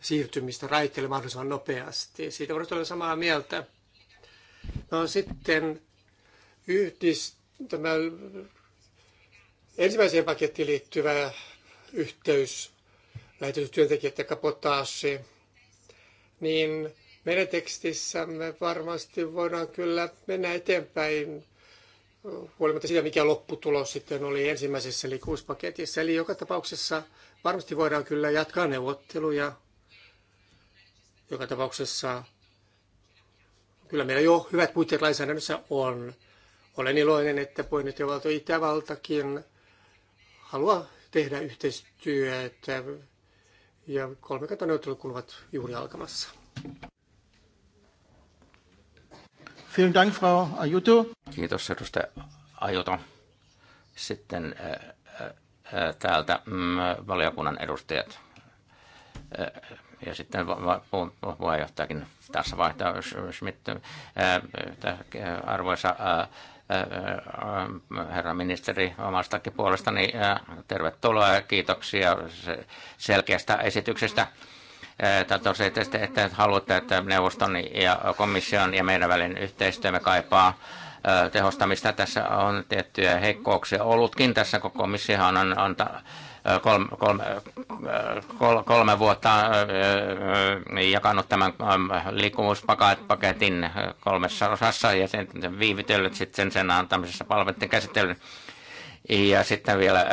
siirtymistä raiteille mahdollisimman nopeasti. Siitä varmasti olla samaa mieltä. No sitten yhdistämä ensimmäiseen pakettiin liittyvä yhteys lähetetyt työntekijät ja kapotaasi, niin meidän tekstissämme varmasti voidaan kyllä mennä eteenpäin huolimatta siitä, mikä lopputulos sitten oli ensimmäisessä eli kuusi paketissa. Eli joka tapauksessa varmasti voidaan kyllä jatkaa neuvotteluja. Joka tapauksessa kyllä meillä jo hyvät puitteet lainsäädännössä on. Olen iloinen, että puheenjohtajavaltio Itävaltakin haluaa tehdä yhteistyötä ja kolmikantaneuvottelut kuuluvat juuri alkamassa. Vielen Dank, Frau Kiitos, edustaja Ajuto. Sitten äh, äh, äh, täältä mm, valiokunnan edustajat ja sitten puheenjohtajakin tässä vaihtaa Schmidt. Arvoisa herra ministeri omastakin puolestani tervetuloa ja kiitoksia selkeästä esityksestä totesitte, että, että haluatte, että neuvoston ja komission ja meidän välin yhteistyömme kaipaa tehostamista. Tässä on tiettyjä heikkouksia ollutkin. Tässä komissiohan on, on kolme, kolme, kolme vuotta jakanut tämän liikkuvuuspaketin kolmessa osassa ja sen viivytellyt sitten sen antamisessa palveluiden käsittelyyn. Ja sitten vielä äh,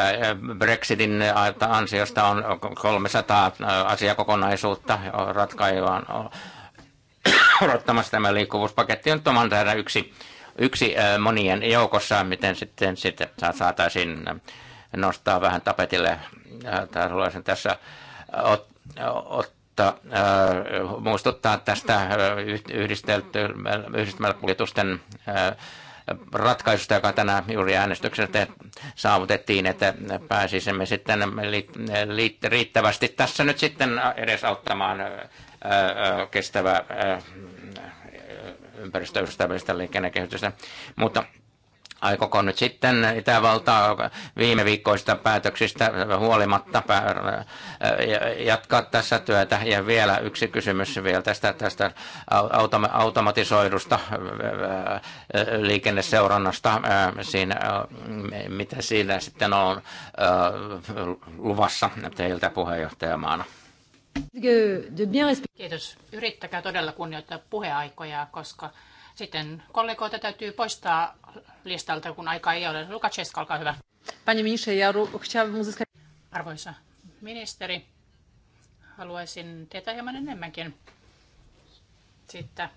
Brexitin ansiosta on 300 äh, asiakokonaisuutta ratkaivaan odottamassa. Tämä liikkuvuuspaketti on oman yksi, yksi äh, monien joukossa, miten sitten, sitten saataisiin nostaa vähän tapetille. Haluaisin tässä ot, ottaa, muistuttaa tästä yhdistelmäkuljetusten ratkaisusta, joka tänään juuri äänestyksessä saavutettiin, että pääsisimme sitten riittävästi tässä nyt sitten edesauttamaan kestävää ympäristöystävällistä liikennekehitystä. Mutta aikoko nyt sitten Itävaltaa viime viikkoista päätöksistä huolimatta äh, jatkaa tässä työtä. Ja vielä yksi kysymys vielä tästä, tästä automatisoidusta äh, äh, liikenneseurannasta. Siinä, mitä siinä sitten on luvassa teiltä puheenjohtajamaana? Kiitos. Yrittäkää todella kunnioittaa puheaikoja, koska sitten kollegoita täytyy poistaa listalta, kun aika ei ole. Lukaczewska, olkaa hyvä. Panie ministrze, ja chciałabym uzyskać... Arvoisa ministeri, haluaisin tietää hieman enemmänkin siitä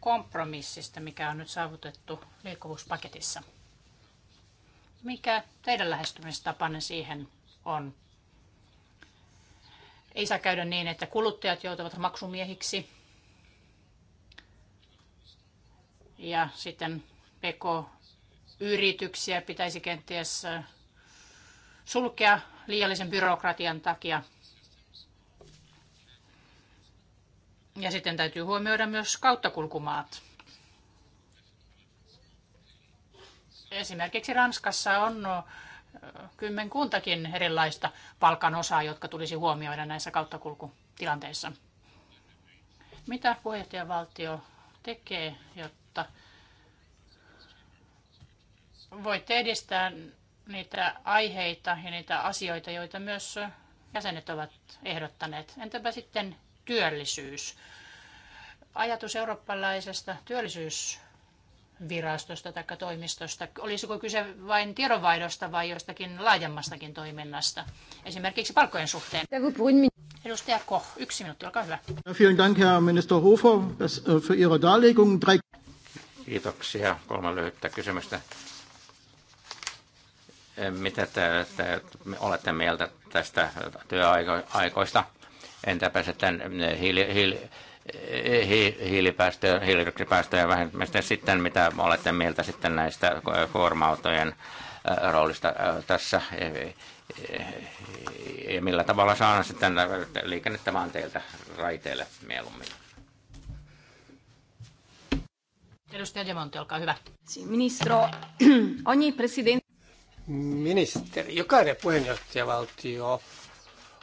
kompromissista, mikä on nyt saavutettu liikkuvuuspaketissa. Mikä teidän lähestymistapanne siihen on? Ei saa käydä niin, että kuluttajat joutuvat maksumiehiksi ja sitten PK-yrityksiä pitäisi kenties sulkea liiallisen byrokratian takia. Ja sitten täytyy huomioida myös kauttakulkumaat. Esimerkiksi Ranskassa on kymmenkuntakin erilaista osaa, jotka tulisi huomioida näissä kauttakulkutilanteissa. Mitä puheenjohtajavaltio tekee, jotta voitte edistää niitä aiheita ja niitä asioita, joita myös jäsenet ovat ehdottaneet. Entäpä sitten työllisyys? Ajatus eurooppalaisesta työllisyysvirastosta tai toimistosta, olisiko kyse vain tiedonvaihdosta vai jostakin laajemmastakin toiminnasta, esimerkiksi palkkojen suhteen? Edustaja Koch, yksi minuutti, olkaa hyvä. Vielen Dank, Herr Minister Hofer, für Ihre Darlegung. Kiitoksia. Kolme lyhyttä kysymystä mitä te, te olette mieltä tästä työaikoista? Entäpä sitten hiili, hiili, hi, hiilipäästöjä, vähentämistä sitten, mitä olette mieltä sitten näistä kuorma-autojen äh, roolista äh, tässä ja millä tavalla saadaan sitten liikennettä teiltä raiteille mieluummin? Edustaja Demonti, olkaa hyvä. Ministro, ogni presidente ministeri, jokainen puheenjohtajavaltio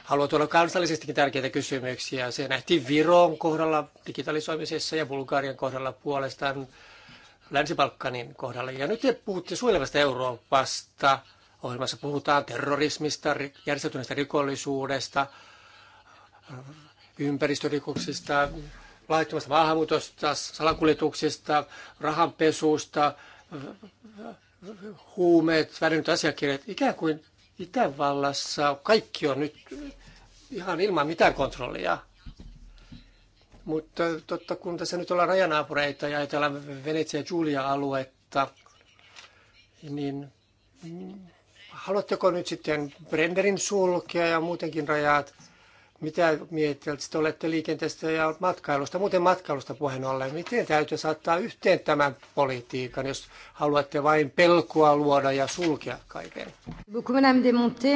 haluaa tuoda kansallisestikin tärkeitä kysymyksiä. Se nähtiin Viron kohdalla digitalisoimisessa ja Bulgarian kohdalla puolestaan Länsi-Balkanin kohdalla. Ja nyt te puhutte suojelevasta Euroopasta. Ohjelmassa puhutaan terrorismista, järjestäytyneestä rikollisuudesta, ympäristörikoksista, laittomasta maahanmuutosta, salakuljetuksista, rahanpesusta, huumeet, värjännyt asiakirjat, ikään kuin Itävallassa kaikki on nyt ihan ilman mitään kontrollia. Mutta totta, kun tässä nyt ollaan rajanaapureita ja ajatellaan Venetsia Julia-aluetta, niin haluatteko nyt sitten Brenderin sulkea ja muutenkin rajat? Mitä mieltä te olette liikenteestä ja matkailusta, muuten matkailusta puheen ollen? Miten niin täytyy saattaa yhteen tämän politiikan, jos haluatte vain pelkoa luoda ja sulkea kaiken? Beaucoup, Madame Demonte.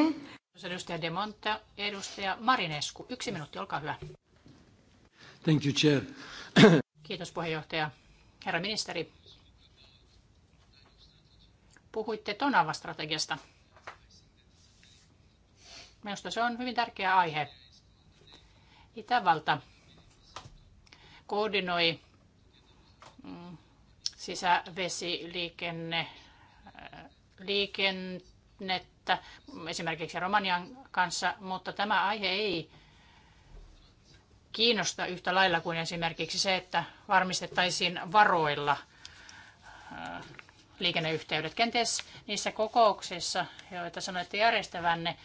Edustaja Demonte, edustaja Marinescu. Yksi minuutti, olkaa hyvä. Thank you, Chair. Kiitos puheenjohtaja. Herra ministeri, puhuitte Tonava-strategiasta. Minusta se on hyvin tärkeä aihe Itävalta koordinoi mm, sisävesiliikenne äh, liikennettä esimerkiksi Romanian kanssa, mutta tämä aihe ei kiinnosta yhtä lailla kuin esimerkiksi se, että varmistettaisiin varoilla äh, liikenneyhteydet. Kenties niissä kokouksissa, joita sanoitte järjestävänne,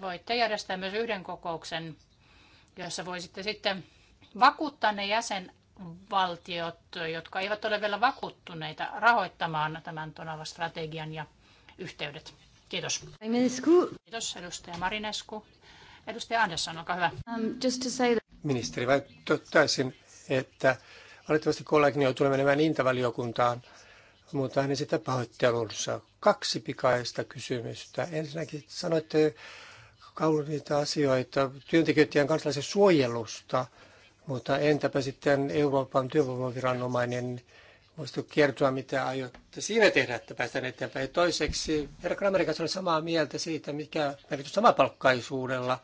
voitte järjestää myös yhden kokouksen, jossa voisitte sitten vakuuttaa ne jäsenvaltiot, jotka eivät ole vielä vakuuttuneita rahoittamaan tämän Tonava-strategian ja yhteydet. Kiitos. Marinescu. Kiitos, edustaja Marinescu. Edustaja Andersson, olkaa hyvä. Um, just to say that... Ministeri, vai tottaisin, että valitettavasti kollegani joutuu menemään intavaliokuntaan, mutta hän sitä pahoittelussa. Kaksi pikaista kysymystä. Ensinnäkin sanoitte niitä asioita työntekijöiden kansalaisen suojelusta, mutta entäpä sitten Euroopan työvoimaviranomainen, voisitko kertoa, mitä aiotte siinä tehdä, että päästään eteenpäin. Toiseksi, herra Kramerin kanssa olen samaa mieltä siitä, mikä merkitys samapalkkaisuudella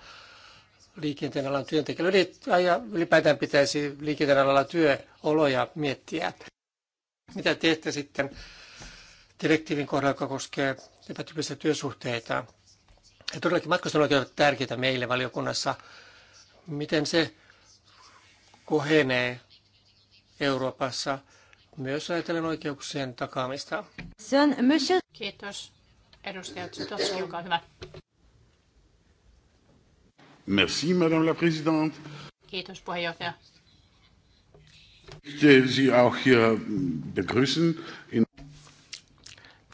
liikenteen alan työntekijöillä ja ylipäätään pitäisi liikenteen alalla työoloja miettiä. Mitä teette sitten direktiivin kohdalla, joka koskee epätyypillisiä työsuhteita? Ja todellakin matkustunoikeudet ovat tärkeitä meille valiokunnassa. Miten se kohenee Euroopassa myös ajatellen oikeuksien takaamista? Kiitos. edustajat tosi olkaa hyvä. Merci, Madame la Présidente. Kiitos, puheenjohtaja. Ich möchte Sie auch hier begrüßen. In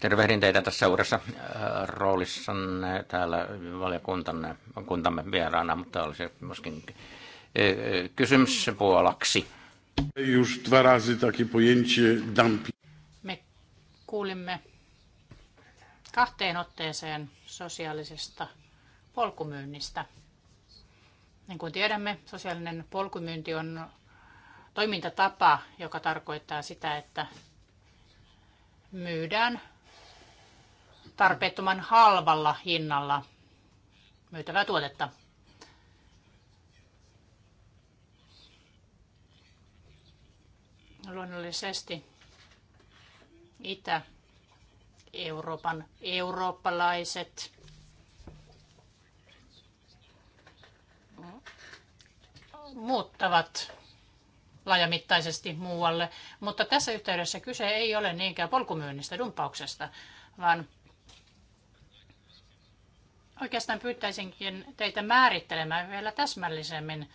Tervehdin teitä tässä uudessa äh, roolissanne täällä valiokuntamme kuntamme vieraana, mutta olisi myöskin äh, kysymys puolaksi. Już dwa razy takie pojęcie dumping. Me kuulimme kahteen otteeseen sosiaalisesta polkumyynnistä. Niin kuin tiedämme, sosiaalinen polkumyynti on toimintatapa, joka tarkoittaa sitä, että myydään tarpeettoman halvalla hinnalla myytävää tuotetta. Luonnollisesti Itä-Euroopan eurooppalaiset muuttavat laajamittaisesti muualle, mutta tässä yhteydessä kyse ei ole niinkään polkumyynnistä, dumpauksesta, vaan Oikeastaan pyytäisinkin teitä määrittelemään vielä täsmällisemmin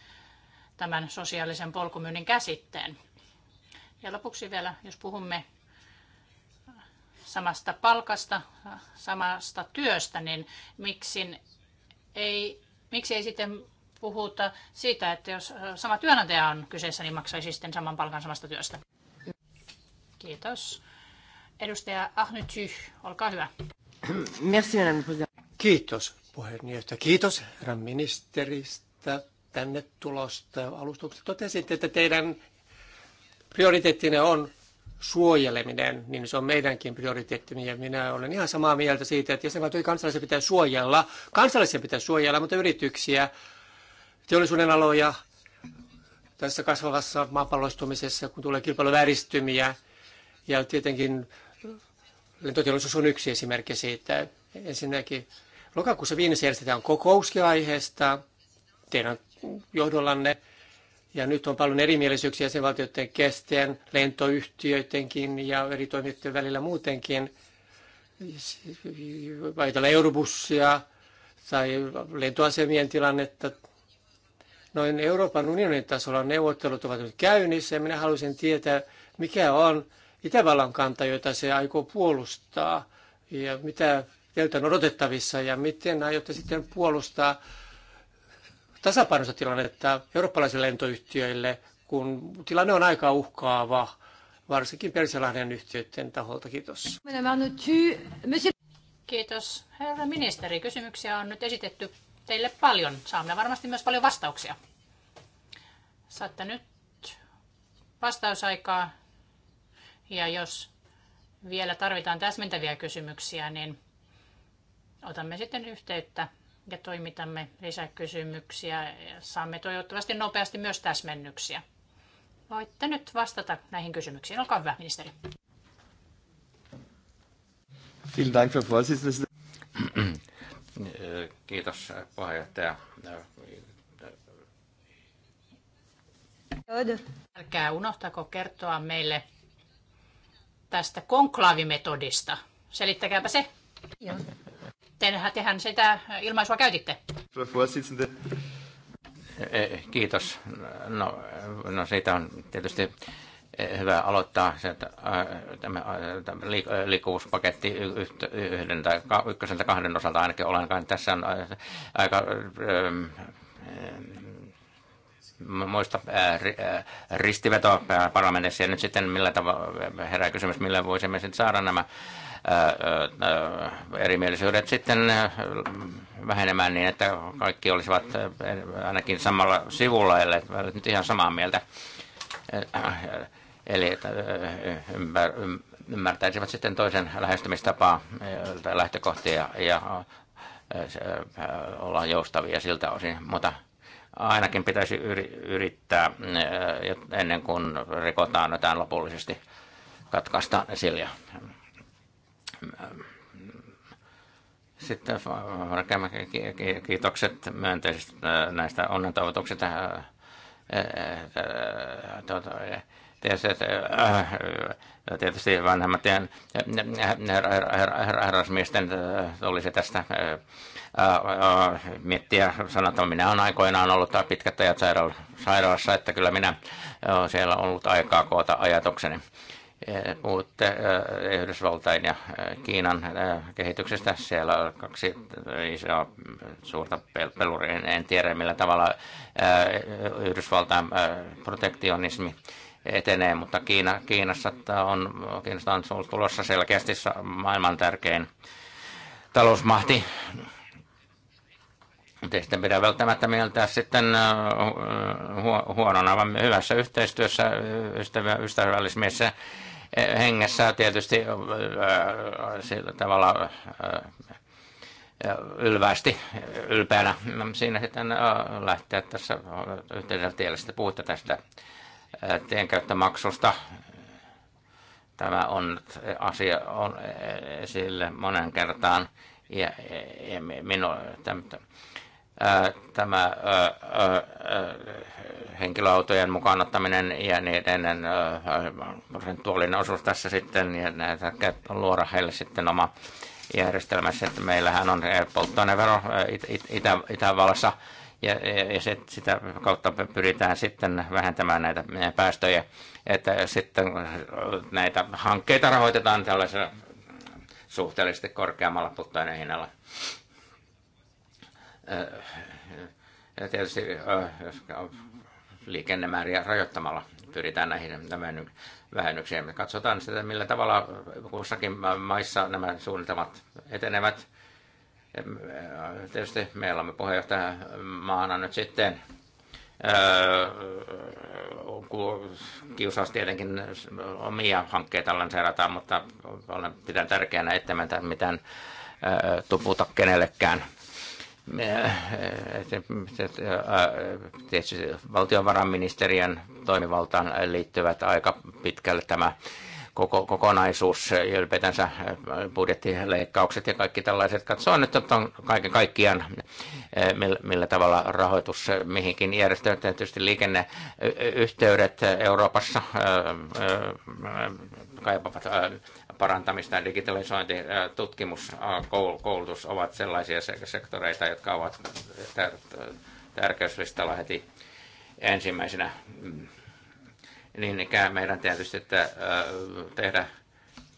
tämän sosiaalisen polkumyynnin käsitteen. Ja lopuksi vielä, jos puhumme samasta palkasta, samasta työstä, niin miksi ei, miksi ei sitten puhuta siitä, että jos sama työnantaja on kyseessä, niin maksaisi sitten saman palkan samasta työstä? Kiitos. Edustaja Ahnyty, olkaa hyvä. Merci, madame Kiitos puheenjohtaja. Kiitos herra ministeristä tänne tulosta alustuksesta. Totesitte, että teidän prioriteettinne on suojeleminen, niin se on meidänkin prioriteettimme ja minä olen ihan samaa mieltä siitä, että jäsenvaltioiden kansalaisia pitää suojella, kansalaisia pitää suojella, mutta yrityksiä, teollisuuden aloja tässä kasvavassa maapalloistumisessa, kun tulee kilpailuvääristymiä ja tietenkin lentoteollisuus on yksi esimerkki siitä. Ensinnäkin Lokakuussa viimeisessä järjestetään kokouskin aiheesta teidän johdollanne. Ja nyt on paljon erimielisyyksiä jäsenvaltioiden kesken, lentoyhtiöidenkin ja eri toimijoiden välillä muutenkin. Ajatellaan Eurobussia tai lentoasemien tilannetta. Noin Euroopan unionin tasolla neuvottelut ovat nyt käynnissä ja minä haluaisin tietää, mikä on Itävallan kanta, jota se aikoo puolustaa ja mitä teiltä on odotettavissa ja miten aiotte sitten puolustaa tasapainoista tilannetta eurooppalaisille lentoyhtiöille, kun tilanne on aika uhkaava, varsinkin Persialahden yhtiöiden taholta. Kiitos. Kiitos. Herra ministeri, kysymyksiä on nyt esitetty teille paljon. Saamme varmasti myös paljon vastauksia. Saatte nyt vastausaikaa. Ja jos vielä tarvitaan täsmentäviä kysymyksiä, niin Otamme sitten yhteyttä ja toimitamme lisäkysymyksiä ja saamme toivottavasti nopeasti myös täsmennyksiä. Voitte nyt vastata näihin kysymyksiin. Olkaa hyvä, ministeri. Kiitos puheenjohtaja. Älkää unohtako kertoa meille tästä konklaavimetodista. Selittäkääpä se. Joo miten tehän sitä ilmaisua käytitte. Eh, eh, kiitos. No, no siitä on tietysti eh, hyvä aloittaa se, että tämä, tämä liikkuvuuspaketti yhden tai ykkösen tai kahden osalta ainakin ollenkaan. Tässä on aika muista ristivetoa parlamentissa ja nyt sitten millä tavalla, herää kysymys, millä voisimme sitten saada nämä erimielisyydet sitten vähenemään niin, että kaikki olisivat ainakin samalla sivulla, ellei nyt ihan samaa mieltä. Eli että ymmär, ymmärtäisivät sitten toisen lähestymistapaa tai lähtökohtia ja, ja olla joustavia siltä osin. Mutta ainakin pitäisi yrittää ennen kuin rikotaan jotain lopullisesti katkaista silja. Sitten kiitokset myönteisistä näistä onnentoivotuksista. Tietysti vanhemmat herrasmiesten tulisi tästä miettiä, sanotaan että minä olen aikoinaan ollut pitkät ajat sairaalassa, että kyllä minä siellä on ollut aikaa koota ajatukseni. Puhutte Yhdysvaltain ja Kiinan kehityksestä. Siellä on kaksi isoa suurta peluria. En tiedä, millä tavalla Yhdysvaltain protektionismi etenee, mutta Kiina, Kiinassa on, Kiinasta on tulossa selkeästi maailman tärkein talousmahti mutta ei sitten pidä välttämättä mieltää sitten äh, huonona, vaan hyvässä yhteistyössä, äh, ystävällismiessä äh, hengessä tietysti sillä tavalla ylvästi, ylpeänä. No, siinä sitten lähteä tässä yhteisellä tiellä. Sitten puhutte tästä tienkäyttömaksusta. Tämä on asia on esille monen kertaan. Ja, ja minu, tämän, tämä henkilöautojen mukaan ottaminen ja niiden prosentuaalinen osuus tässä sitten, ja näitä luoda heille sitten oma järjestelmässä, että meillähän on polttoainevero Itä, Itä, Itävallassa, ja, ja, ja sit, sitä kautta pyritään sitten vähentämään näitä päästöjä, että sitten näitä hankkeita rahoitetaan tällaisella suhteellisesti korkeammalla polttoaineen hinnalla tietysti liikennemääriä rajoittamalla pyritään näihin vähennyksiin. Katsotaan sitä, millä tavalla kussakin maissa nämä suunnitelmat etenevät. Tietysti meillä on puheenjohtaja maana nyt sitten kiusaus tietenkin omia hankkeita lanseerataan, mutta olen pitänyt tärkeänä, että mitään tuputa kenellekään – Äh, äh, äh, tietysti valtiovarainministeriön toimivaltaan liittyvät aika pitkälle tämä koko, kokonaisuus, ylipäätänsä budjettileikkaukset ja kaikki tällaiset. Katsoa nyt että on kaiken kaikkiaan, millä, millä tavalla rahoitus mihinkin järjestöön. Tietysti liikenneyhteydet Euroopassa kaipaavat parantamista ja digitalisointi, äh, tutkimus, äh, koulutus ovat sellaisia sektoreita, jotka ovat tärkeyslistalla heti ensimmäisenä. Mm. Niin ikään meidän tietysti että äh, tehdä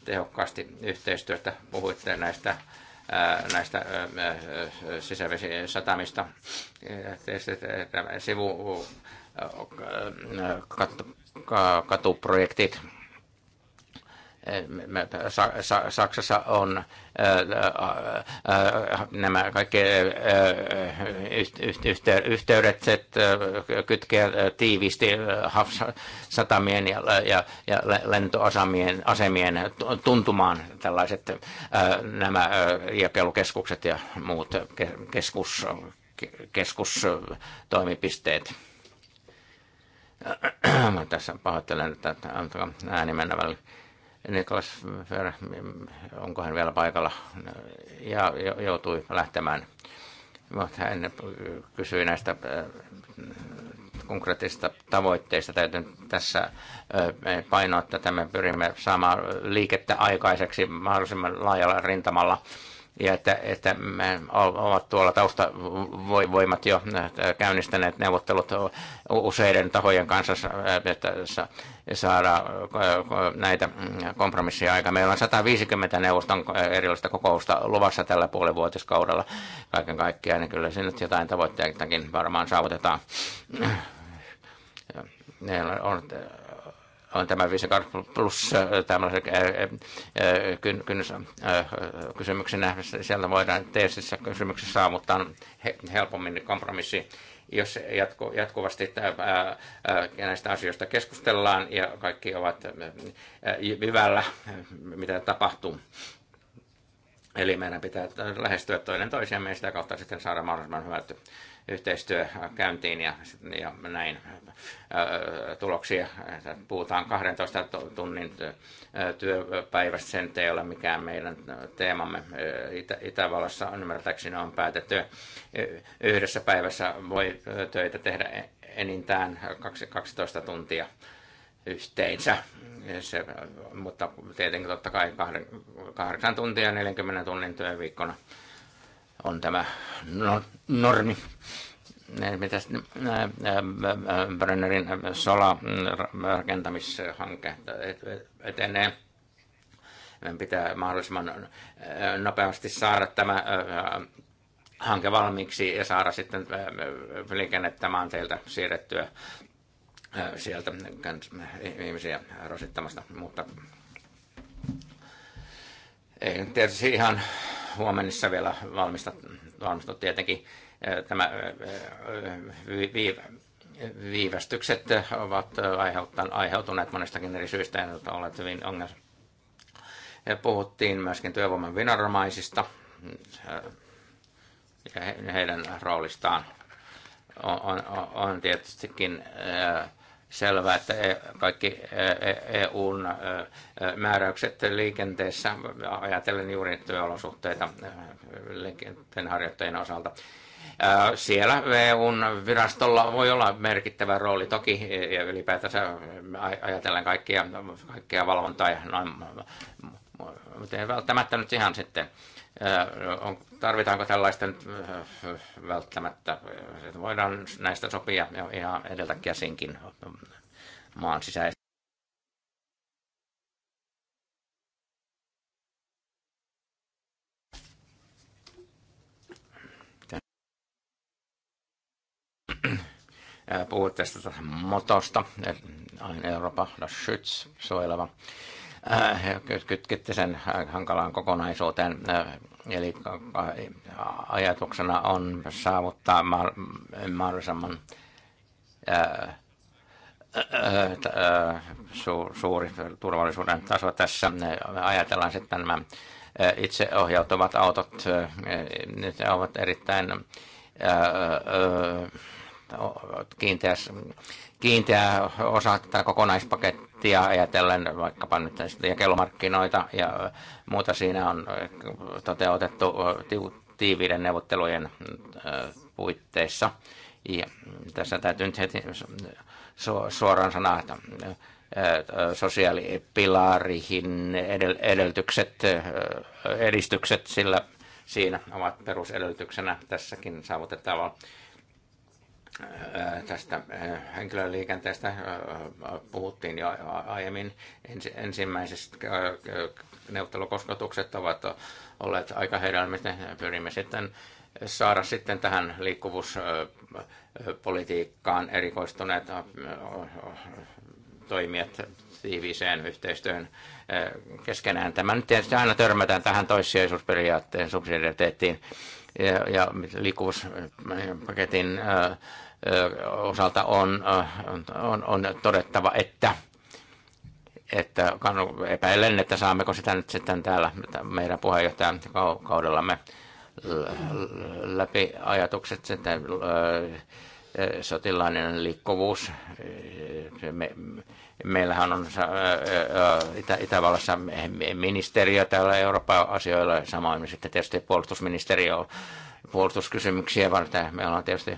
tehokkaasti yhteistyötä. Puhuitte näistä näistä sisävesisatamista sivu katuprojektit. Saksassa on nämä kaikki yhteydet kytkeä tiiviisti satamien ja lentoasemien asemien tuntumaan tällaiset nämä jakelukeskukset ja muut keskus, keskustoimipisteet tässä pahoittelen, että antakaa ääni mennä välillä. Niklas Fer, onko hän vielä paikalla, ja joutui lähtemään. Mutta hän kysyi näistä äh, konkreettisista tavoitteista. Täytyy tässä äh, painoa, että me pyrimme saamaan liikettä aikaiseksi mahdollisimman laajalla rintamalla ja että, että me ovat tuolla taustavoimat jo äh, käynnistäneet neuvottelut useiden tahojen kanssa, äh, että saada äh, näitä mm, kompromisseja aika. Meillä on 150 neuvoston erilaista kokousta luvassa tällä puolivuotiskaudella kaiken kaikkiaan, niin kyllä sinne jotain tavoitteitakin varmaan saavutetaan. Ne on on tämä 52 plus äh, tämmöisen äh, äh, kyn, kynnys, kysymyksen nähdessä. Sieltä voidaan teesissä kysymyksessä saavuttaa helpommin kompromissi, jos jatku, jatkuvasti ää, ää, näistä asioista keskustellaan ja kaikki ovat hyvällä, mitä tapahtuu. Eli meidän pitää lähestyä toinen toisiamme ja sitä kautta sitten saada mahdollisimman hyvät yhteistyö käyntiin ja, ja näin tuloksia. Puhutaan 12 tunnin työpäivästä, sen ei ole mikään meidän teemamme. Itä- Itävallassa ymmärtääkseni on päätetty yhdessä päivässä voi töitä tehdä e-, enintään 12 tuntia yhteensä. Se, mutta tietenkin totta kai 8 tuntia 40 tunnin työviikkona on tämä no, normi. mitä Brennerin sola-rakentamishanke etenee? Meidän pitää mahdollisimman nopeasti saada tämä hanke valmiiksi ja saada sitten liikennettä maanteilta siirrettyä sieltä ihmisiä rasittamasta, mutta ei tietysti ihan huomennessa vielä valmistat, valmista tietenkin tämä vi, viivästykset ovat aiheutuneet monestakin eri syistä, että olet hyvin ongelma. Puhuttiin myöskin työvoiman viranomaisista ja heidän roolistaan on, on, on tietystikin ää, selvää, että e- kaikki EUn e- e määräykset liikenteessä, ajatellen juuri työolosuhteita liikenteen harjoittajien osalta, siellä EUn virastolla voi olla merkittävä rooli toki ja ylipäätänsä ajatellen kaikkia, kaikkia valvontaa ja noin, mutta ei välttämättä nyt ihan sitten on, tarvitaanko tällaista nyt äh, välttämättä. Voidaan näistä sopia ja ihan edeltä käsinkin maan sisäisesti. Puhuit tästä motosta, Ein Europa, das Schütz, suojeleva Äh, kytkette sen hankalaan kokonaisuuteen. Äh, eli ajatuksena on saavuttaa mahdollisimman äh, suuri turvallisuuden taso tässä. ajatellaan sitten nämä itseohjautuvat autot, Ne ovat erittäin kiinteä, kiinteä osa tätä kokonaispakettia ajatellen vaikkapa nyt kellomarkkinoita ja muuta siinä on toteutettu tiiviiden neuvottelujen puitteissa. Ja tässä täytyy nyt heti suoraan sanoa, että sosiaalipilarihin edellytykset, edistykset sillä siinä ovat perusedellytyksenä tässäkin saavutettavalla Äh, tästä äh, henkilöliikenteestä äh, puhuttiin jo aiemmin. Ensimmäiset neuvottelukosketukset ovat olleet aika hedelmistä. Pyrimme sitten saada sitten tähän liikkuvuuspolitiikkaan erikoistuneet toimijat tiiviiseen yhteistyöhön keskenään. Tämä nyt tietysti aina törmätään tähän toissijaisuusperiaatteen subsidiariteettiin ja, ja liikkuvuuspaketin osalta on, on, on todettava, että että epäilen, että saammeko sitä nyt sitten täällä meidän puheenjohtajan kaudellamme läpi ajatukset että sotilainen liikkuvuus. Me, meillähän on Itä, Itävallassa ministeriö täällä Euroopan asioilla, samoin sitten tietysti puolustusministeriö on puolustuskysymyksiä varten. Meillä on tietysti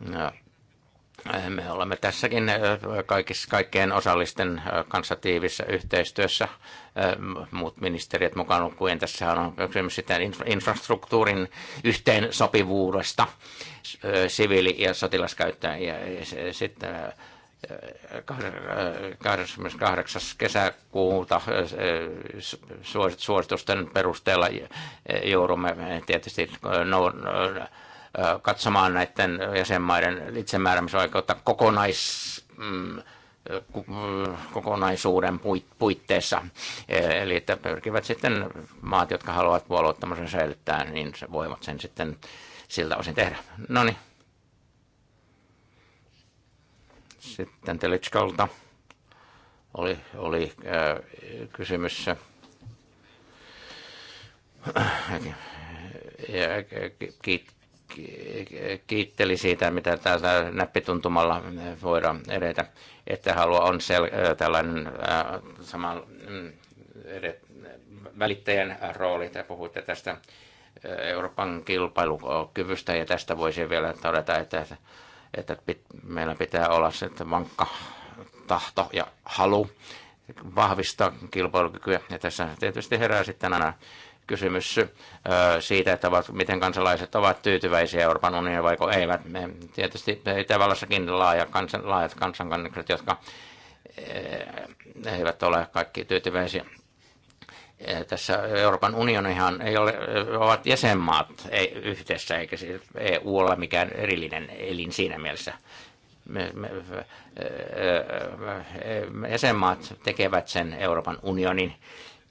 No, eh, me olemme tässäkin eh, kaikissa, kaikkien osallisten eh, kanssa tiivissä yhteistyössä, muut ministeriöt mukaan lukien. Tässä on kysymys sitten infrastruktuurin yhteensopivuudesta siviili- ja sotilaskäyttöön. Ja sitten 28. kesäkuuta suositusten perusteella joudumme tietysti no, katsomaan näiden jäsenmaiden itsemääräämisoikeutta kokonais, mm, kokonaisuuden puitteissa. E, eli että pyrkivät sitten maat, jotka haluavat puolueettomuuden säilyttää, niin se voivat sen sitten siltä osin tehdä. No niin. Sitten Telitskolta oli, oli äh, kysymys kiit, kiitteli siitä, mitä täältä näppituntumalla voidaan edetä. Että halua on sel- tällainen äh, saman mm, edet, välittäjän rooli. Te puhuitte tästä Euroopan kilpailukyvystä ja tästä voisi vielä todeta, että, että pit, meillä pitää olla että vankka tahto ja halu vahvistaa kilpailukykyä. Ja tässä tietysti herää sitten aina kysymys siitä, että ovat, miten kansalaiset ovat tyytyväisiä Euroopan unioniin vai eivät. Me tietysti Itävallassakin laaja kansan, laajat kansankannakset, jotka eivät ole kaikki tyytyväisiä. Tässä Euroopan unionihan ei ole, ovat jäsenmaat ei, yhdessä, eikä siis EU ole mikään erillinen elin siinä mielessä. Me, me, me, jäsenmaat tekevät sen Euroopan unionin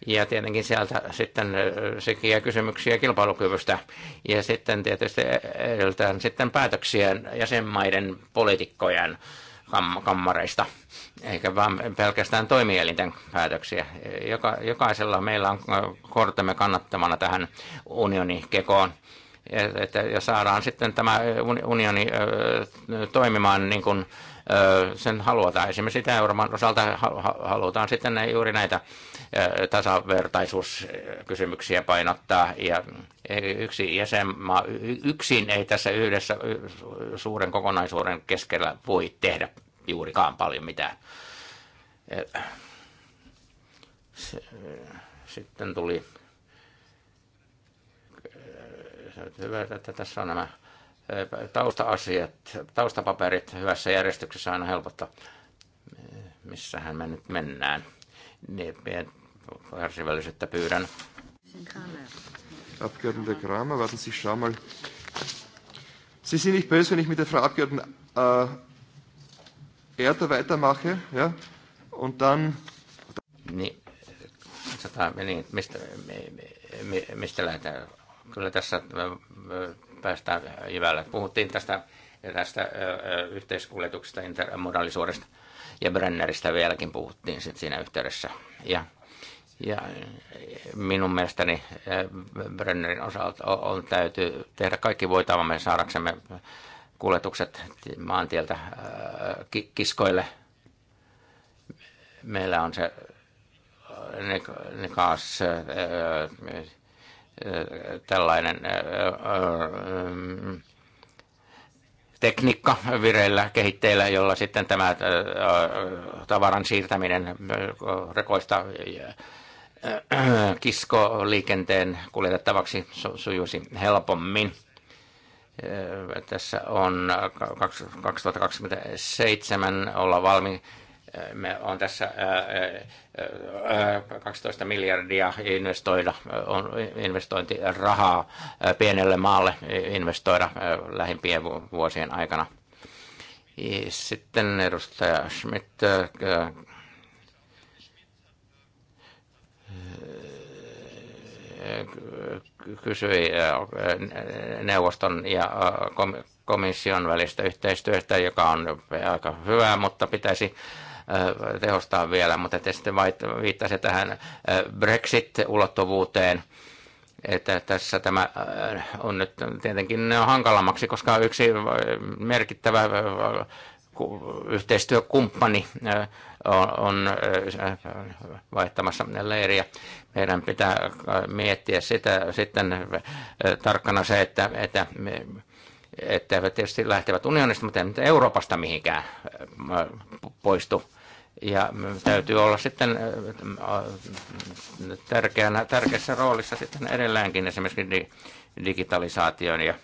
ja tietenkin sieltä sitten sekä kysymyksiä kilpailukyvystä. Ja sitten tietysti edeltään sitten päätöksiä jäsenmaiden poliitikkojen kam- kammareista, eikä vaan pelkästään toimielinten päätöksiä. Joka, jokaisella meillä on kortemme kannattamana tähän unionikekoon. Että, että, ja saadaan sitten tämä unioni toimimaan niin kuin sen halutaan. Esimerkiksi sitä euroopan osalta halutaan sitten juuri näitä tasavertaisuuskysymyksiä painottaa. Ja yksi jäsenmaa yksin ei tässä yhdessä suuren kokonaisuuden keskellä voi tehdä juurikaan paljon mitään. Sitten tuli hyvä, että tässä on nämä taustaasiat, taustapaperit hyvässä järjestyksessä aina helpottaa. Missähän me nyt mennään? Niin, kärsivällisyyttä pyydän. Abgeordnete Kramer, warten Sie, schau mal. Sie sind nicht böse, wenn ich mit der Frau Abgeordneten äh, Erter weitermache, ja? Und dann... Niin, niin mistä, mistä lähdetään? Kyllä tässä äh, päästään jyvällä. Puhuttiin tästä, tästä yhteiskuljetuksesta, intermodaalisuudesta ja Brenneristä vieläkin puhuttiin sit siinä yhteydessä. Ja, ja minun mielestäni Brennerin osalta on, täytyy tehdä kaikki voitavamme saadaksemme kuljetukset maantieltä kiskoille. Meillä on se ne, ne kaas, tällainen tekniikka vireillä kehitteillä, jolla sitten tämä tavaran siirtäminen rekoista kiskoliikenteen kuljetettavaksi sujuisi helpommin. Tässä on 2027 olla valmi, me on tässä 12 miljardia investoida, on investointirahaa pienelle maalle investoida lähimpien vuosien aikana. Sitten edustaja Schmidt. kysyi neuvoston ja komission välistä yhteistyöstä, joka on aika hyvää, mutta pitäisi tehostaa vielä, mutta te sitten viittasi tähän Brexit-ulottuvuuteen, että tässä tämä on nyt tietenkin hankalammaksi, koska yksi merkittävä yhteistyökumppani on vaihtamassa leiriä. Meidän pitää miettiä sitä sitten tarkkana se, että, että me, että tietysti lähtevät unionista, mutta ei Euroopasta mihinkään äh, poistu. Ja täytyy olla sitten äh, tärkeänä, tärkeässä roolissa sitten edelleenkin esimerkiksi digitalisaation ja äh,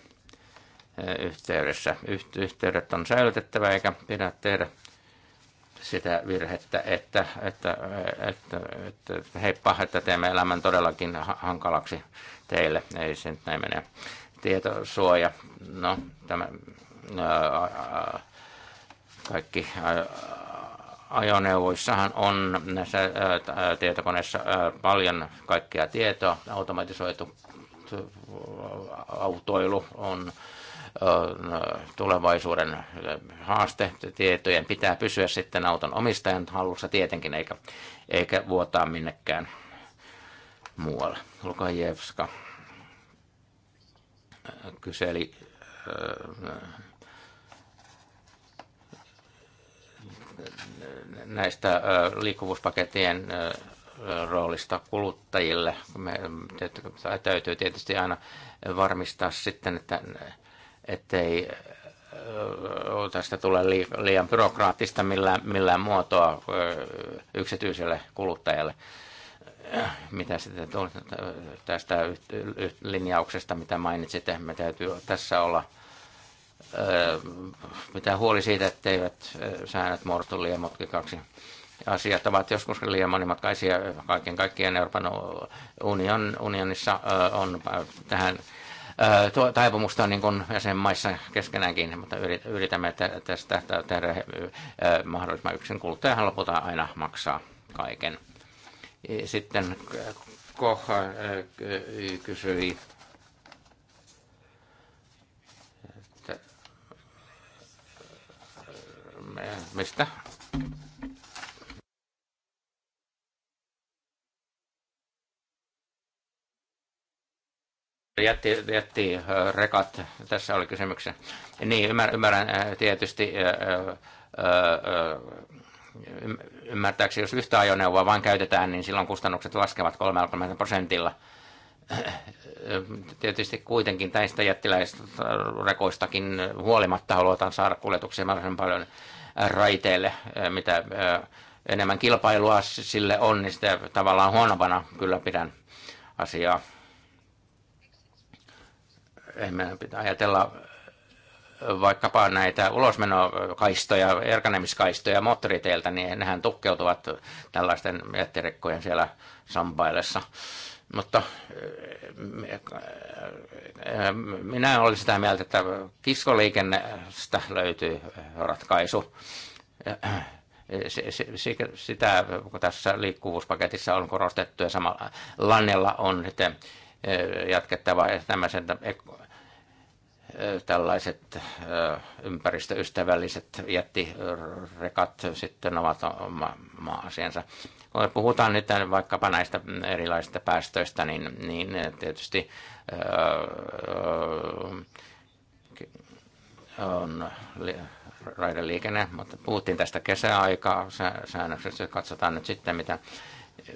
yhteydessä. Yhteydet on säilytettävä eikä pidä tehdä sitä virhettä, että, että, että, että heippa, että teemme elämän todellakin hankalaksi teille. Ei se näin mene tietosuoja. No, tämä, ää, kaikki ää, ajoneuvoissahan on näissä ää, tietokoneissa ää, paljon kaikkea tietoa. Automatisoitu autoilu on tulevaisuuden haaste. Tietojen pitää pysyä sitten auton omistajan hallussa tietenkin, eikä, eikä vuotaa minnekään muualle. Lukajevska kyseli näistä liikkuvuuspakettien roolista kuluttajille. Me täytyy tietysti aina varmistaa sitten, että ettei tästä tule liian byrokraattista millään, millään muotoa yksityiselle kuluttajalle mitä sitten tästä linjauksesta, mitä mainitsit me täytyy tässä olla mitä huoli siitä, etteivät säännöt muodostu liian motkikaksi. Asiat ovat joskus liian monimutkaisia. Kaiken kaikkiaan Euroopan union, unionissa on tähän taipumusta niin kuin jäsenmaissa keskenäänkin, mutta yritämme tästä tehdä mahdollisimman yksin. Kuluttajahan lopulta aina maksaa kaiken. Sitten Koch äh, kysyi, että äh, mistä? jätti, jätti äh, rekat, tässä oli kysymyksen. Niin, ymmärrän, ymmärrän tietysti ää, ää, Ymmärtääkseni, jos yhtä ajoneuvoa vain käytetään, niin silloin kustannukset laskevat 30 prosentilla. Tietysti kuitenkin tästä jättiläisrekoistakin huolimatta halutaan saada kuljetuksia mahdollisimman paljon raiteille, mitä enemmän kilpailua sille on, niin sitä tavallaan huonompana kyllä pidän asiaa. Ei meidän pitää ajatella vaikkapa näitä ulosmenokaistoja, erkanemiskaistoja moottoriteiltä, niin nehän tukkeutuvat tällaisten jättirekkojen siellä sampaillessa. Mutta eh, minä olen sitä mieltä, että kiskoliikennestä löytyy ratkaisu. Sitä, kun tässä liikkuvuuspaketissa on korostettu ja samalla Lannella on sitten eh, jatkettava tämmöisen tällaiset ympäristöystävälliset jättirekat sitten ovat oma, oma asiansa. Kun puhutaan nyt vaikkapa näistä erilaisista päästöistä, niin, niin tietysti öö, on raideliikenne, mutta puhuttiin tästä kesäaikaa säännöksessä, katsotaan nyt sitten mitä,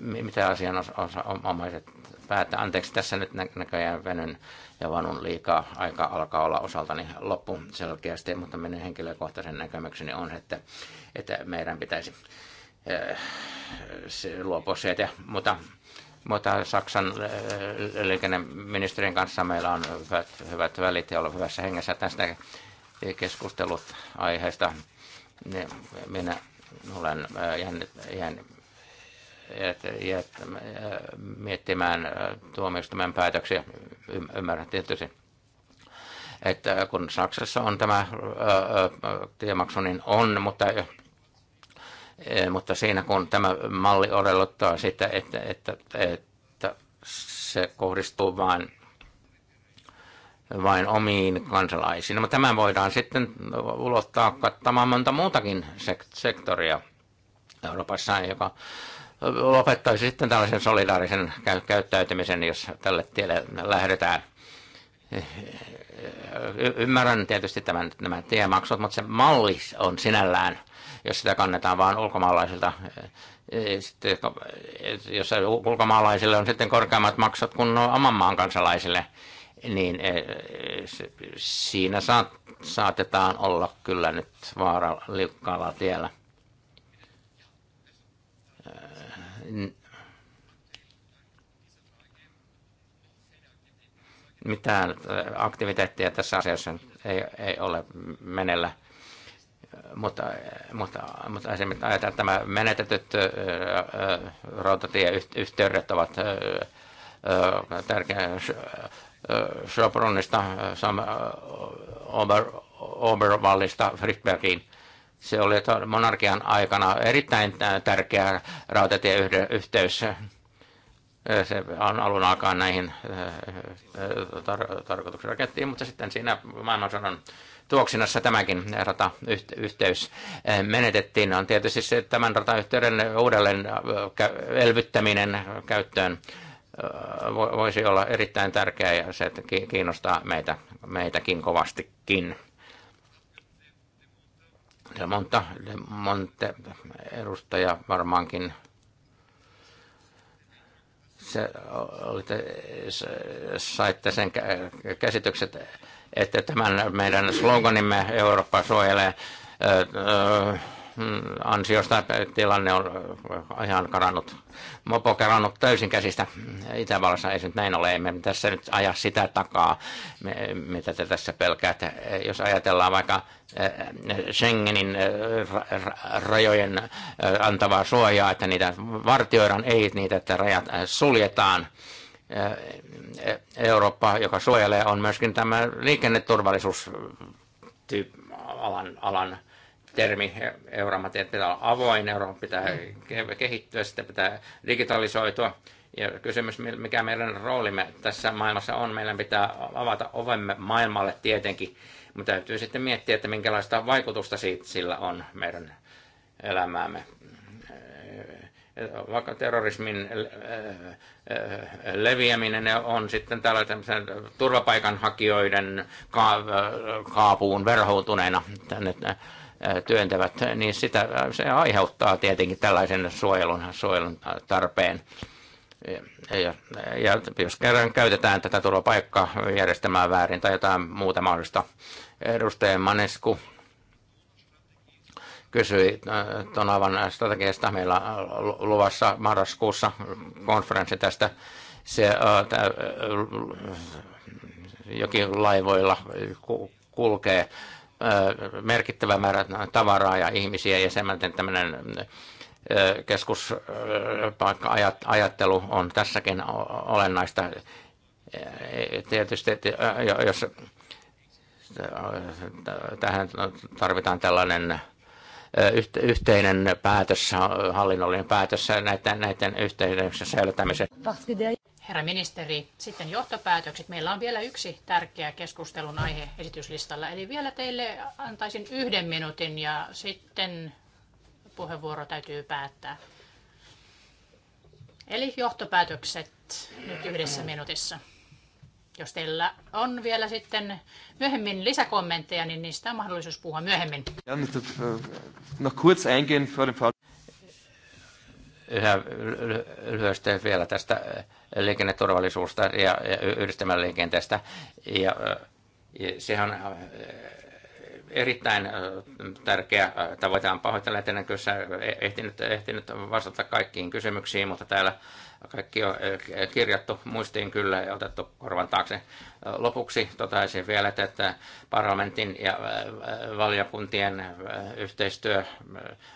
mitä asianomaiset päättävät. Anteeksi, tässä nyt näköjään venyn ja vanun liikaa aika alkaa olla osaltani loppu selkeästi, mutta minun henkilökohtaisen näkemykseni on, että, että meidän pitäisi eh, luopua siitä, mutta mutta Saksan eh, liikenneministerin kanssa meillä on hyvät, hyvät välit ja ollaan hyvässä hengessä tästä keskustelut aiheesta. Niin minä olen jään, eh, Jänn, miettimään äh, tuomioistuimen päätöksiä. Ymmärrän tietysti että kun Saksassa on tämä äh, äh, tiemaksu, niin on, mutta, mutta siinä kun tämä malli odottaa sitä, että, että, että se kohdistuu vain vain omiin kansalaisiin. No, tämä voidaan sitten ulottaa kattamaan monta muutakin sektoria Euroopassa, joka lopettaisi sitten tällaisen solidaarisen käyttäytymisen, jos tälle tielle lähdetään. Ymmärrän tietysti tämän, nämä tiemaksut, mutta se malli on sinällään, jos sitä kannetaan vain ulkomaalaisilta, e, e, sitten, jos ulkomaalaisille on sitten korkeammat maksut kuin oman maan kansalaisille, niin e, siinä saatetaan olla kyllä nyt vaara liukkaalla tiellä. mitään äh, aktiviteettia tässä asiassa ei, ei ole menellä. Mutta, äh, mutta, mutta esimerkiksi ajatellaan, että tämä menetetyt äh, rautatieyhteydet ovat tärkeä Schöbrunista, Ober, Obervallista Frickbergiin – se oli monarkian aikana erittäin tärkeä rautatieyhteys. Se on alun alkaen näihin tar- tarkoituksiin rakettiin, mutta sitten siinä maailmansodan tuoksinnassa tämäkin ratayhteys menetettiin. On tietysti se tämän ratayhteyden uudelleen elvyttäminen käyttöön voisi olla erittäin tärkeää ja se kiinnostaa meitä, meitäkin kovastikin. De Monta, De Monte edustaja varmaankin se, saitte sen käsitykset, että tämän meidän sloganimme Eurooppa suojelee Mm, ansiosta tilanne on äh, ihan karannut, mopo karannut täysin käsistä. Itävallassa ei se nyt näin ole, emme tässä nyt aja sitä takaa, mitä te tässä pelkäätte. Äh, jos ajatellaan vaikka äh, Schengenin rajojen antavaa suojaa, että niitä vartioidaan, ei niitä, että rajat suljetaan. Eurooppa, joka suojelee, on myöskin tämä liikenneturvallisuus alan, alan termi. että pitää olla avoin, Euroopan pitää mm. kehittyä, sitä pitää digitalisoitua. Ja kysymys, mikä meidän roolimme tässä maailmassa on, meidän pitää avata ovemme maailmalle tietenkin, mutta täytyy sitten miettiä, että minkälaista vaikutusta siitä sillä on meidän elämäämme. Vaikka terrorismin leviäminen on sitten tällaisen turvapaikanhakijoiden kaapuun verhoutuneena tänne työntävät, niin sitä, se aiheuttaa tietenkin tällaisen suojelun, suojelun tarpeen. Ja, ja jos kerran käytetään tätä järjestämään väärin tai jotain muuta mahdollista, edustaja Manesku kysyi Tonavan strategiasta. Meillä luvassa marraskuussa konferenssi tästä. Se, jokin laivoilla kulkee merkittävä määrä tavaraa ja ihmisiä ja semmoinen tämmöinen keskuspaikka-ajattelu on tässäkin olennaista. E, tietysti, jos tähän tarvitaan tällainen yhteinen päätös, hallinnollinen päätös näiden, näiden yhteyksien säilytämiseen. Herra ministeri, sitten johtopäätökset. Meillä on vielä yksi tärkeä keskustelun aihe esityslistalla. Eli vielä teille antaisin yhden minuutin ja sitten puheenvuoro täytyy päättää. Eli johtopäätökset nyt yhdessä minuutissa. Jos teillä on vielä sitten myöhemmin lisäkommentteja, niin niistä on mahdollisuus puhua myöhemmin. Ja, äh, noch kurz eingehen vor dem yhä lyhyesti vielä tästä eh, liikenneturvallisuudesta ja, ja yhdistämällä liikenteestä. Ja, eh, ja sehän on eh, erittäin tärkeä tavoite. Pahoittelen, että en kyllä ehtinyt, ehtinyt vastata kaikkiin kysymyksiin, mutta täällä kaikki on kirjattu muistiin kyllä ja otettu korvan taakse. Lopuksi totaisin vielä, että parlamentin ja valiokuntien yhteistyö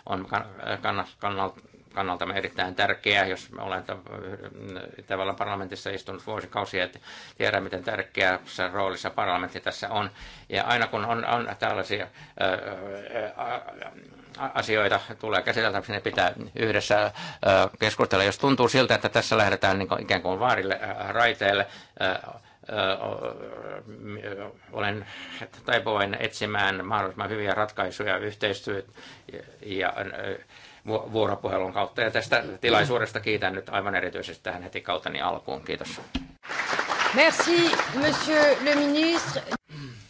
on kannalta erittäin tärkeää, jos me olen tavallaan äh, parlamentissa istunut vuosikausia, että tiedän, miten tärkeässä roolissa parlamentti tässä on. Ja aina kun on, on tällaisia äh, äh, asioita tulee käsiteltäväksi, ne niin pitää yhdessä keskustella. Jos tuntuu siltä, että tässä lähdetään niin kuin ikään kuin vaarille raiteille, olen taipuvainen etsimään mahdollisimman hyviä ratkaisuja yhteistyöt ja vuoropuhelun kautta. Ja tästä tilaisuudesta kiitän nyt aivan erityisesti tähän heti kauteni alkuun. Kiitos. Merci, monsieur le ministre.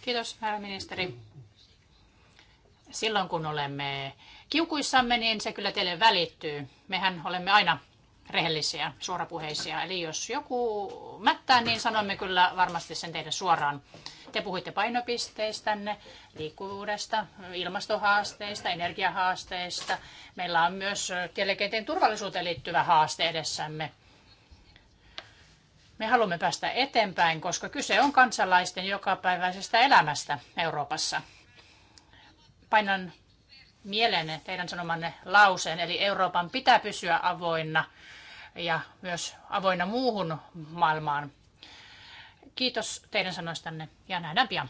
Kiitos, herra ministeri. Silloin kun olemme kiukuissamme, niin se kyllä teille välittyy. Mehän olemme aina rehellisiä, suorapuheisia. Eli jos joku mättää, niin sanomme kyllä varmasti sen teille suoraan. Te puhuitte painopisteistänne, liikkuvuudesta, ilmastohaasteista, energiahaasteista. Meillä on myös tieliikenteen turvallisuuteen liittyvä haaste edessämme. Me haluamme päästä eteenpäin, koska kyse on kansalaisten jokapäiväisestä elämästä Euroopassa. Painan mieleen teidän sanomanne lauseen, eli Euroopan pitää pysyä avoinna ja myös avoinna muuhun maailmaan. Kiitos teidän sanoistanne ja nähdään pian.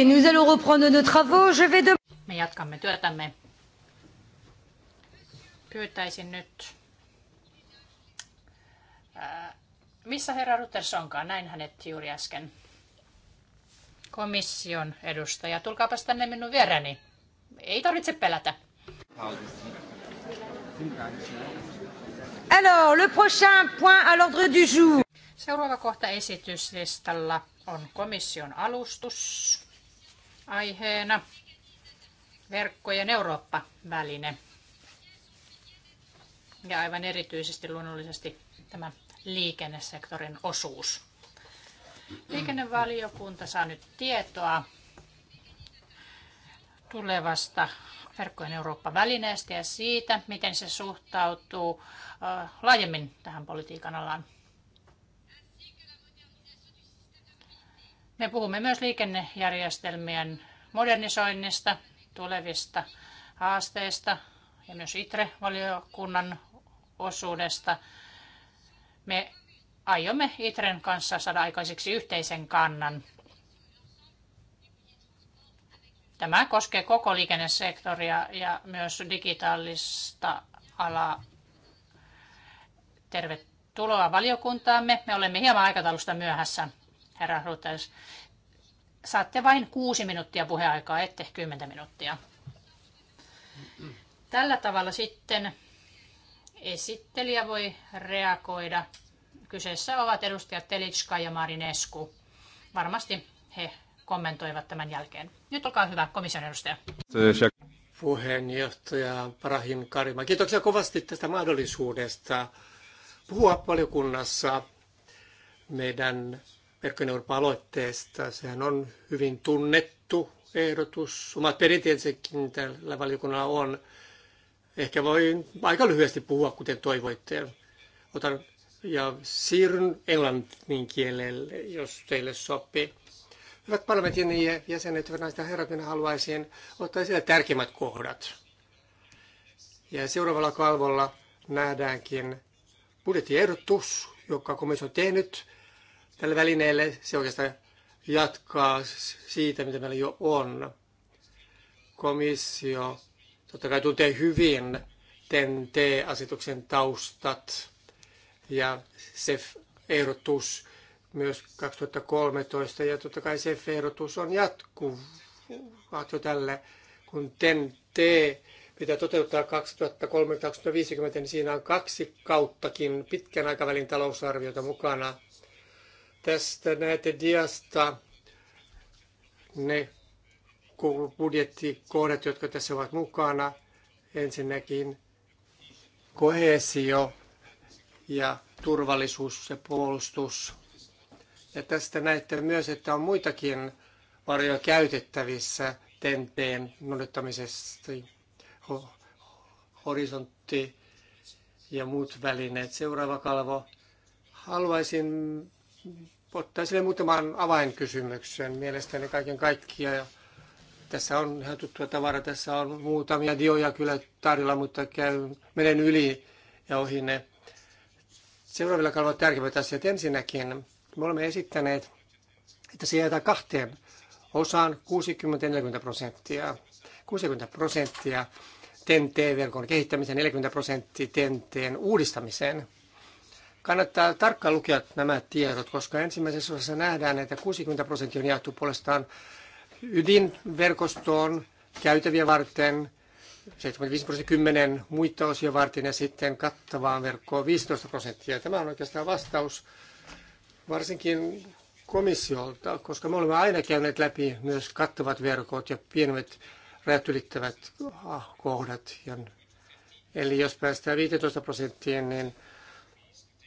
Écoutez, nous allons reprendre nos travaux. Je vais de... Me jatkamme työtämme. Pyytäisin nyt. Äh, missä herra Rutters onkaan? Näin hänet juuri äsken. Komission edustaja, tulkaapas tänne minun viereni. Ei tarvitse pelätä. Alors, le prochain point à l'ordre du jour. Seuraava kohta esityslistalla on komission alustus aiheena verkkojen Eurooppa-väline. Ja aivan erityisesti luonnollisesti tämä liikennesektorin osuus. Liikennevaliokunta saa nyt tietoa tulevasta verkkojen Eurooppa-välineestä ja siitä, miten se suhtautuu laajemmin tähän politiikan alaan. Me puhumme myös liikennejärjestelmien modernisoinnista, tulevista haasteista ja myös ITRE-valiokunnan osuudesta. Me aiomme ITREn kanssa saada aikaiseksi yhteisen kannan. Tämä koskee koko liikennesektoria ja myös digitaalista alaa. Tervetuloa valiokuntaamme. Me olemme hieman aikataulusta myöhässä herra Rutes. Saatte vain kuusi minuuttia puheaikaa, ette kymmentä minuuttia. Tällä tavalla sitten esittelijä voi reagoida. Kyseessä ovat edustajat Telitska ja Marinescu. Varmasti he kommentoivat tämän jälkeen. Nyt olkaa hyvä, komission edustaja. Puheenjohtaja Parahin Karima, kiitoksia kovasti tästä mahdollisuudesta puhua valiokunnassa meidän Verkkojen Eurooppa-aloitteesta. Sehän on hyvin tunnettu ehdotus. Omat perinteensäkin tällä valiokunnalla on. Ehkä voin aika lyhyesti puhua, kuten toivoitte. Otan ja siirryn englannin kielelle, jos teille sopii. Hyvät parlamentin jäsenet, hyvät naiset ja herrat, minä haluaisin ottaa esille tärkeimmät kohdat. Ja seuraavalla kalvolla nähdäänkin budjettiehdotus, joka komissio on tehnyt tälle välineelle. Se oikeastaan jatkaa siitä, mitä meillä jo on. Komissio totta kai tuntee hyvin TEN-T-asetuksen taustat ja se ehdotus myös 2013. Ja totta kai se ehdotus on jatkuva jo tälle, kun TEN-T pitää toteuttaa 2030 2050 niin siinä on kaksi kauttakin pitkän aikavälin talousarviota mukana – Tästä näette diasta ne budjettikohdat, jotka tässä ovat mukana. Ensinnäkin kohesio ja turvallisuus ja puolustus. Ja tästä näette myös, että on muitakin varjoja käytettävissä tenteen noudattamisesta. Horisontti ja muut välineet. Seuraava kalvo. Haluaisin ottaa sille muutaman avainkysymyksen mielestäni kaiken kaikkiaan. Tässä on ihan tuttua tavara, tässä on muutamia dioja kyllä tarjolla, mutta käy, menen yli ja ohi ne. Seuraavilla kalvoilla on tässä, että Ensinnäkin me olemme esittäneet, että se jäätään kahteen osaan 60-40 prosenttia. 60 prosenttia TEN-T-verkon kehittämiseen, 40 prosenttia ten uudistamiseen. Kannattaa tarkkaan lukea nämä tiedot, koska ensimmäisessä osassa nähdään, että 60 prosenttia on jaettu puolestaan ydinverkostoon käytäviä varten, 75 prosenttia 10 muita osia varten ja sitten kattavaan verkkoon 15 prosenttia. Tämä on oikeastaan vastaus varsinkin komissiolta, koska me olemme aina käyneet läpi myös kattavat verkot ja pienemmät rajat ylittävät ah, kohdat. Eli jos päästään 15 prosenttiin, niin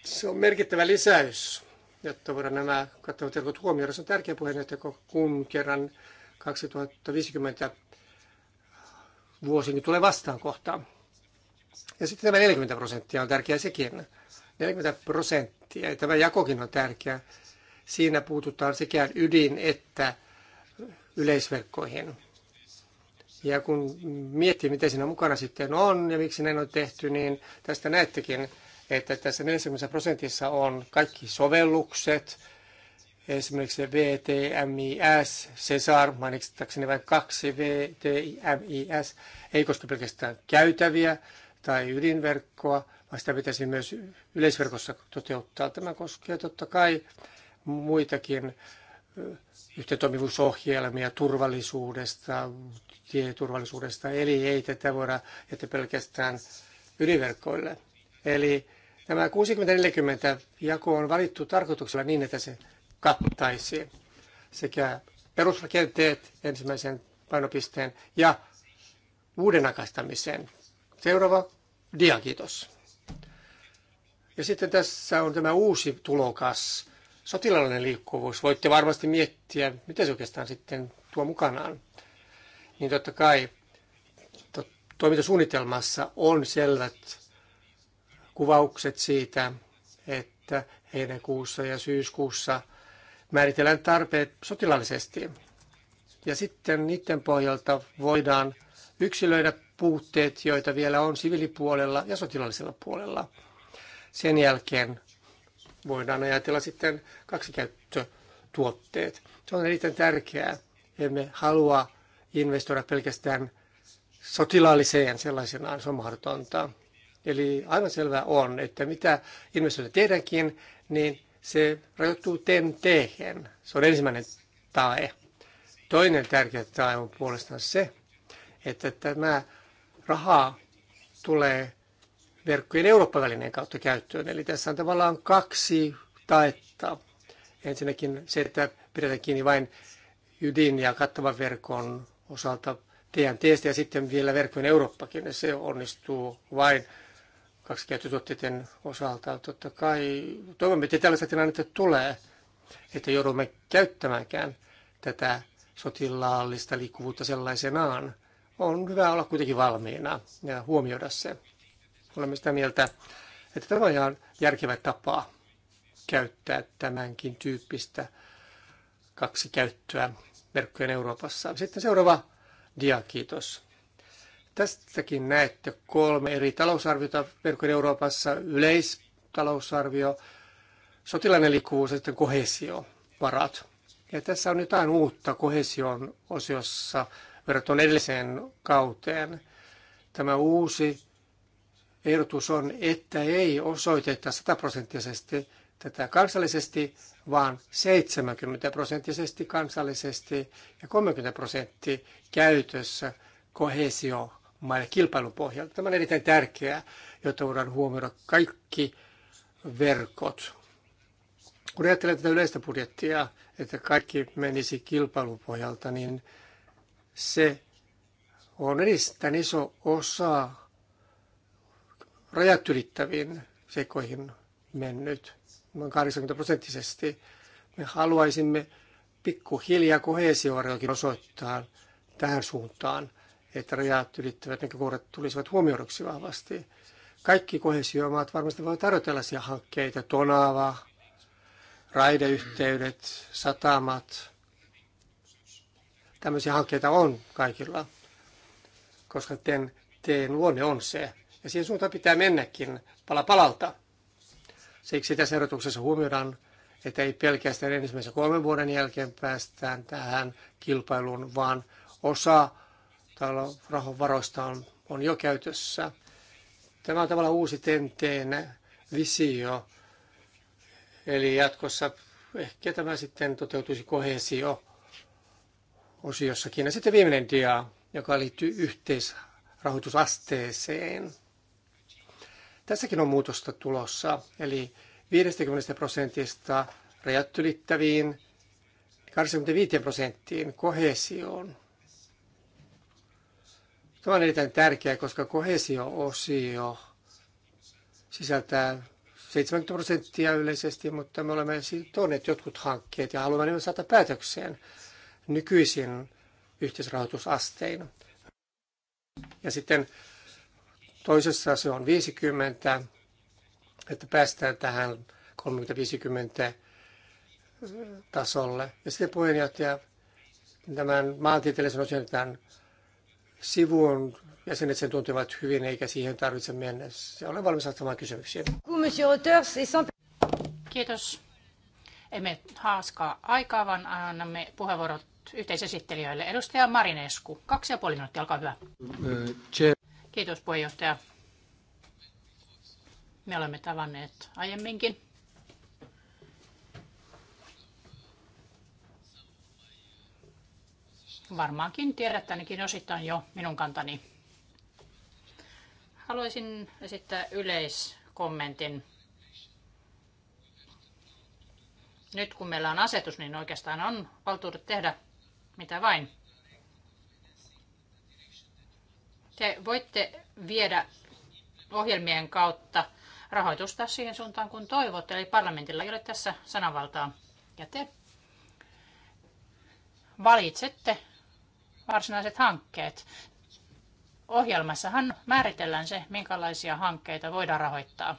se on merkittävä lisäys, jotta voidaan nämä kattavat jotkut huomioida. Se on tärkeä puheenjohtaja, kun kerran 2050 vuosi niin tulee vastaan kohtaan. Ja sitten tämä 40 prosenttia on tärkeä sekin. 40 prosenttia, ja tämä jakokin on tärkeä. Siinä puututaan sekä ydin että yleisverkkoihin. Ja kun miettii, miten siinä mukana sitten on ja miksi näin on tehty, niin tästä näettekin, että tässä 40 prosentissa on kaikki sovellukset, esimerkiksi VTMIS, Cesar, mainitakseni vain kaksi VTMIS, ei koske pelkästään käytäviä tai ydinverkkoa, vaan sitä pitäisi myös yleisverkossa toteuttaa. Tämä koskee totta kai muitakin yhteentoimivuusohjelmia turvallisuudesta, tieturvallisuudesta, eli ei tätä voida että pelkästään ydinverkkoille. Eli Tämä 60-40 jako on valittu tarkoituksella niin, että se kattaisi sekä perusrakenteet ensimmäisen painopisteen ja uudenaikaistamisen. Seuraava dia, kiitos. Ja sitten tässä on tämä uusi tulokas, sotilaallinen liikkuvuus. Voitte varmasti miettiä, mitä se oikeastaan sitten tuo mukanaan. Niin totta kai to- toimintasuunnitelmassa on selvät kuvaukset siitä, että heinäkuussa ja syyskuussa määritellään tarpeet sotilaallisesti. Ja sitten niiden pohjalta voidaan yksilöidä puutteet, joita vielä on siviilipuolella ja sotilaallisella puolella. Sen jälkeen voidaan ajatella sitten kaksikäyttötuotteet. Se on erittäin tärkeää. Emme halua investoida pelkästään sotilaalliseen sellaisenaan, se on mahdotonta. Eli aivan selvää on, että mitä investointeja tehdäänkin, niin se rajoittuu ten tehen. Se on ensimmäinen tae. Toinen tärkeä tae on puolestaan se, että tämä raha tulee verkkojen Eurooppa-välineen kautta käyttöön. Eli tässä on tavallaan kaksi taetta. Ensinnäkin se, että pidetään kiinni vain ydin- ja kattavan verkon osalta TNTstä ja sitten vielä verkkojen Eurooppakin. Ja se onnistuu vain kaksikäyttötuotteiden osalta. Totta kai toivomme, että tällaista tilannetta tulee, että joudumme käyttämäänkään tätä sotilaallista liikkuvuutta sellaisenaan. On hyvä olla kuitenkin valmiina ja huomioida se. Olemme sitä mieltä, että tämä on ihan järkevä tapa käyttää tämänkin tyyppistä kaksi käyttöä verkkojen Euroopassa. Sitten seuraava dia, kiitos. Tästäkin näette kolme eri talousarviota verkon Euroopassa, yleistalousarvio, sotilainen liikkuvuus ja sitten kohesiovarat. Ja tässä on jotain uutta kohesion osiossa verrattuna edelliseen kauteen. Tämä uusi ehdotus on, että ei osoiteta sataprosenttisesti tätä kansallisesti, vaan 70 prosenttisesti kansallisesti ja 30 prosenttia käytössä kohesio maille kilpailun pohjalta. Tämä on erittäin tärkeää, jotta voidaan huomioida kaikki verkot. Kun ajattelee tätä yleistä budjettia, että kaikki menisi kilpailun pohjalta, niin se on erittäin iso osa rajat ylittäviin sekoihin mennyt noin 80 prosenttisesti. Me haluaisimme pikkuhiljaa kohesioarjoakin osoittaa tähän suuntaan että rajat ylittävät näkökohdat tulisivat huomioiduksi vahvasti. Kaikki kohesiomaat varmasti voivat tarjota tällaisia hankkeita, tonava, raideyhteydet, satamat. Tämmöisiä hankkeita on kaikilla, koska teen, teen luonne on se. Ja siihen suuntaan pitää mennäkin pala palalta. Siksi tässä erotuksessa huomioidaan, että ei pelkästään ensimmäisen kolmen vuoden jälkeen päästään tähän kilpailuun, vaan osa rahovaroista on, on jo käytössä. Tämä on tavallaan uusi tenteen visio, eli jatkossa ehkä tämä sitten toteutuisi kohesio osiossakin. Ja sitten viimeinen dia, joka liittyy yhteisrahoitusasteeseen. Tässäkin on muutosta tulossa, eli 50 prosentista rajat ylittäviin 25 prosenttiin kohesioon Tämä on erittäin tärkeää, koska kohesio-osio sisältää 70 prosenttia yleisesti, mutta me olemme siis tuoneet jotkut hankkeet ja haluamme ne saada päätökseen nykyisin yhteisrahoitusastein. Ja sitten toisessa se on 50, että päästään tähän 30-50 tasolle. Ja sitten puheenjohtaja tämän maantieteellisen osion tämän sivuun. Jäsenet sen tuntevat hyvin, eikä siihen tarvitse mennä. Se olen valmis ottamaan kysymyksiä. Kiitos. Emme haaskaa aikaa, vaan annamme puheenvuorot yhteisesittelijöille. Edustaja Marinesku, kaksi ja puoli minuuttia, olkaa hyvä. Kiitos puheenjohtaja. Me olemme tavanneet aiemminkin. Varmaankin tiedätte ainakin osittain jo minun kantani. Haluaisin esittää yleiskommentin. Nyt kun meillä on asetus, niin oikeastaan on valtuudet tehdä mitä vain. Te voitte viedä ohjelmien kautta rahoitusta siihen suuntaan, kun toivotte. Eli parlamentilla ei ole tässä sananvaltaa. Ja te valitsette varsinaiset hankkeet. Ohjelmassahan määritellään se, minkälaisia hankkeita voidaan rahoittaa.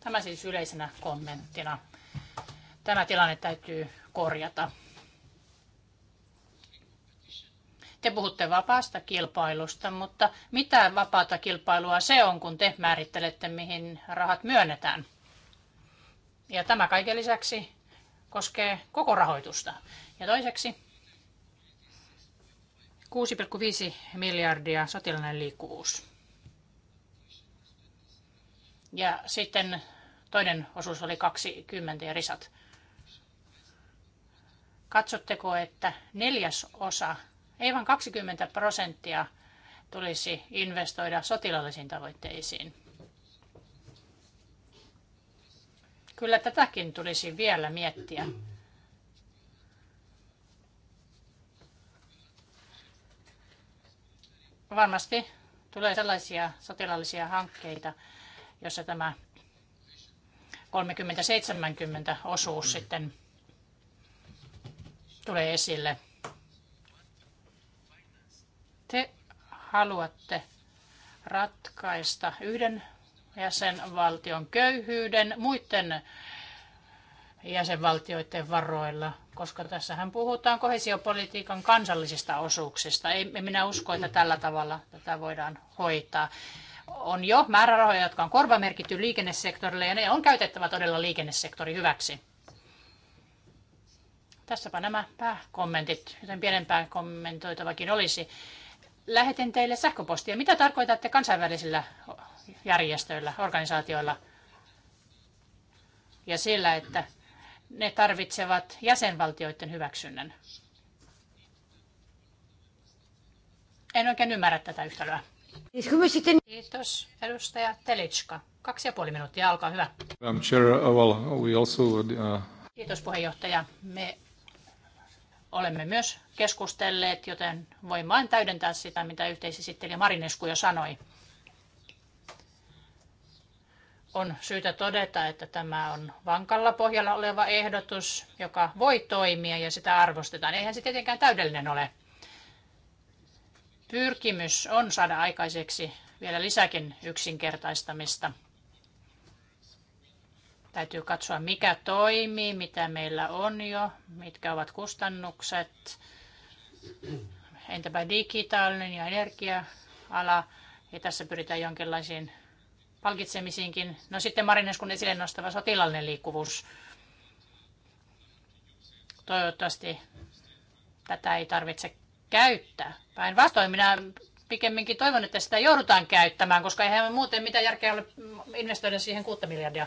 Tämä siis yleisenä kommenttina. Tämä tilanne täytyy korjata. Te puhutte vapaasta kilpailusta, mutta mitä vapaata kilpailua se on, kun te määrittelette, mihin rahat myönnetään? Ja tämä kaiken lisäksi koskee koko rahoitusta. Ja toiseksi 6,5 miljardia sotilainen liikkuvuus. Ja sitten toinen osuus oli 20 ja risat. Katsotteko, että neljäs osa, ei vain 20 prosenttia, tulisi investoida sotilaallisiin tavoitteisiin? Kyllä tätäkin tulisi vielä miettiä. varmasti tulee sellaisia sotilaallisia hankkeita, jossa tämä 30-70 osuus sitten tulee esille. Te haluatte ratkaista yhden jäsenvaltion köyhyyden muiden jäsenvaltioiden varoilla, koska tässähän puhutaan kohesiopolitiikan kansallisista osuuksista. Ei, en minä usko, että tällä tavalla tätä voidaan hoitaa. On jo määrärahoja, jotka on korvamerkitty liikennesektorille, ja ne on käytettävä todella liikennesektori hyväksi. Tässäpä nämä pääkommentit, joten pienempää kommentoitavakin olisi. Lähetin teille sähköpostia. Mitä tarkoitatte kansainvälisillä järjestöillä, organisaatioilla? ja sillä, että ne tarvitsevat jäsenvaltioiden hyväksynnän. En oikein ymmärrä tätä yhtälöä. Kiitos, edustaja Telitska. Kaksi ja puoli minuuttia, alkaa hyvä. Uh, uh, Kiitos puheenjohtaja. Me olemme myös keskustelleet, joten voin vain täydentää sitä, mitä yhteisesittelijä Marinesku jo sanoi on syytä todeta, että tämä on vankalla pohjalla oleva ehdotus, joka voi toimia ja sitä arvostetaan. Eihän se tietenkään täydellinen ole. Pyrkimys on saada aikaiseksi vielä lisäkin yksinkertaistamista. Täytyy katsoa, mikä toimii, mitä meillä on jo, mitkä ovat kustannukset, entäpä digitaalinen ja energia-ala. Ja tässä pyritään jonkinlaisiin palkitsemisiinkin. No sitten Marineskun esille nostava sotilallinen liikkuvuus. Toivottavasti tätä ei tarvitse käyttää. Päinvastoin minä pikemminkin toivon, että sitä joudutaan käyttämään, koska eihän muuten mitä järkeä ole investoida siihen kuutta miljardia.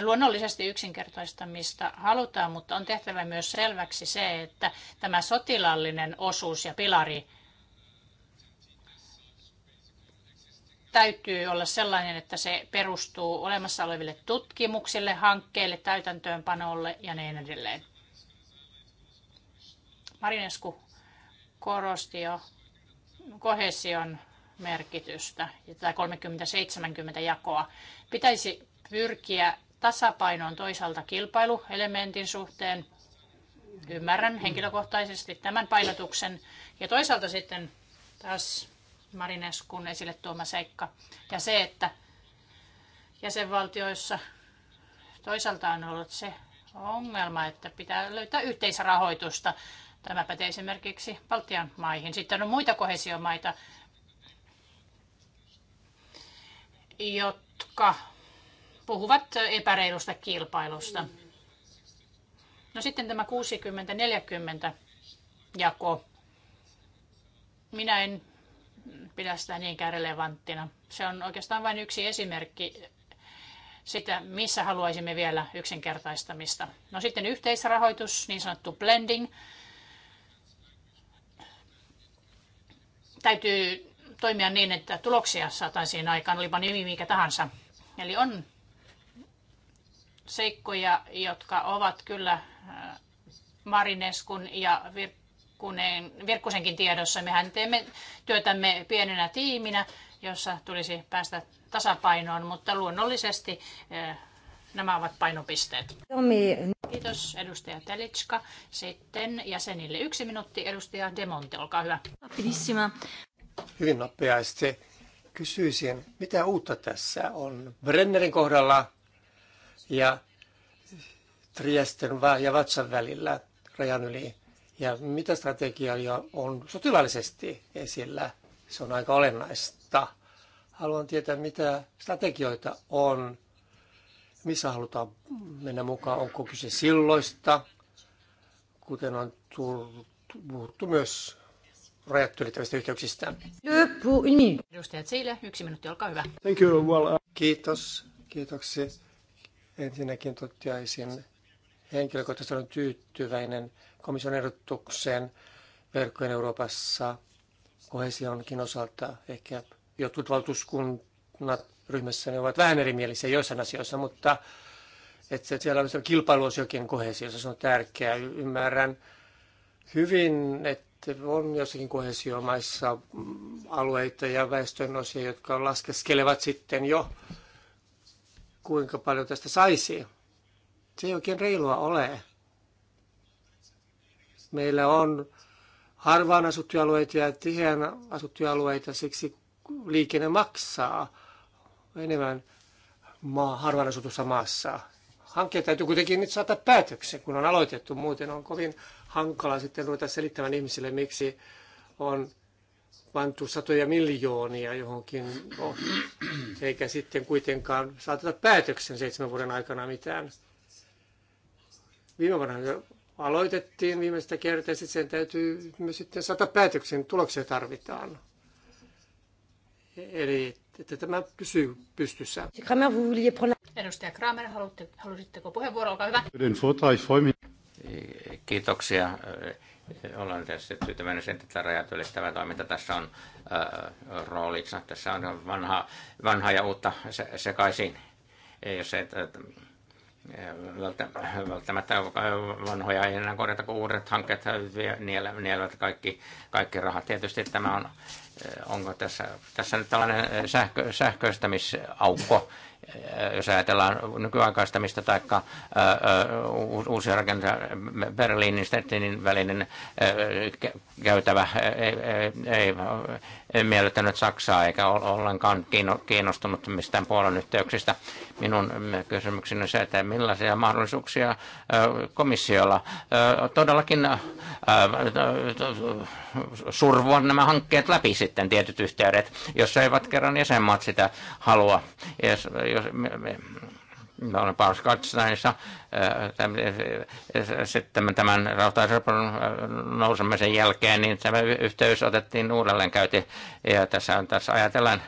Luonnollisesti yksinkertaistamista halutaan, mutta on tehtävä myös selväksi se, että tämä sotilallinen osuus ja pilari täytyy olla sellainen, että se perustuu olemassa oleville tutkimuksille, hankkeille, täytäntöönpanolle ja niin edelleen. Marinesku korosti jo kohesion merkitystä ja tätä 30-70 jakoa. Pitäisi pyrkiä tasapainon toisaalta kilpailuelementin suhteen. Ymmärrän henkilökohtaisesti tämän painotuksen. Ja toisaalta sitten taas Marineskun esille tuoma seikka ja se, että jäsenvaltioissa toisaalta on ollut se ongelma, että pitää löytää yhteisrahoitusta. Tämä pätee esimerkiksi Baltian maihin. Sitten on muita kohesiomaita, jotka puhuvat epäreilusta kilpailusta. No sitten tämä 60-40 jako. Minä en pidä sitä niinkään relevanttina. Se on oikeastaan vain yksi esimerkki sitä, missä haluaisimme vielä yksinkertaistamista. No sitten yhteisrahoitus, niin sanottu blending. Täytyy toimia niin, että tuloksia saataisiin aikaan, olipa nimi mikä tahansa. Eli on seikkoja, jotka ovat kyllä äh, Marineskun ja Virkkunen, Virkkusenkin tiedossa. Mehän teemme työtämme pienenä tiiminä, jossa tulisi päästä tasapainoon, mutta luonnollisesti äh, nämä ovat painopisteet. Kiitos edustaja Telitska. Sitten jäsenille yksi minuutti. Edustaja Demonte, olkaa hyvä. Hyvin nopeasti kysyisin, mitä uutta tässä on? Brennerin kohdalla ja Triesten ja Vatsan välillä rajan yli. Ja mitä strategiaa on sotilaallisesti esillä? Se on aika olennaista. Haluan tietää, mitä strategioita on, missä halutaan mennä mukaan. Onko kyse silloista, kuten on tullut, puhuttu myös rajat ylittävistä yhteyksistä. Edustaja Zeile, yksi minuutti, olkaa hyvä. Thank you. Well, uh... Kiitos, kiitoksia. Ensinnäkin toteaisin henkilökohtaisesti olen tyytyväinen komission ehdotukseen verkkojen Euroopassa kohesionkin osalta. Ehkä jotkut valtuuskunnat ryhmässä ne ovat vähän erimielisiä joissain asioissa, mutta että siellä on kilpailuosiokin kohesiossa, se on tärkeää. Ymmärrän hyvin, että on jossakin kohesiomaissa alueita ja väestönosia, jotka laskeskelevat sitten jo kuinka paljon tästä saisi. Se ei oikein reilua ole. Meillä on harvaan asuttuja alueita ja tiheän asuttuja alueita, siksi liikenne maksaa enemmän maa, harvaan asutussa maassa. Hankkeet täytyy kuitenkin nyt saada päätöksen, kun on aloitettu. Muuten on kovin hankala sitten ruveta selittämään ihmisille, miksi on pantu satoja miljoonia johonkin, no, eikä sitten kuitenkaan saateta päätöksen seitsemän vuoden aikana mitään. Viime vuonna aloitettiin viimeistä kertaa, ja sitten sen täytyy myös sitten saada päätöksen, tuloksia tarvitaan. Eli että tämä pysyy pystyssä. Edustaja Kramer, haluatte, halusitteko puheenvuoro? Olkaa hyvä. Kiitoksia olen tässä tyytyväinen sen, että rajat ylittävä toiminta tässä on roolissa. Tässä on vanha, vanha ja uutta se, sekaisin. Jos että, et, välttämättä vanhoja ei enää korjata, kun uudet hankkeet nielevät kaikki, kaikki rahat. Tietysti tämä on, onko tässä, tässä nyt tällainen sähkö, sähköistämisaukko, jos ajatellaan nykyaikaistamista tai uusia rakennus Berliinin, Stettinin välinen käytävä ei, ei, ei miellyttänyt Saksaa eikä ole ollenkaan kiinnostunut mistään Puolan yhteyksistä. Minun mm, kysymykseni on se, että millaisia mahdollisuuksia komissiolla todellakin survoa nämä hankkeet läpi sitten tietyt yhteydet, jos eivät kerran jäsenmaat sitä halua. Jos, jos, me, me, Paul Scottinaissa äh, äh, äh, sitten tämän rautaisopun nousemisen jälkeen, niin tämä yhteys otettiin uudelleen käyti. Ja tässä, tässä ajatellaan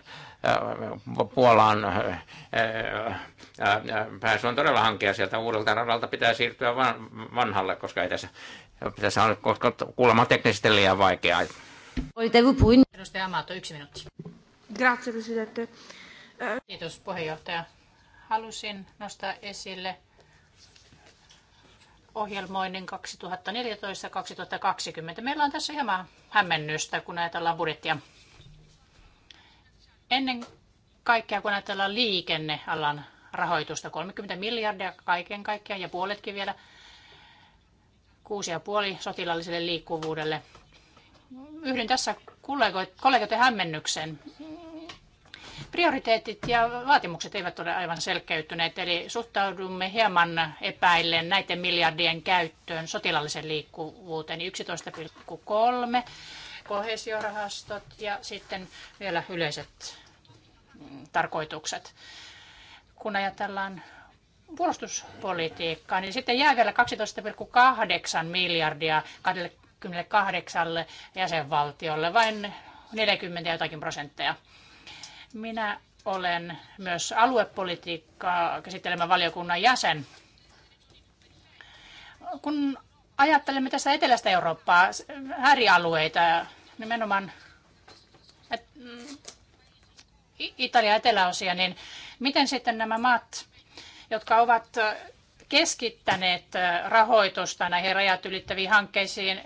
Puolaan pääsy on todella hankea sieltä uudelta radalta pitää siirtyä vanhalle, koska ei tässä, tässä on kuulemma teknisesti liian vaikeaa. Edustaja Amato, yksi minuutti. Grazie, Presidente. Kiitos puheenjohtaja halusin nostaa esille ohjelmoinnin 2014-2020. Meillä on tässä hieman hämmennystä, kun ajatellaan budjettia. Ennen kaikkea, kun ajatellaan liikennealan rahoitusta, 30 miljardia kaiken kaikkiaan ja puoletkin vielä, 6,5 sotilaalliselle liikkuvuudelle. Yhdyn tässä kollegoiden hämmennyksen prioriteetit ja vaatimukset eivät ole aivan selkeytyneet, eli suhtaudumme hieman epäillen näiden miljardien käyttöön sotilaallisen liikkuvuuteen 11,3 niin kohesiorahastot ja sitten vielä yleiset mm, tarkoitukset. Kun ajatellaan puolustuspolitiikkaa, niin sitten jää vielä 12,8 miljardia 28 jäsenvaltiolle, vain 40 jotakin prosentteja. Minä olen myös aluepolitiikkaa käsittelemän valiokunnan jäsen. Kun ajattelemme tässä etelästä Eurooppaa, äärialueita, nimenomaan Italia eteläosia, niin miten sitten nämä maat, jotka ovat keskittäneet rahoitusta näihin rajat ylittäviin hankkeisiin,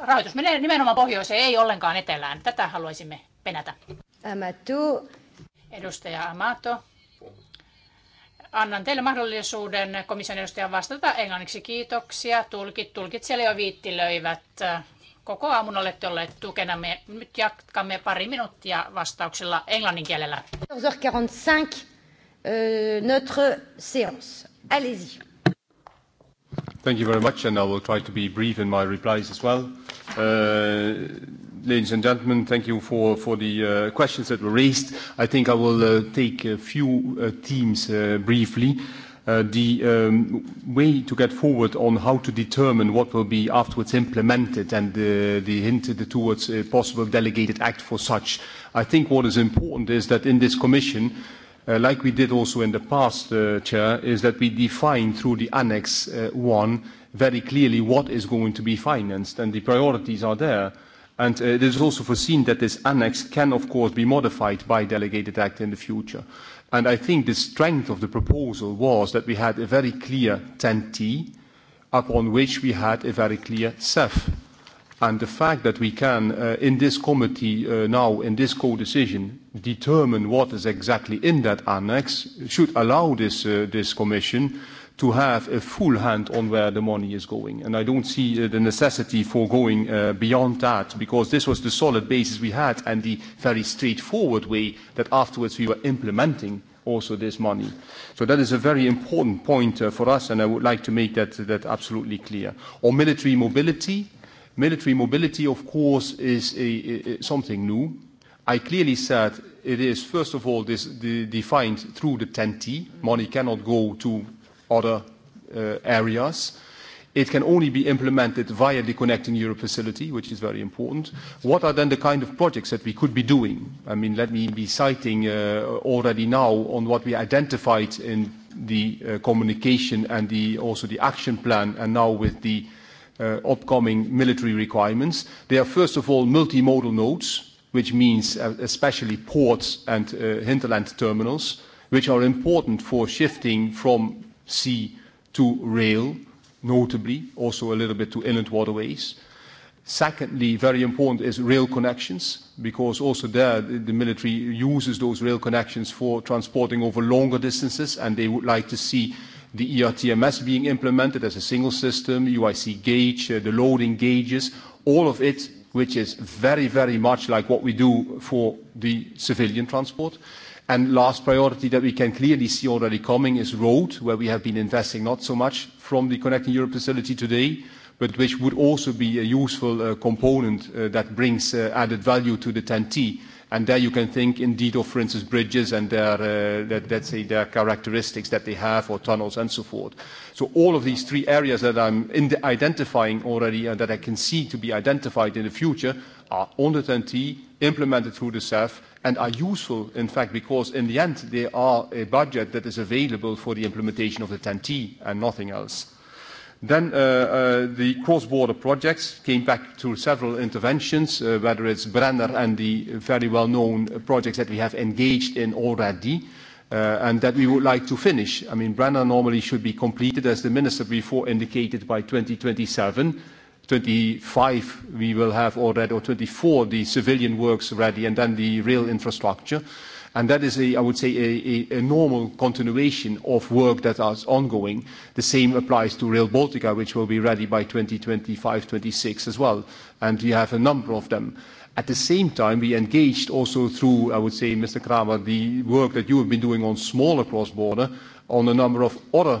rahoitus menee nimenomaan pohjoiseen, ei ollenkaan etelään. Tätä haluaisimme penätä. Amato. Edustaja Amato. Annan teille mahdollisuuden komission edustajan vastata englanniksi. Kiitoksia. Tulkit, tulkit siellä jo viittilöivät. Äh, koko aamun olette olleet Me Nyt jatkamme pari minuuttia vastauksella. englannin kielellä. 14.45 euh, notre séance. Allez-y. Thank you very much, and I will try to be brief in my replies as well. Uh, ladies and gentlemen, thank you for, the uh, questions that were raised. I think I will uh, take a few themes briefly. The um, way to get forward on how to determine what will be afterwards implemented and the hint towards a possible delegated act for such. I think what is important is that in this commission, Uh, like we did also in the past, uh, Chair, is that we define through the Annex uh, 1 very clearly what is going to be financed, and the priorities are there. And uh, it is also foreseen that this annex can, of course, be modified by delegated act in the future. And I think the strength of the proposal was that we had a very clear 10T, upon which we had a very clear SEF. And the fact that we can, uh, in this committee uh, now, in this co-decision, determine what is exactly in that annex should allow this, uh, this commission to have a full hand on where the money is going. And I don't see uh, the necessity for going uh, beyond that because this was the solid basis we had and the very straightforward way that afterwards we were implementing also this money. So that is a very important point uh, for us and I would like to make that, that absolutely clear. On military mobility, Military mobility, of course, is a, a, something new. I clearly said it is, first of all, this, the, defined through the 10T. Money cannot go to other uh, areas. It can only be implemented via the Connecting Europe facility, which is very important. What are then the kind of projects that we could be doing? I mean, let me be citing uh, already now on what we identified in the uh, communication and the, also the action plan, and now with the uh, Uh, upcoming military requirements. They are, first of all, multimodal nodes, which means uh, especially ports and uh, hinterland terminals, which are important for shifting from sea to rail, notably, also a little bit to inland waterways. Secondly, very important is rail connections, because also there, the military uses those rail connections for transporting over longer distances, and they would like to see the ERTMS being implemented as a single system, UIC gauge, uh, the loading gauges, all of it, which is very, very much like what we do for the civilian transport. last priority that we can clearly see already coming is road, where we have been investing not so much from the Connecting Europe facility today, but which would also be a useful uh, component uh, that brings added value to the TEN-T And there you can think indeed of, for instance, bridges and their, uh, let, let's say, their characteristics that they have or tunnels and so forth. So all of these three areas that I'm in the identifying already and that I can see to be identified in the future are on the TEN-T, implemented through the CEF, and are useful, in fact, because in the end, they are a budget that is available for the implementation of the TEN-T and nothing else. Uh, uh, the cross-border projects came back to several interventions, uh, whether it's Brenner and the very well-known projects that we have engaged in already, and that we would like to finish. I mean, Brenner normally should be completed, as the minister before indicated, by 2027. 2025, we will have already, or 2024, the civilian works ready, and then the rail infrastructure. And that is, a, I would say, a, normal continuation of work that is ongoing. The same applies to Rail Baltica, which will be ready by 2025, 26 as well. And we have a number of them. At the same time, we engaged also through, I would say, Mr. Kramer, the work that you have been doing on smaller cross-border on a number of other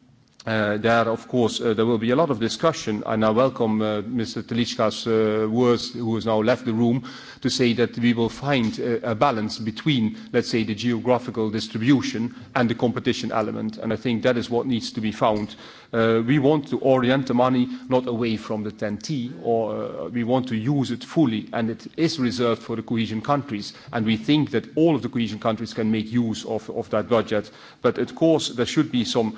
Uh, there, of course, uh, there will be a lot of discussion, and I welcome uh, Mr. Telichka's uh, words, who has now left the room, to say that we will find uh, a balance between, let's say, the geographical distribution and the competition element, and I think that is what needs to be found. Uh, we want to orient the money not away from the TEN-T, or we want to use it fully, and it is reserved for the cohesion countries, and we think that all of the cohesion countries can make use of, of that budget. But of course, there should be some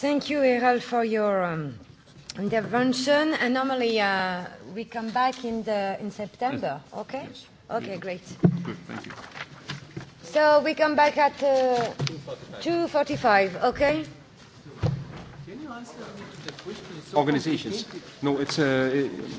Thank you, Errol, for your um, intervention. And normally uh, we come back in, the, in September, yes. okay? Yes. Okay, yes. great. Good, thank you. So we come back at uh, 2.45, okay? Can you answer the question? So Organizations. No, it's... Uh, it,